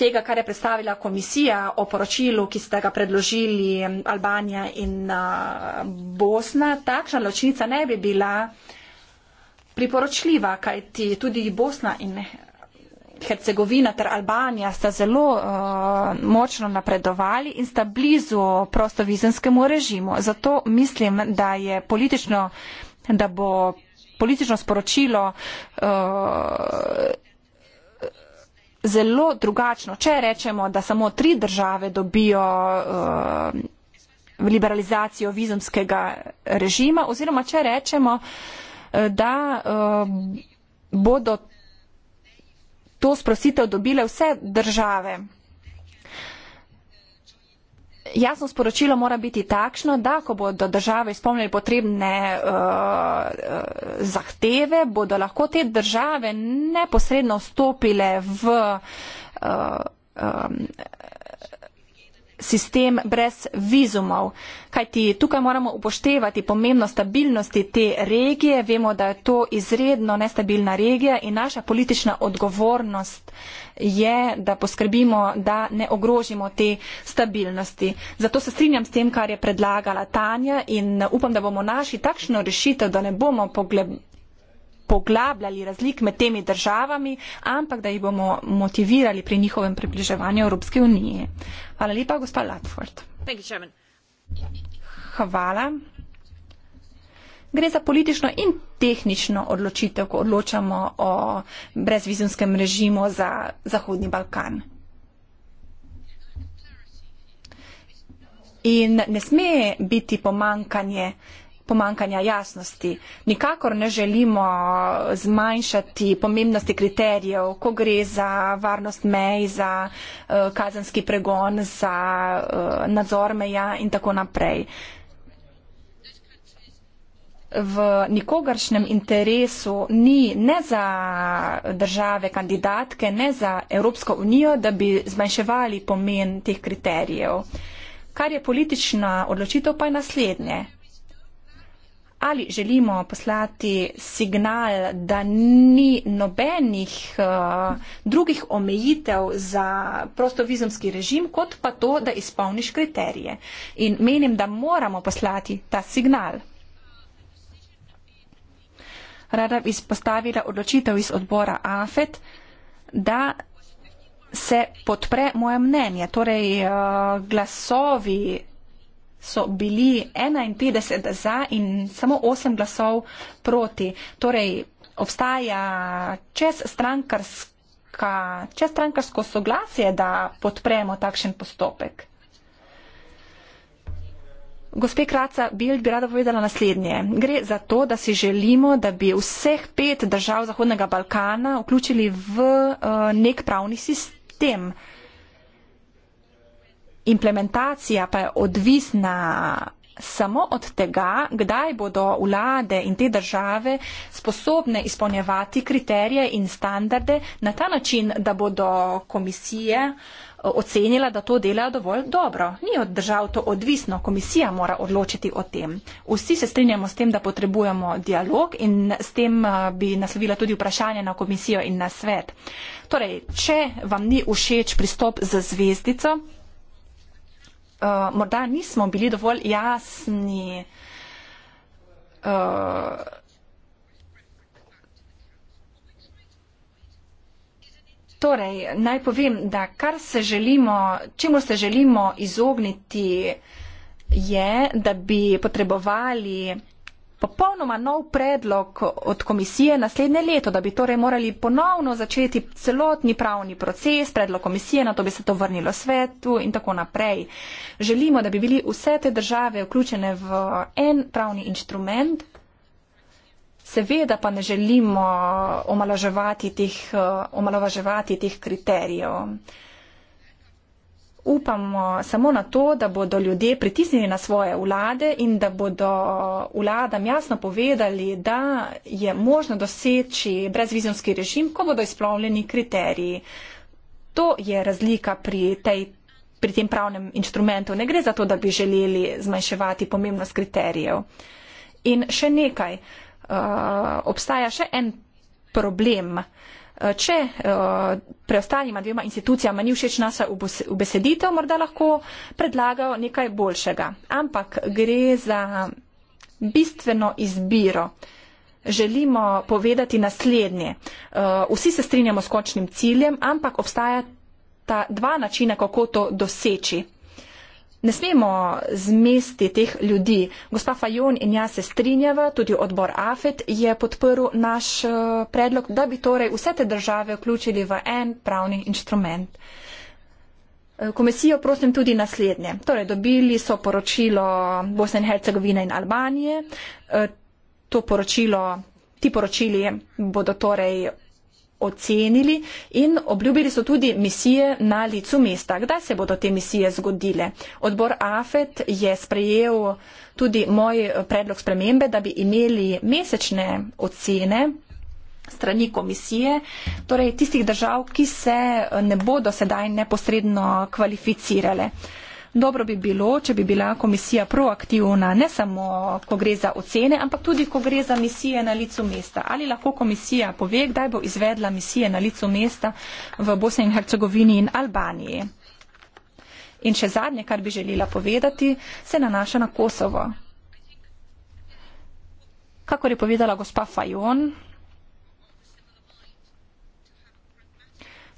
tega, kar je predstavila komisija o poročilu, ki ste ga predložili um, Albanija in uh, Bosna, takšna ločnica ne bi bila priporočljiva, kajti tudi Bosna in Hercegovina ter Albanija sta zelo uh, močno napredovali in sta blizu prostovizenskemu režimu. Zato mislim, da je politično, da bo politično sporočilo uh, zelo drugačno. Če rečemo, da samo tri države dobijo uh, liberalizacijo vizumskega režima, oziroma če rečemo, eh, da uh, bodo to sprositev dobile vse države Jasno sporočilo mora biti takšno, da ko bodo države izpolnili potrebne uh, zahteve, bodo lahko te države neposredno vstopile v. Uh, um, sistem brez vizumov. Kajti tukaj moramo upoštevati pomembno stabilnosti te regije. Vemo, da je to izredno nestabilna regija in naša politična odgovornost je, da poskrbimo, da ne ogrožimo te stabilnosti. Zato se strinjam s tem, kar je predlagala Tanja in upam, da bomo našli takšno rešitev, da ne bomo pogled poglabljali razlik med temi državami, ampak da jih bomo motivirali pri njihovem približevanju Evropske unije. Hvala lepa, gospa Latford. Hvala. Gre za politično in tehnično odločitev, ko odločamo o brezvizumskem režimu za Zahodni Balkan. In ne sme biti pomankanje pomankanja jasnosti. Nikakor ne želimo zmanjšati pomembnosti kriterijev, ko gre za varnost mej, za uh, eh, kazanski pregon, za uh, nadzor meja in tako naprej. V nikogaršnem interesu ni ne za države kandidatke, ne za Evropsko unijo, da bi zmanjševali pomen teh kriterijev. Kar je politična odločitev, pa je naslednje ali želimo poslati signal, da ni nobenih uh, drugih omejitev za prostovizumski režim, kot pa to, da izpolniš kriterije. In menim, da moramo poslati ta signal. Rada bi izpostavila odločitev iz odbora AFET, da se podpre moje mnenje. Torej, eh, glasovi so bili 51 za in samo 8 glasov proti. Torej, obstaja čestrankarsko soglasje, da podpremo takšen postopek. Gospe Kraca, bi rada povedala naslednje. Gre za to, da si želimo, da bi vseh pet držav Zahodnega Balkana vključili v uh, nek pravni sistem. Uh, implementacija pa je odvisna samo od tega, kdaj bodo vlade in te države sposobne izpolnjevati kriterije in standarde na ta način, da bodo komisije eh, ocenila, da to dela dovolj dobro. Ni od držav to odvisno, komisija mora odločiti o tem. Vsi se strinjamo s tem, da potrebujemo dialog in s tem eh, bi naslovila tudi vprašanje na komisijo in na svet. Torej, če vam ni všeč pristop za zvezdico, uh, morda nismo bili dovolj jasni. Uh, torej, naj povem, da kar se želimo, čemu se želimo izogniti, je, da bi potrebovali popolnoma nov predlog od komisije naslednje leto, da bi torej morali ponovno začeti celotni pravni proces, predlog komisije, na to bi se to vrnilo svetu in tako naprej. Želimo, da bi bili vse te države vključene v en pravni inštrument. Seveda pa ne želimo omalovaževati teh, teh kriterijev upamo samo na to, da bodo ljudje pritisnili na svoje vlade in da bodo vladam jasno povedali, da je možno doseči brezvizumski režim, ko bodo izplavljeni kriteriji. To je razlika pri tej pri tem pravnem instrumentu. Ne gre za to, da bi želeli zmanjševati pomembnost kriterijev. In še nekaj. Uh, obstaja še en problem. Uh, Eh, če eh, preostalima dvema institucijama ni všeč naša ubeseditev, morda lahko predlagajo nekaj boljšega. Ampak gre za bistveno izbiro. Želimo povedati naslednje. Eh, vsi se strinjamo s končnim ciljem, ampak obstaja ta dva načina, kako to doseči. Ne smemo zmesti teh ljudi. Gospa Fajon in jaz se strinjava, tudi odbor AFET je podprl naš eh, predlog, da bi torej vse te države vključili v en pravni inštrument. Eh, komisijo prosim tudi naslednje. Torej, dobili so poročilo Bosne in Hercegovine in Albanije. Eh, to poročilo, ti poročili bodo torej ocenili in obljubili so tudi misije na licu mesta. Kdaj se bodo te misije zgodile? Odbor AFET je sprejel tudi moj predlog spremembe, da bi imeli mesečne ocene strani komisije, torej tistih držav, ki se ne bodo sedaj neposredno kvalificirale. Dobro bi bilo, če bi bila komisija proaktivna, ne samo, ko gre za ocene, ampak tudi, ko gre za misije na licu mesta. Ali lahko komisija pove, kdaj bo izvedla misije na licu mesta v Bosni in Hercegovini in Albaniji? In še zadnje, kar bi želela povedati, se nanaša na Kosovo. Kako je povedala gospa Fajon,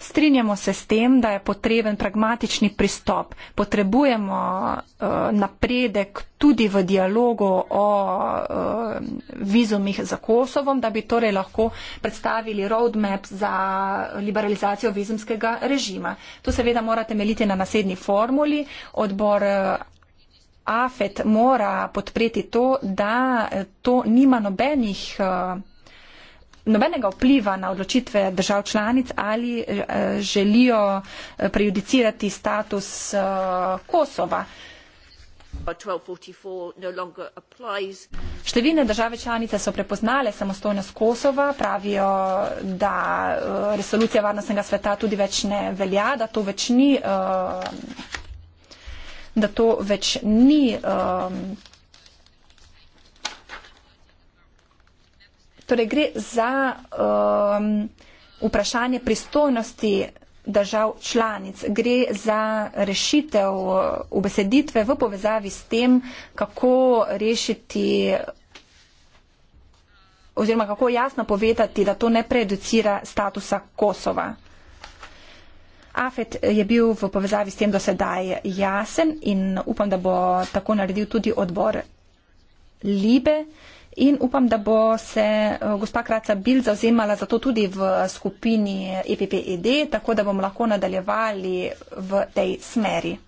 Strinjamo se s tem, da je potreben pragmatični pristop. Potrebujemo uh, napredek tudi v dialogu o uh, vizumih za Kosovom, da bi torej lahko predstavili roadmap za liberalizacijo vizumskega režima. To seveda mora temeljiti na naslednji formuli. Odbor uh, AFET mora podpreti to, da to nima nobenih. Uh, nobenega vpliva na odločitve držav članic, ali eh, želijo eh, prejudicirati status eh, Kosova. No Številne države članice so prepoznale samostojnost Kosova, pravijo, da resolucija Varnostnega sveta tudi več ne velja, da to več ni, da to več ni Torej, gre za um, vprašanje pristojnosti držav članic, gre za rešitev uh, ubeseditve v povezavi s tem, kako rešiti oziroma kako jasno povedati, da to ne preducira statusa Kosova. Afet je bil v povezavi s tem do sedaj jasen in upam, da bo tako naredil tudi odbor Libe. In upam, da bo se eh, gospa Kraca Bil zauzemala za to tudi v skupini EPPED, tako da bomo lahko nadaljevali v tej smeri.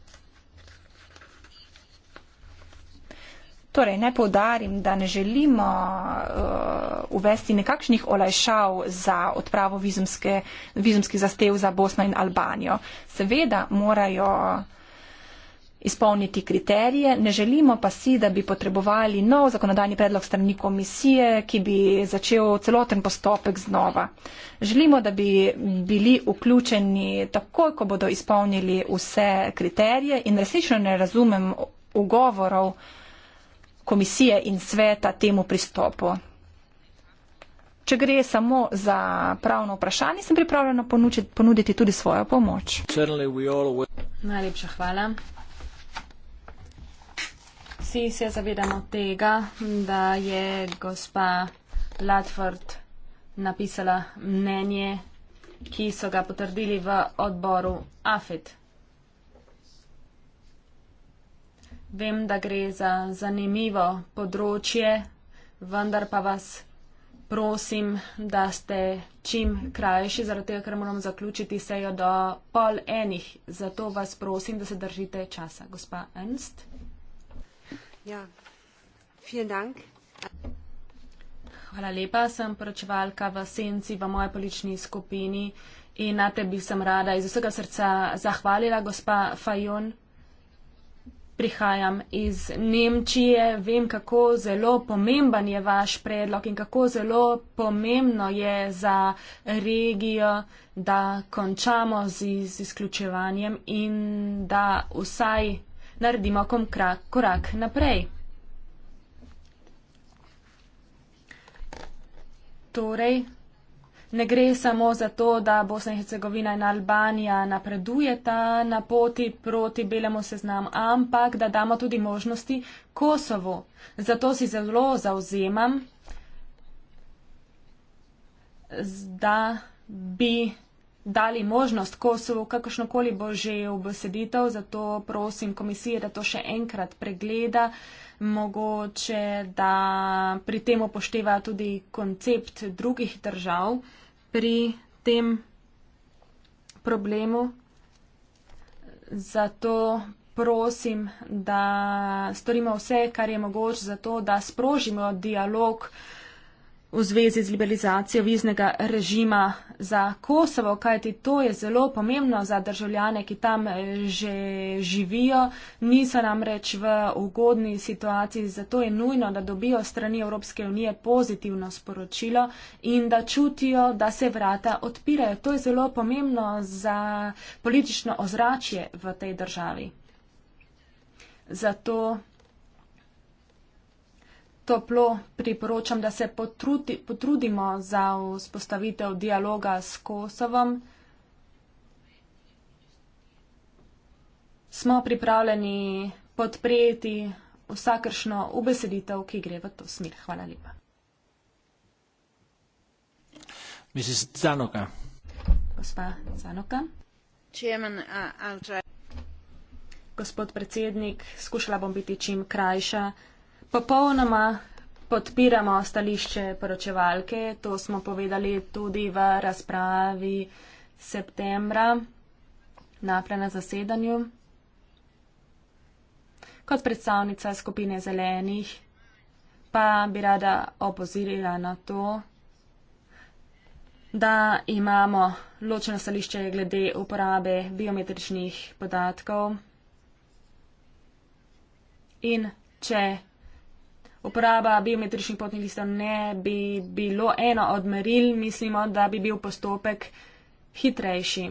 Torej, ne povdarim, da ne želimo uh, uvesti nekakšnih olajšav za odpravo vizumskih zastev za Bosno in Albanijo. Seveda morajo izpolniti kriterije, ne želimo pa si, da bi potrebovali nov zakonodajni predlog strani komisije, ki bi začel celoten postopek znova. Želimo, da bi bili vključeni takoj, ko bodo izpolnili vse kriterije in resnično ne razumem ugovorov komisije in sveta temu pristopu. Če gre samo za pravno vprašanje, sem pripravljena ponuditi tudi svojo pomoč. Najlepša hvala vsi se zavedamo tega, da je gospa Latford napisala mnenje, ki so ga potrdili v odboru AFIT. Vem, da gre za zanimivo področje, vendar pa vas prosim, da ste čim krajši, zaradi tega, ker moram zaključiti sejo do pol enih. Zato vas prosim, da se držite časa. Gospa Ernst. Ja. Hvala lepa. Sem poročevalka v senci v moji politični skupini in najprej bi sem rada iz vsega srca zahvalila gospa Fajon. Prihajam iz Nemčije, vem, kako zelo pomemben je vaš predlog in kako zelo pomembno je za regijo, da končamo z izključevanjem in da vsaj naredimo korak naprej. Torej, ne gre samo za to, da Bosna in Hercegovina in Albanija napredujeta na poti proti belemu seznamu, ampak da damo tudi možnosti Kosovo. Zato si zelo zauzemam, da bi dali možnost Kosovu kakršnokoli bo že obeseditev, zato prosim komisije, da to še enkrat pregleda, mogoče, da pri tem upošteva tudi koncept drugih držav pri tem problemu. Zato prosim, da storimo vse, kar je mogoče, zato da sprožimo dialog v zvezi z liberalizacijo viznega režima za Kosovo, kajti to je zelo pomembno za državljane, ki tam eh, že živijo, niso namreč v ugodni situaciji, zato je nujno, da dobijo strani Evropske unije pozitivno sporočilo in da čutijo, da se vrata odpirajo. To je zelo pomembno za politično ozračje v tej državi. Zato toplo priporočam, da se potrudi, potrudimo za vzpostavitev dialoga s Kosovom. Smo pripravljeni podpreti vsakršno ubeseditev, ki gre v to smer. Hvala lepa. Mrs. Zanoka. Gospa Zanoka. Chairman, uh, Gospod predsednik, skušala bom biti čim krajša. Popolnoma podpiramo stališče poročevalke, to smo povedali tudi v razpravi septembra na prena zasedanju. Kot predstavnica skupine zelenih pa bi rada opozirila na to, da imamo ločeno stališče glede uporabe biometričnih podatkov in če Uporaba biometričnih potnih listov ne bi bilo eno od meril, mislimo, da bi bil postopek hitrejši.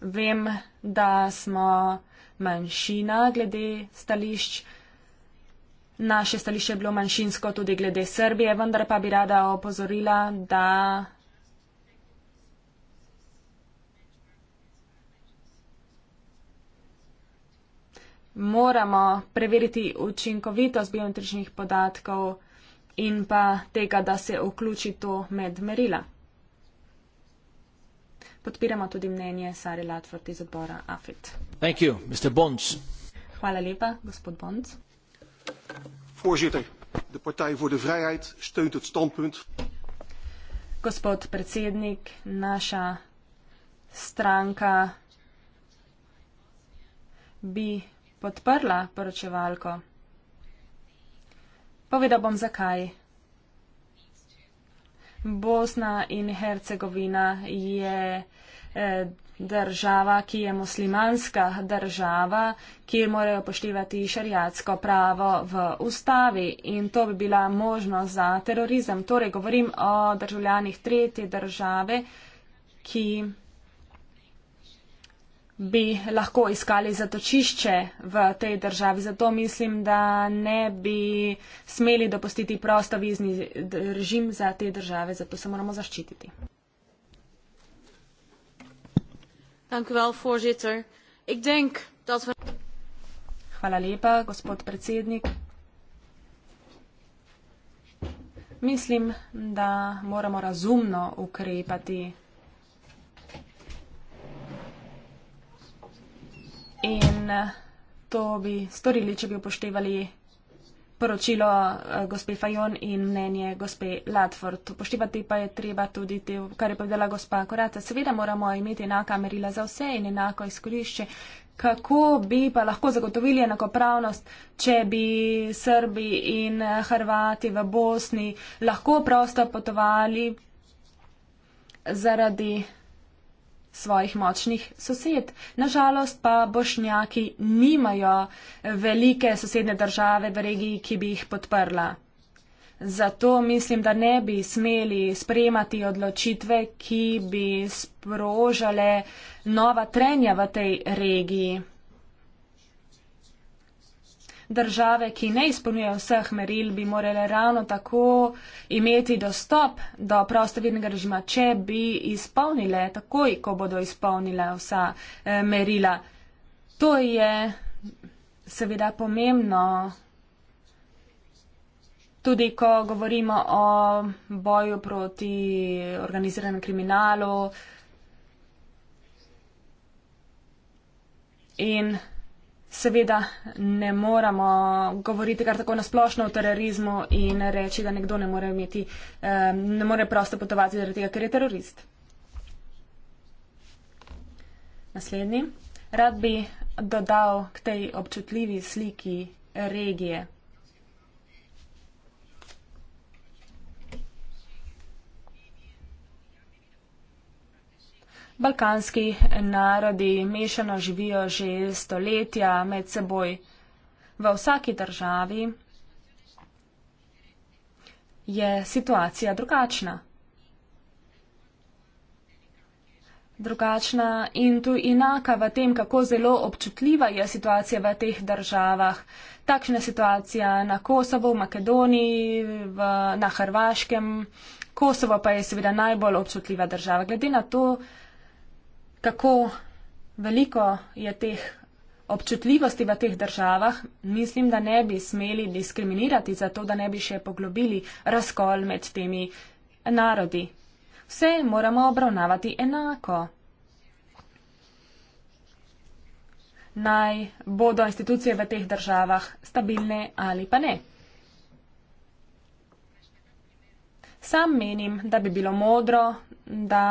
Vem, da smo manjšina glede stališč. Naše stališče je bilo manjšinsko tudi glede Srbije, vendar pa bi rada opozorila, da moramo preveriti učinkovitost biometričnih podatkov in pa tega, da se vključi to med merila. Podpiramo tudi mnenje Sari Latford iz odbora AFIT. Thank you, Mr. Bonds. Hvala lepa, gospod Bonds. Gospod predsednik, naša stranka bi podprla poročevalko. Povedal bom zakaj. Bosna in Hercegovina je eh, država, ki je muslimanska država, ki morajo poštivati šariatsko pravo v ustavi in to bi bila možnost za terorizem. Torej govorim o državljanih tretje države, ki bi lahko iskali zatočišče v tej državi. Zato mislim, da ne bi smeli dopustiti prostovizni režim za te države. Zato se moramo zaščititi. Hvala lepa, gospod predsednik. Mislim, da moramo razumno ukrepati. in eh, to bi storili, če bi upoštevali poročilo eh, gospe Fajon in mnenje gospe Latford. Upoštevati pa je treba tudi to, kar je povedala gospa Korata. Seveda moramo imeti enaka merila za vse in enako izkorišče. Kako bi pa lahko zagotovili enakopravnost, če bi Srbi in eh, Hrvati v Bosni lahko prosto potovali zaradi svojih močnih sosed. Nažalost pa bošnjaki nimajo velike sosedne države v regiji, ki bi jih podprla. Zato mislim, da ne bi smeli sprejemati odločitve, ki bi sprožale nova trenja v tej regiji države, ki ne izpolnjujejo vseh meril, bi morale ravno tako imeti dostop do prostovirnega režima, če bi izpolnile takoj, ko bodo izpolnile vsa eh, merila. To je seveda pomembno. Tudi ko govorimo o boju proti organiziranem kriminalu in seveda ne moramo govoriti kar tako nasplošno o terorizmu in reči, da nekdo ne more, imeti, ne more prosto potovati zaradi tega, ker je terorist. Naslednji. Rad bi dodal k tej občutljivi sliki regije. Balkanski narodi mešano živijo že stoletja med seboj. V vsaki državi je situacija drugačna. Drugačna in tu enaka v tem, kako zelo občutljiva je situacija v teh državah. Takšna situacija na Kosovo, v Makedoniji, v, na Hrvaškem. Kosovo pa je seveda najbolj občutljiva država. Glede na to, kako veliko je teh občutljivosti v teh državah, mislim, da ne bi smeli diskriminirati zato, da ne bi še poglobili razkol med temi narodi. Vse moramo obravnavati enako. Naj bodo institucije v teh državah stabilne ali pa ne. Sam menim, da bi bilo modro, da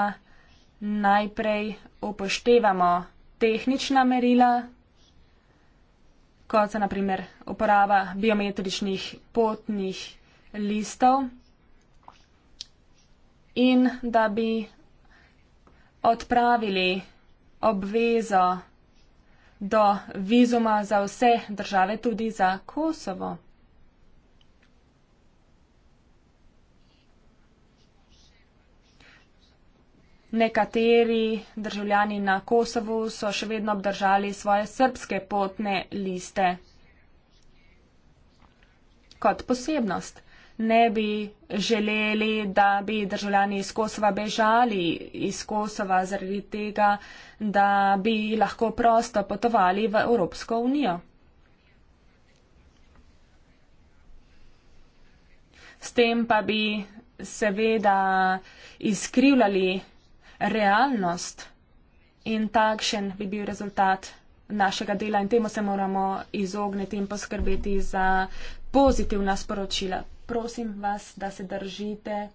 najprej upoštevamo tehnična merila, kot so naprimer uporaba biometričnih potnih listov in da bi odpravili obvezo do vizuma za vse države, tudi za Kosovo. Nekateri državljani na Kosovu so še vedno obdržali svoje srbske potne liste. Kot posebnost. Ne bi želeli, da bi državljani iz Kosova bežali iz Kosova zaradi tega, da bi lahko prosto potovali v Evropsko unijo. S tem pa bi seveda izkrivljali realnost in takšen bi bil rezultat našega dela in temu se moramo izogniti in poskrbeti za pozitivna sporočila. Prosim vas, da se držite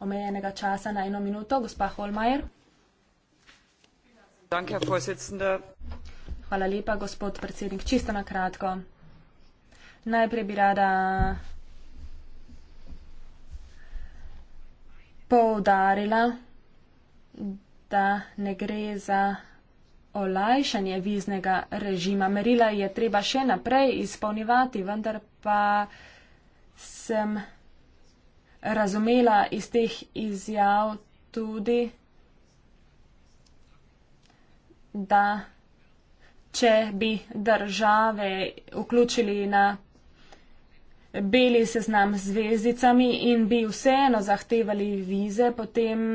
omejenega časa na eno minuto. Gospa Holmajer. Hvala lepa, gospod predsednik. Čisto na kratko. Najprej bi rada poudarila, da ne gre za olajšanje viznega režima. Merila je treba še naprej izpolnjevati, vendar pa sem razumela iz teh izjav tudi, da če bi države vključili na beli seznam zvezdicami in bi vseeno zahtevali vize, potem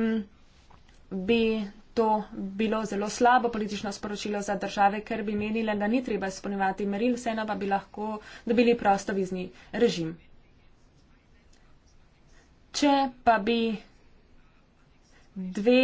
bi to bilo zelo slabo politično sporočilo za države, ker bi menile, da ni treba spolnjevati meril, vseeno pa bi lahko dobili prosto vizni režim. Če pa bi dve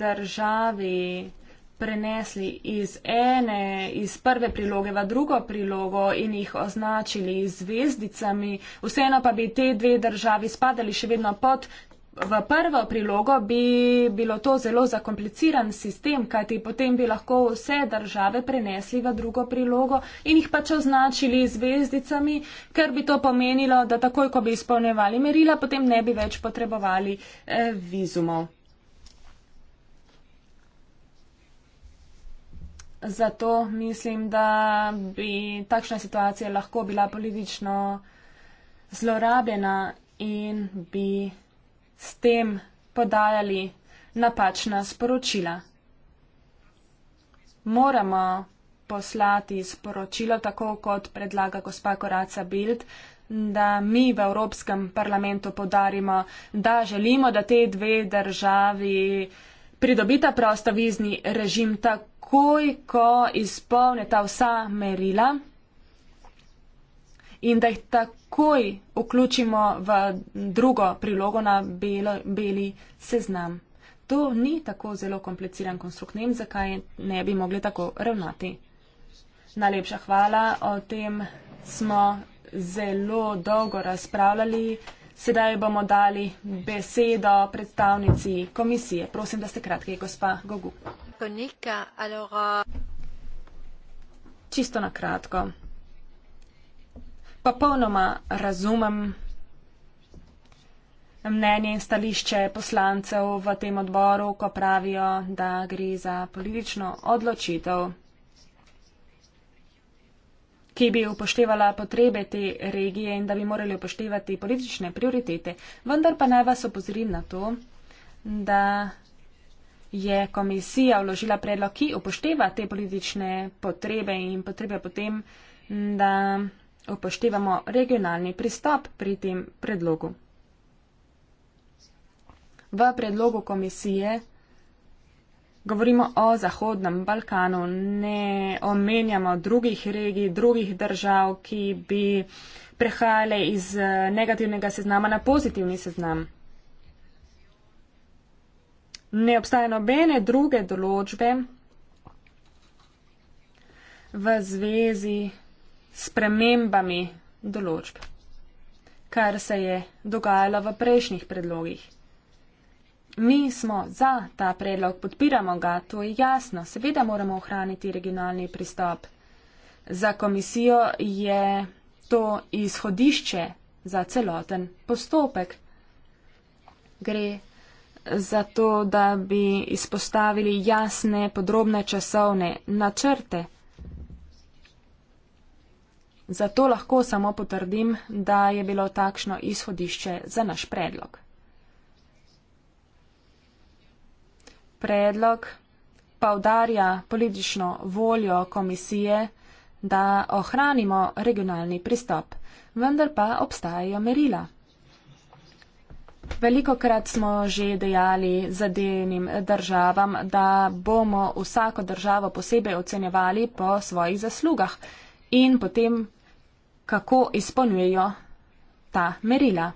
državi prenesli iz ene, iz prve priloge v drugo prilogo in jih označili z zvezdicami, vseeno pa bi te dve državi spadali še vedno pod v prvo prilogo bi bilo to zelo zakompliciran sistem, kajti potem bi lahko vse države prenesli v drugo prilogo in jih pač označili zvezdicami, ker bi to pomenilo, da takoj, ko bi izpolnevali merila, potem ne bi več potrebovali eh, vizumov. Zato mislim, da bi takšna situacija lahko bila politično zlorabljena in bi s tem podajali napačna sporočila. Moramo poslati sporočilo, tako kot predlaga gospa Koraca Bild, da mi v Evropskem parlamentu podarimo, da želimo, da te dve državi pridobita prostovizni režim takoj, ko izpolneta vsa merila in da jih takoj vključimo v drugo prilogo na belo, beli seznam. To ni tako zelo kompliciran konstrukt, ne vem, zakaj ne bi mogli tako ravnati. Najlepša hvala, o tem smo zelo dolgo razpravljali. Sedaj bomo dali besedo predstavnici komisije. Prosim, da ste kratki, gospa Gogu. Čisto na kratko popolnoma razumem mnenje in stališče poslancev v tem odboru, ko pravijo, da gre za politično odločitev, ki bi upoštevala potrebe te regije in da bi morali upoštevati politične prioritete. Vendar pa naj vas opozorim na to, da je komisija vložila predlog, ki upošteva te politične potrebe in potrebe potem, da upoštevamo regionalni pristop pri tem predlogu. V predlogu komisije govorimo o Zahodnem Balkanu, ne omenjamo drugih regij, drugih držav, ki bi prehajale iz eh, negativnega seznama na pozitivni seznam. Ne obstaja nobene druge določbe v zvezi spremembami določb, kar se je dogajalo v prejšnjih predlogih. Mi smo za ta predlog, podpiramo ga, to je jasno. Seveda moramo ohraniti regionalni pristop. Za komisijo je to izhodišče za celoten postopek. Gre za to, da bi izpostavili jasne, podrobne časovne načrte. Zato lahko samo potrdim, da je bilo takšno izhodišče za naš predlog. Predlog pa udarja politično voljo komisije, da ohranimo regionalni pristop, vendar pa obstajajo merila. Veliko krat smo že dejali zadevnim državam, da bomo vsako državo posebej ocenjevali po svojih zaslugah in potem, kako izpolnjujejo ta merila.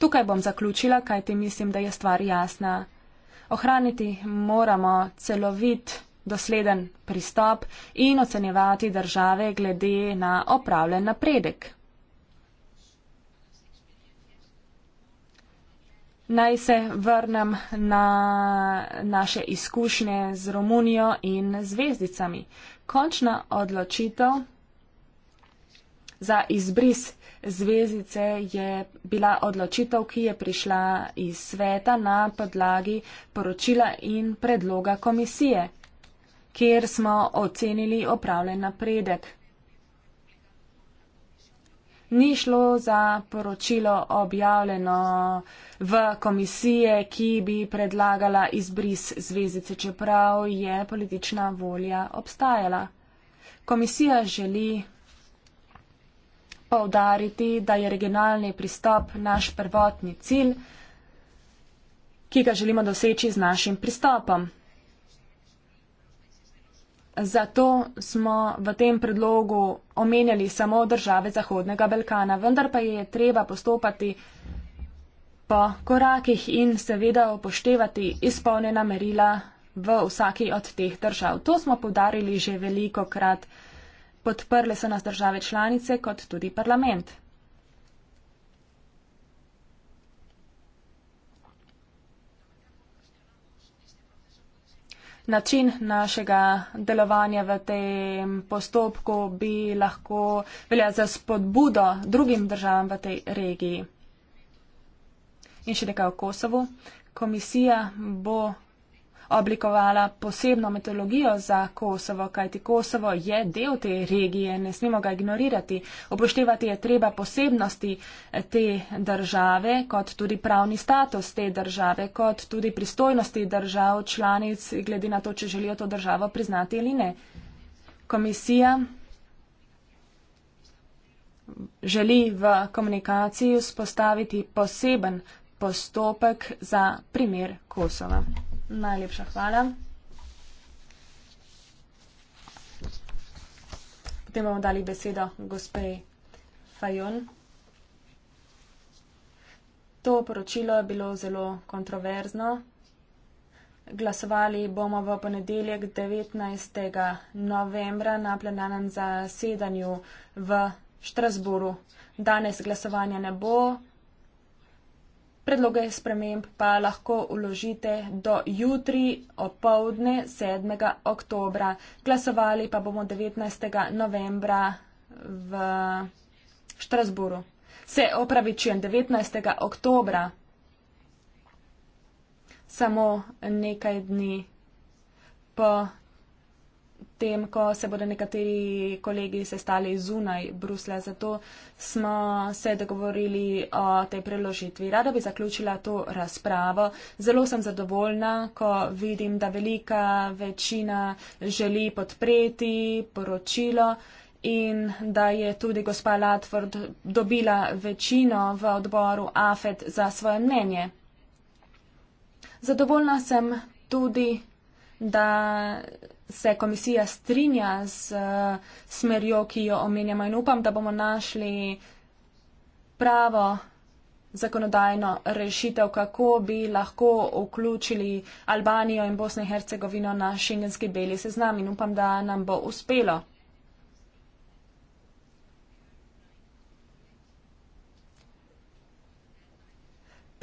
Tukaj bom zaključila, kaj ti mislim, da je stvar jasna. Ohraniti moramo celovit, dosleden pristop in ocenjevati države glede na opravljen napredek. Naj se vrnem na naše izkušnje z Romunijo in zvezdicami. Končna odločitev za izbris zvezdice je bila odločitev, ki je prišla iz sveta na podlagi poročila in predloga komisije, kjer smo ocenili opravljen napredek. Ni šlo za poročilo objavljeno v komisije, ki bi predlagala izbris zvezdice, čeprav je politična volja obstajala. Komisija želi poudariti, da je regionalni pristop naš prvotni cilj, ki ga želimo doseči z našim pristopom. Zato smo v tem predlogu omenjali samo države Zahodnega Balkana, vendar pa je treba postopati po korakih in seveda upoštevati izpolnjena merila v vsaki od teh držav. To smo podarili že veliko krat. Podprle so nas države članice kot tudi parlament. Način našega delovanja v tem postopku bi lahko velja za spodbudo drugim državam v tej regiji. In še nekaj o Kosovu. Komisija bo oblikovala posebno metodologijo za Kosovo, kajti Kosovo je del te regije, ne smemo ga ignorirati. Upoštevati je treba posebnosti eh, te države, kot tudi pravni status te države, kot tudi pristojnosti držav članic, glede na to, če želijo to državo priznati ali ne. Komisija želi v komunikaciji spostaviti poseben postopek za primer Kosova. Najlepša hvala. Potem bomo dali besedo gospe Fajon. To poročilo je bilo zelo kontroverzno. Glasovali bomo v ponedeljek 19. novembra na plenarnem zasedanju v Štrasburu. Danes glasovanja ne bo. Predloge sprememb pa lahko uložite do jutri opovdne 7. oktobra. Glasovali pa bomo 19. novembra v Štrasburu. Se opravičujem, 19. oktobra, samo nekaj dni po potem, ko se bodo nekateri kolegi sestali zunaj Bruslja, zato smo se dogovorili o tej preložitvi. Rada bi zaključila to razpravo. Zelo sem zadovoljna, ko vidim, da velika večina želi podpreti poročilo in da je tudi gospa Latford dobila večino v odboru AFED za svoje mnenje. Zadovoljna sem tudi da se komisija strinja z uh, smerjo, ki jo omenjamo in upam, da bomo našli pravo zakonodajno rešitev, kako bi lahko vključili Albanijo in Bosno in Hercegovino na šengenski beli seznam in upam, da nam bo uspelo.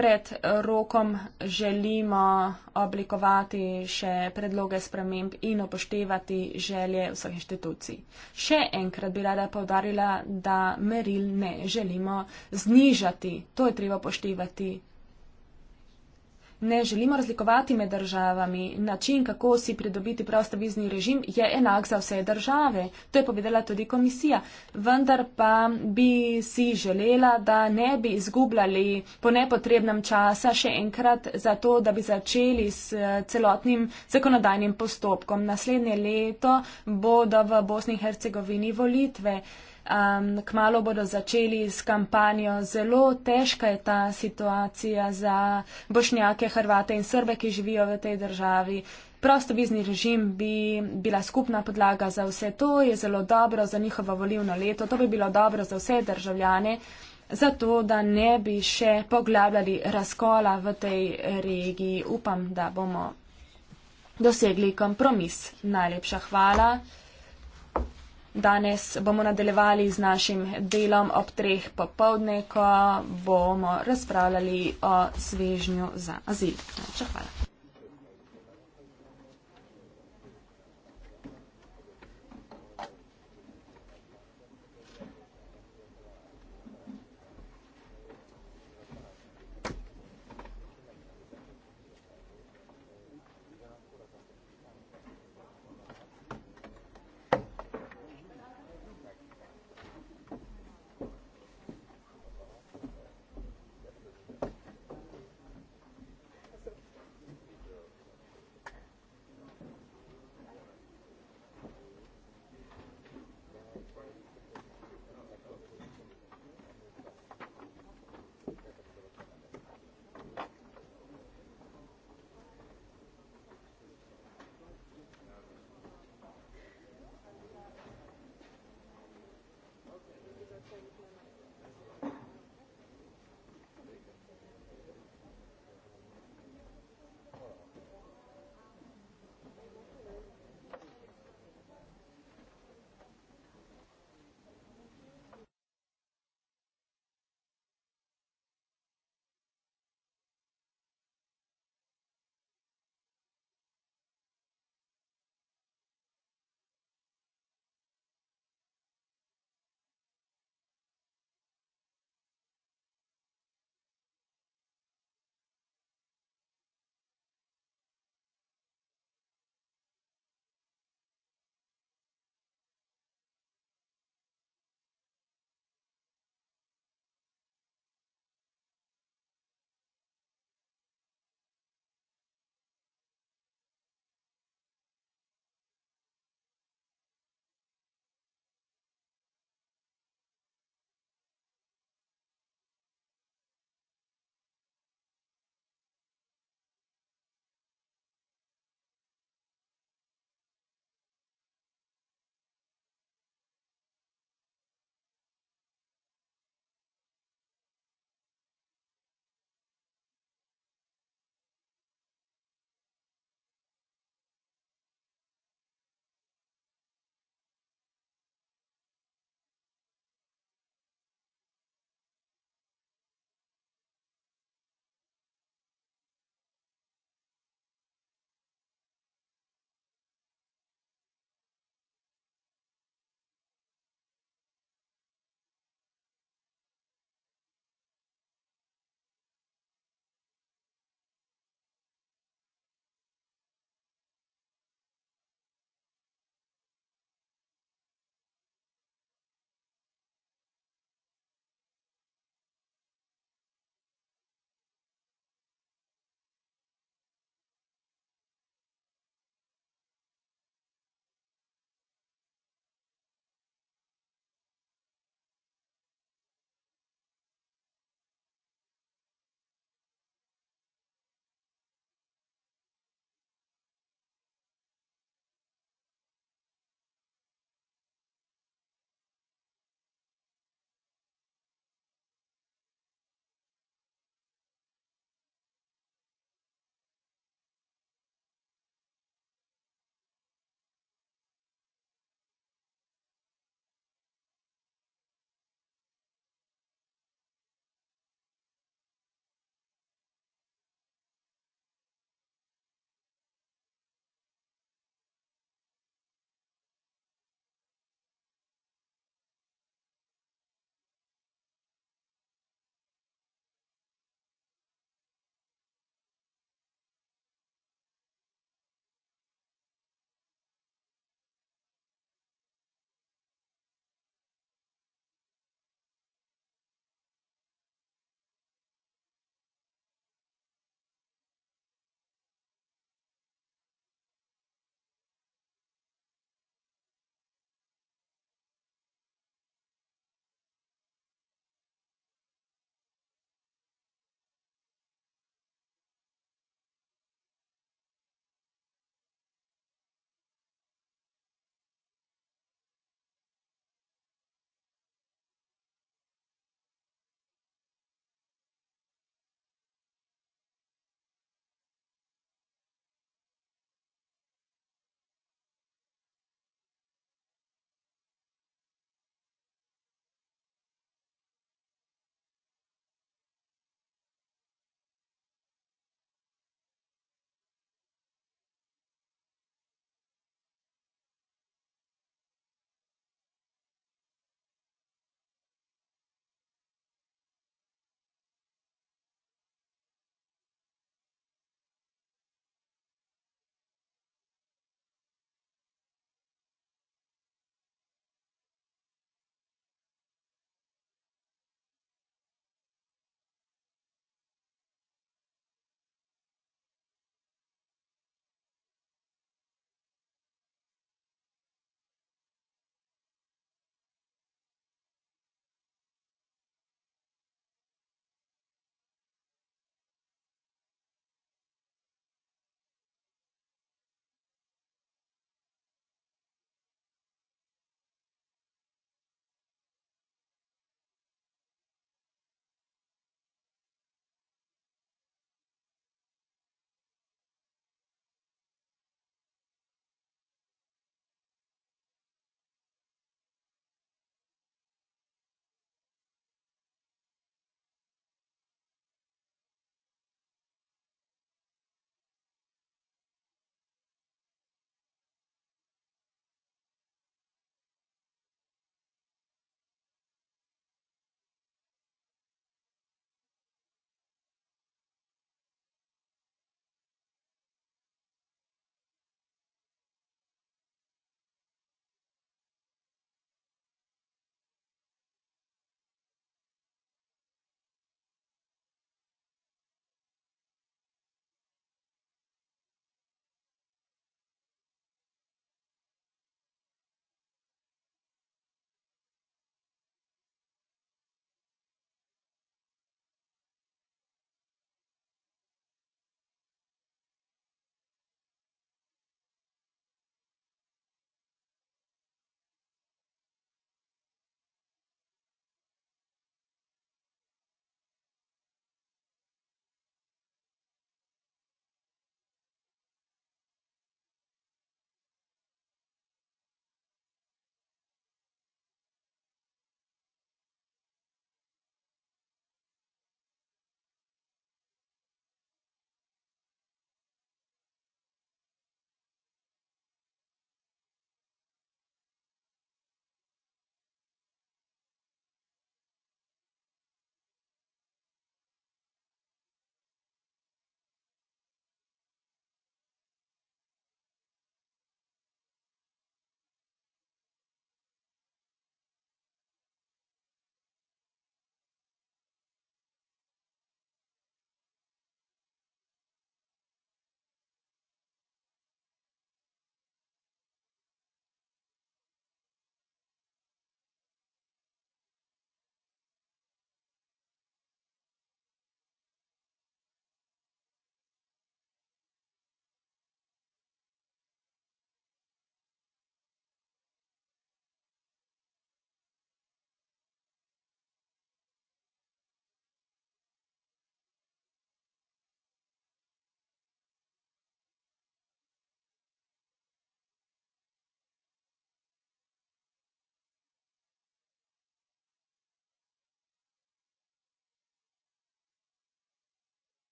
pred rokom želimo oblikovati še predloge sprememb in upoštevati želje vseh inštitucij. Še enkrat bi rada povdarila, da meril ne želimo znižati. To je treba upoštevati ne želimo razlikovati med državami. Način, kako si pridobiti prosto vizni režim, je enak za vse države. To je povedala tudi komisija. Vendar pa bi si želela, da ne bi izgubljali po nepotrebnem časa še enkrat za to, da bi začeli s celotnim zakonodajnim postopkom. Naslednje leto bodo v Bosni in Hercegovini volitve um, kmalo bodo začeli s kampanjo. Zelo težka je ta situacija za bošnjake, hrvate in srbe, ki živijo v tej državi. Prosto vizni režim bi bila skupna podlaga za vse to, je zelo dobro za njihovo volivno leto, to bi bilo dobro za vse državljane, zato da ne bi še poglabljali razkola v tej regiji. Upam, da bomo dosegli kompromis. Najlepša hvala. Danes bomo nadaljevali z našim delom ob treh popovdne, ko bomo razpravljali o svežnju za azil. Hvala.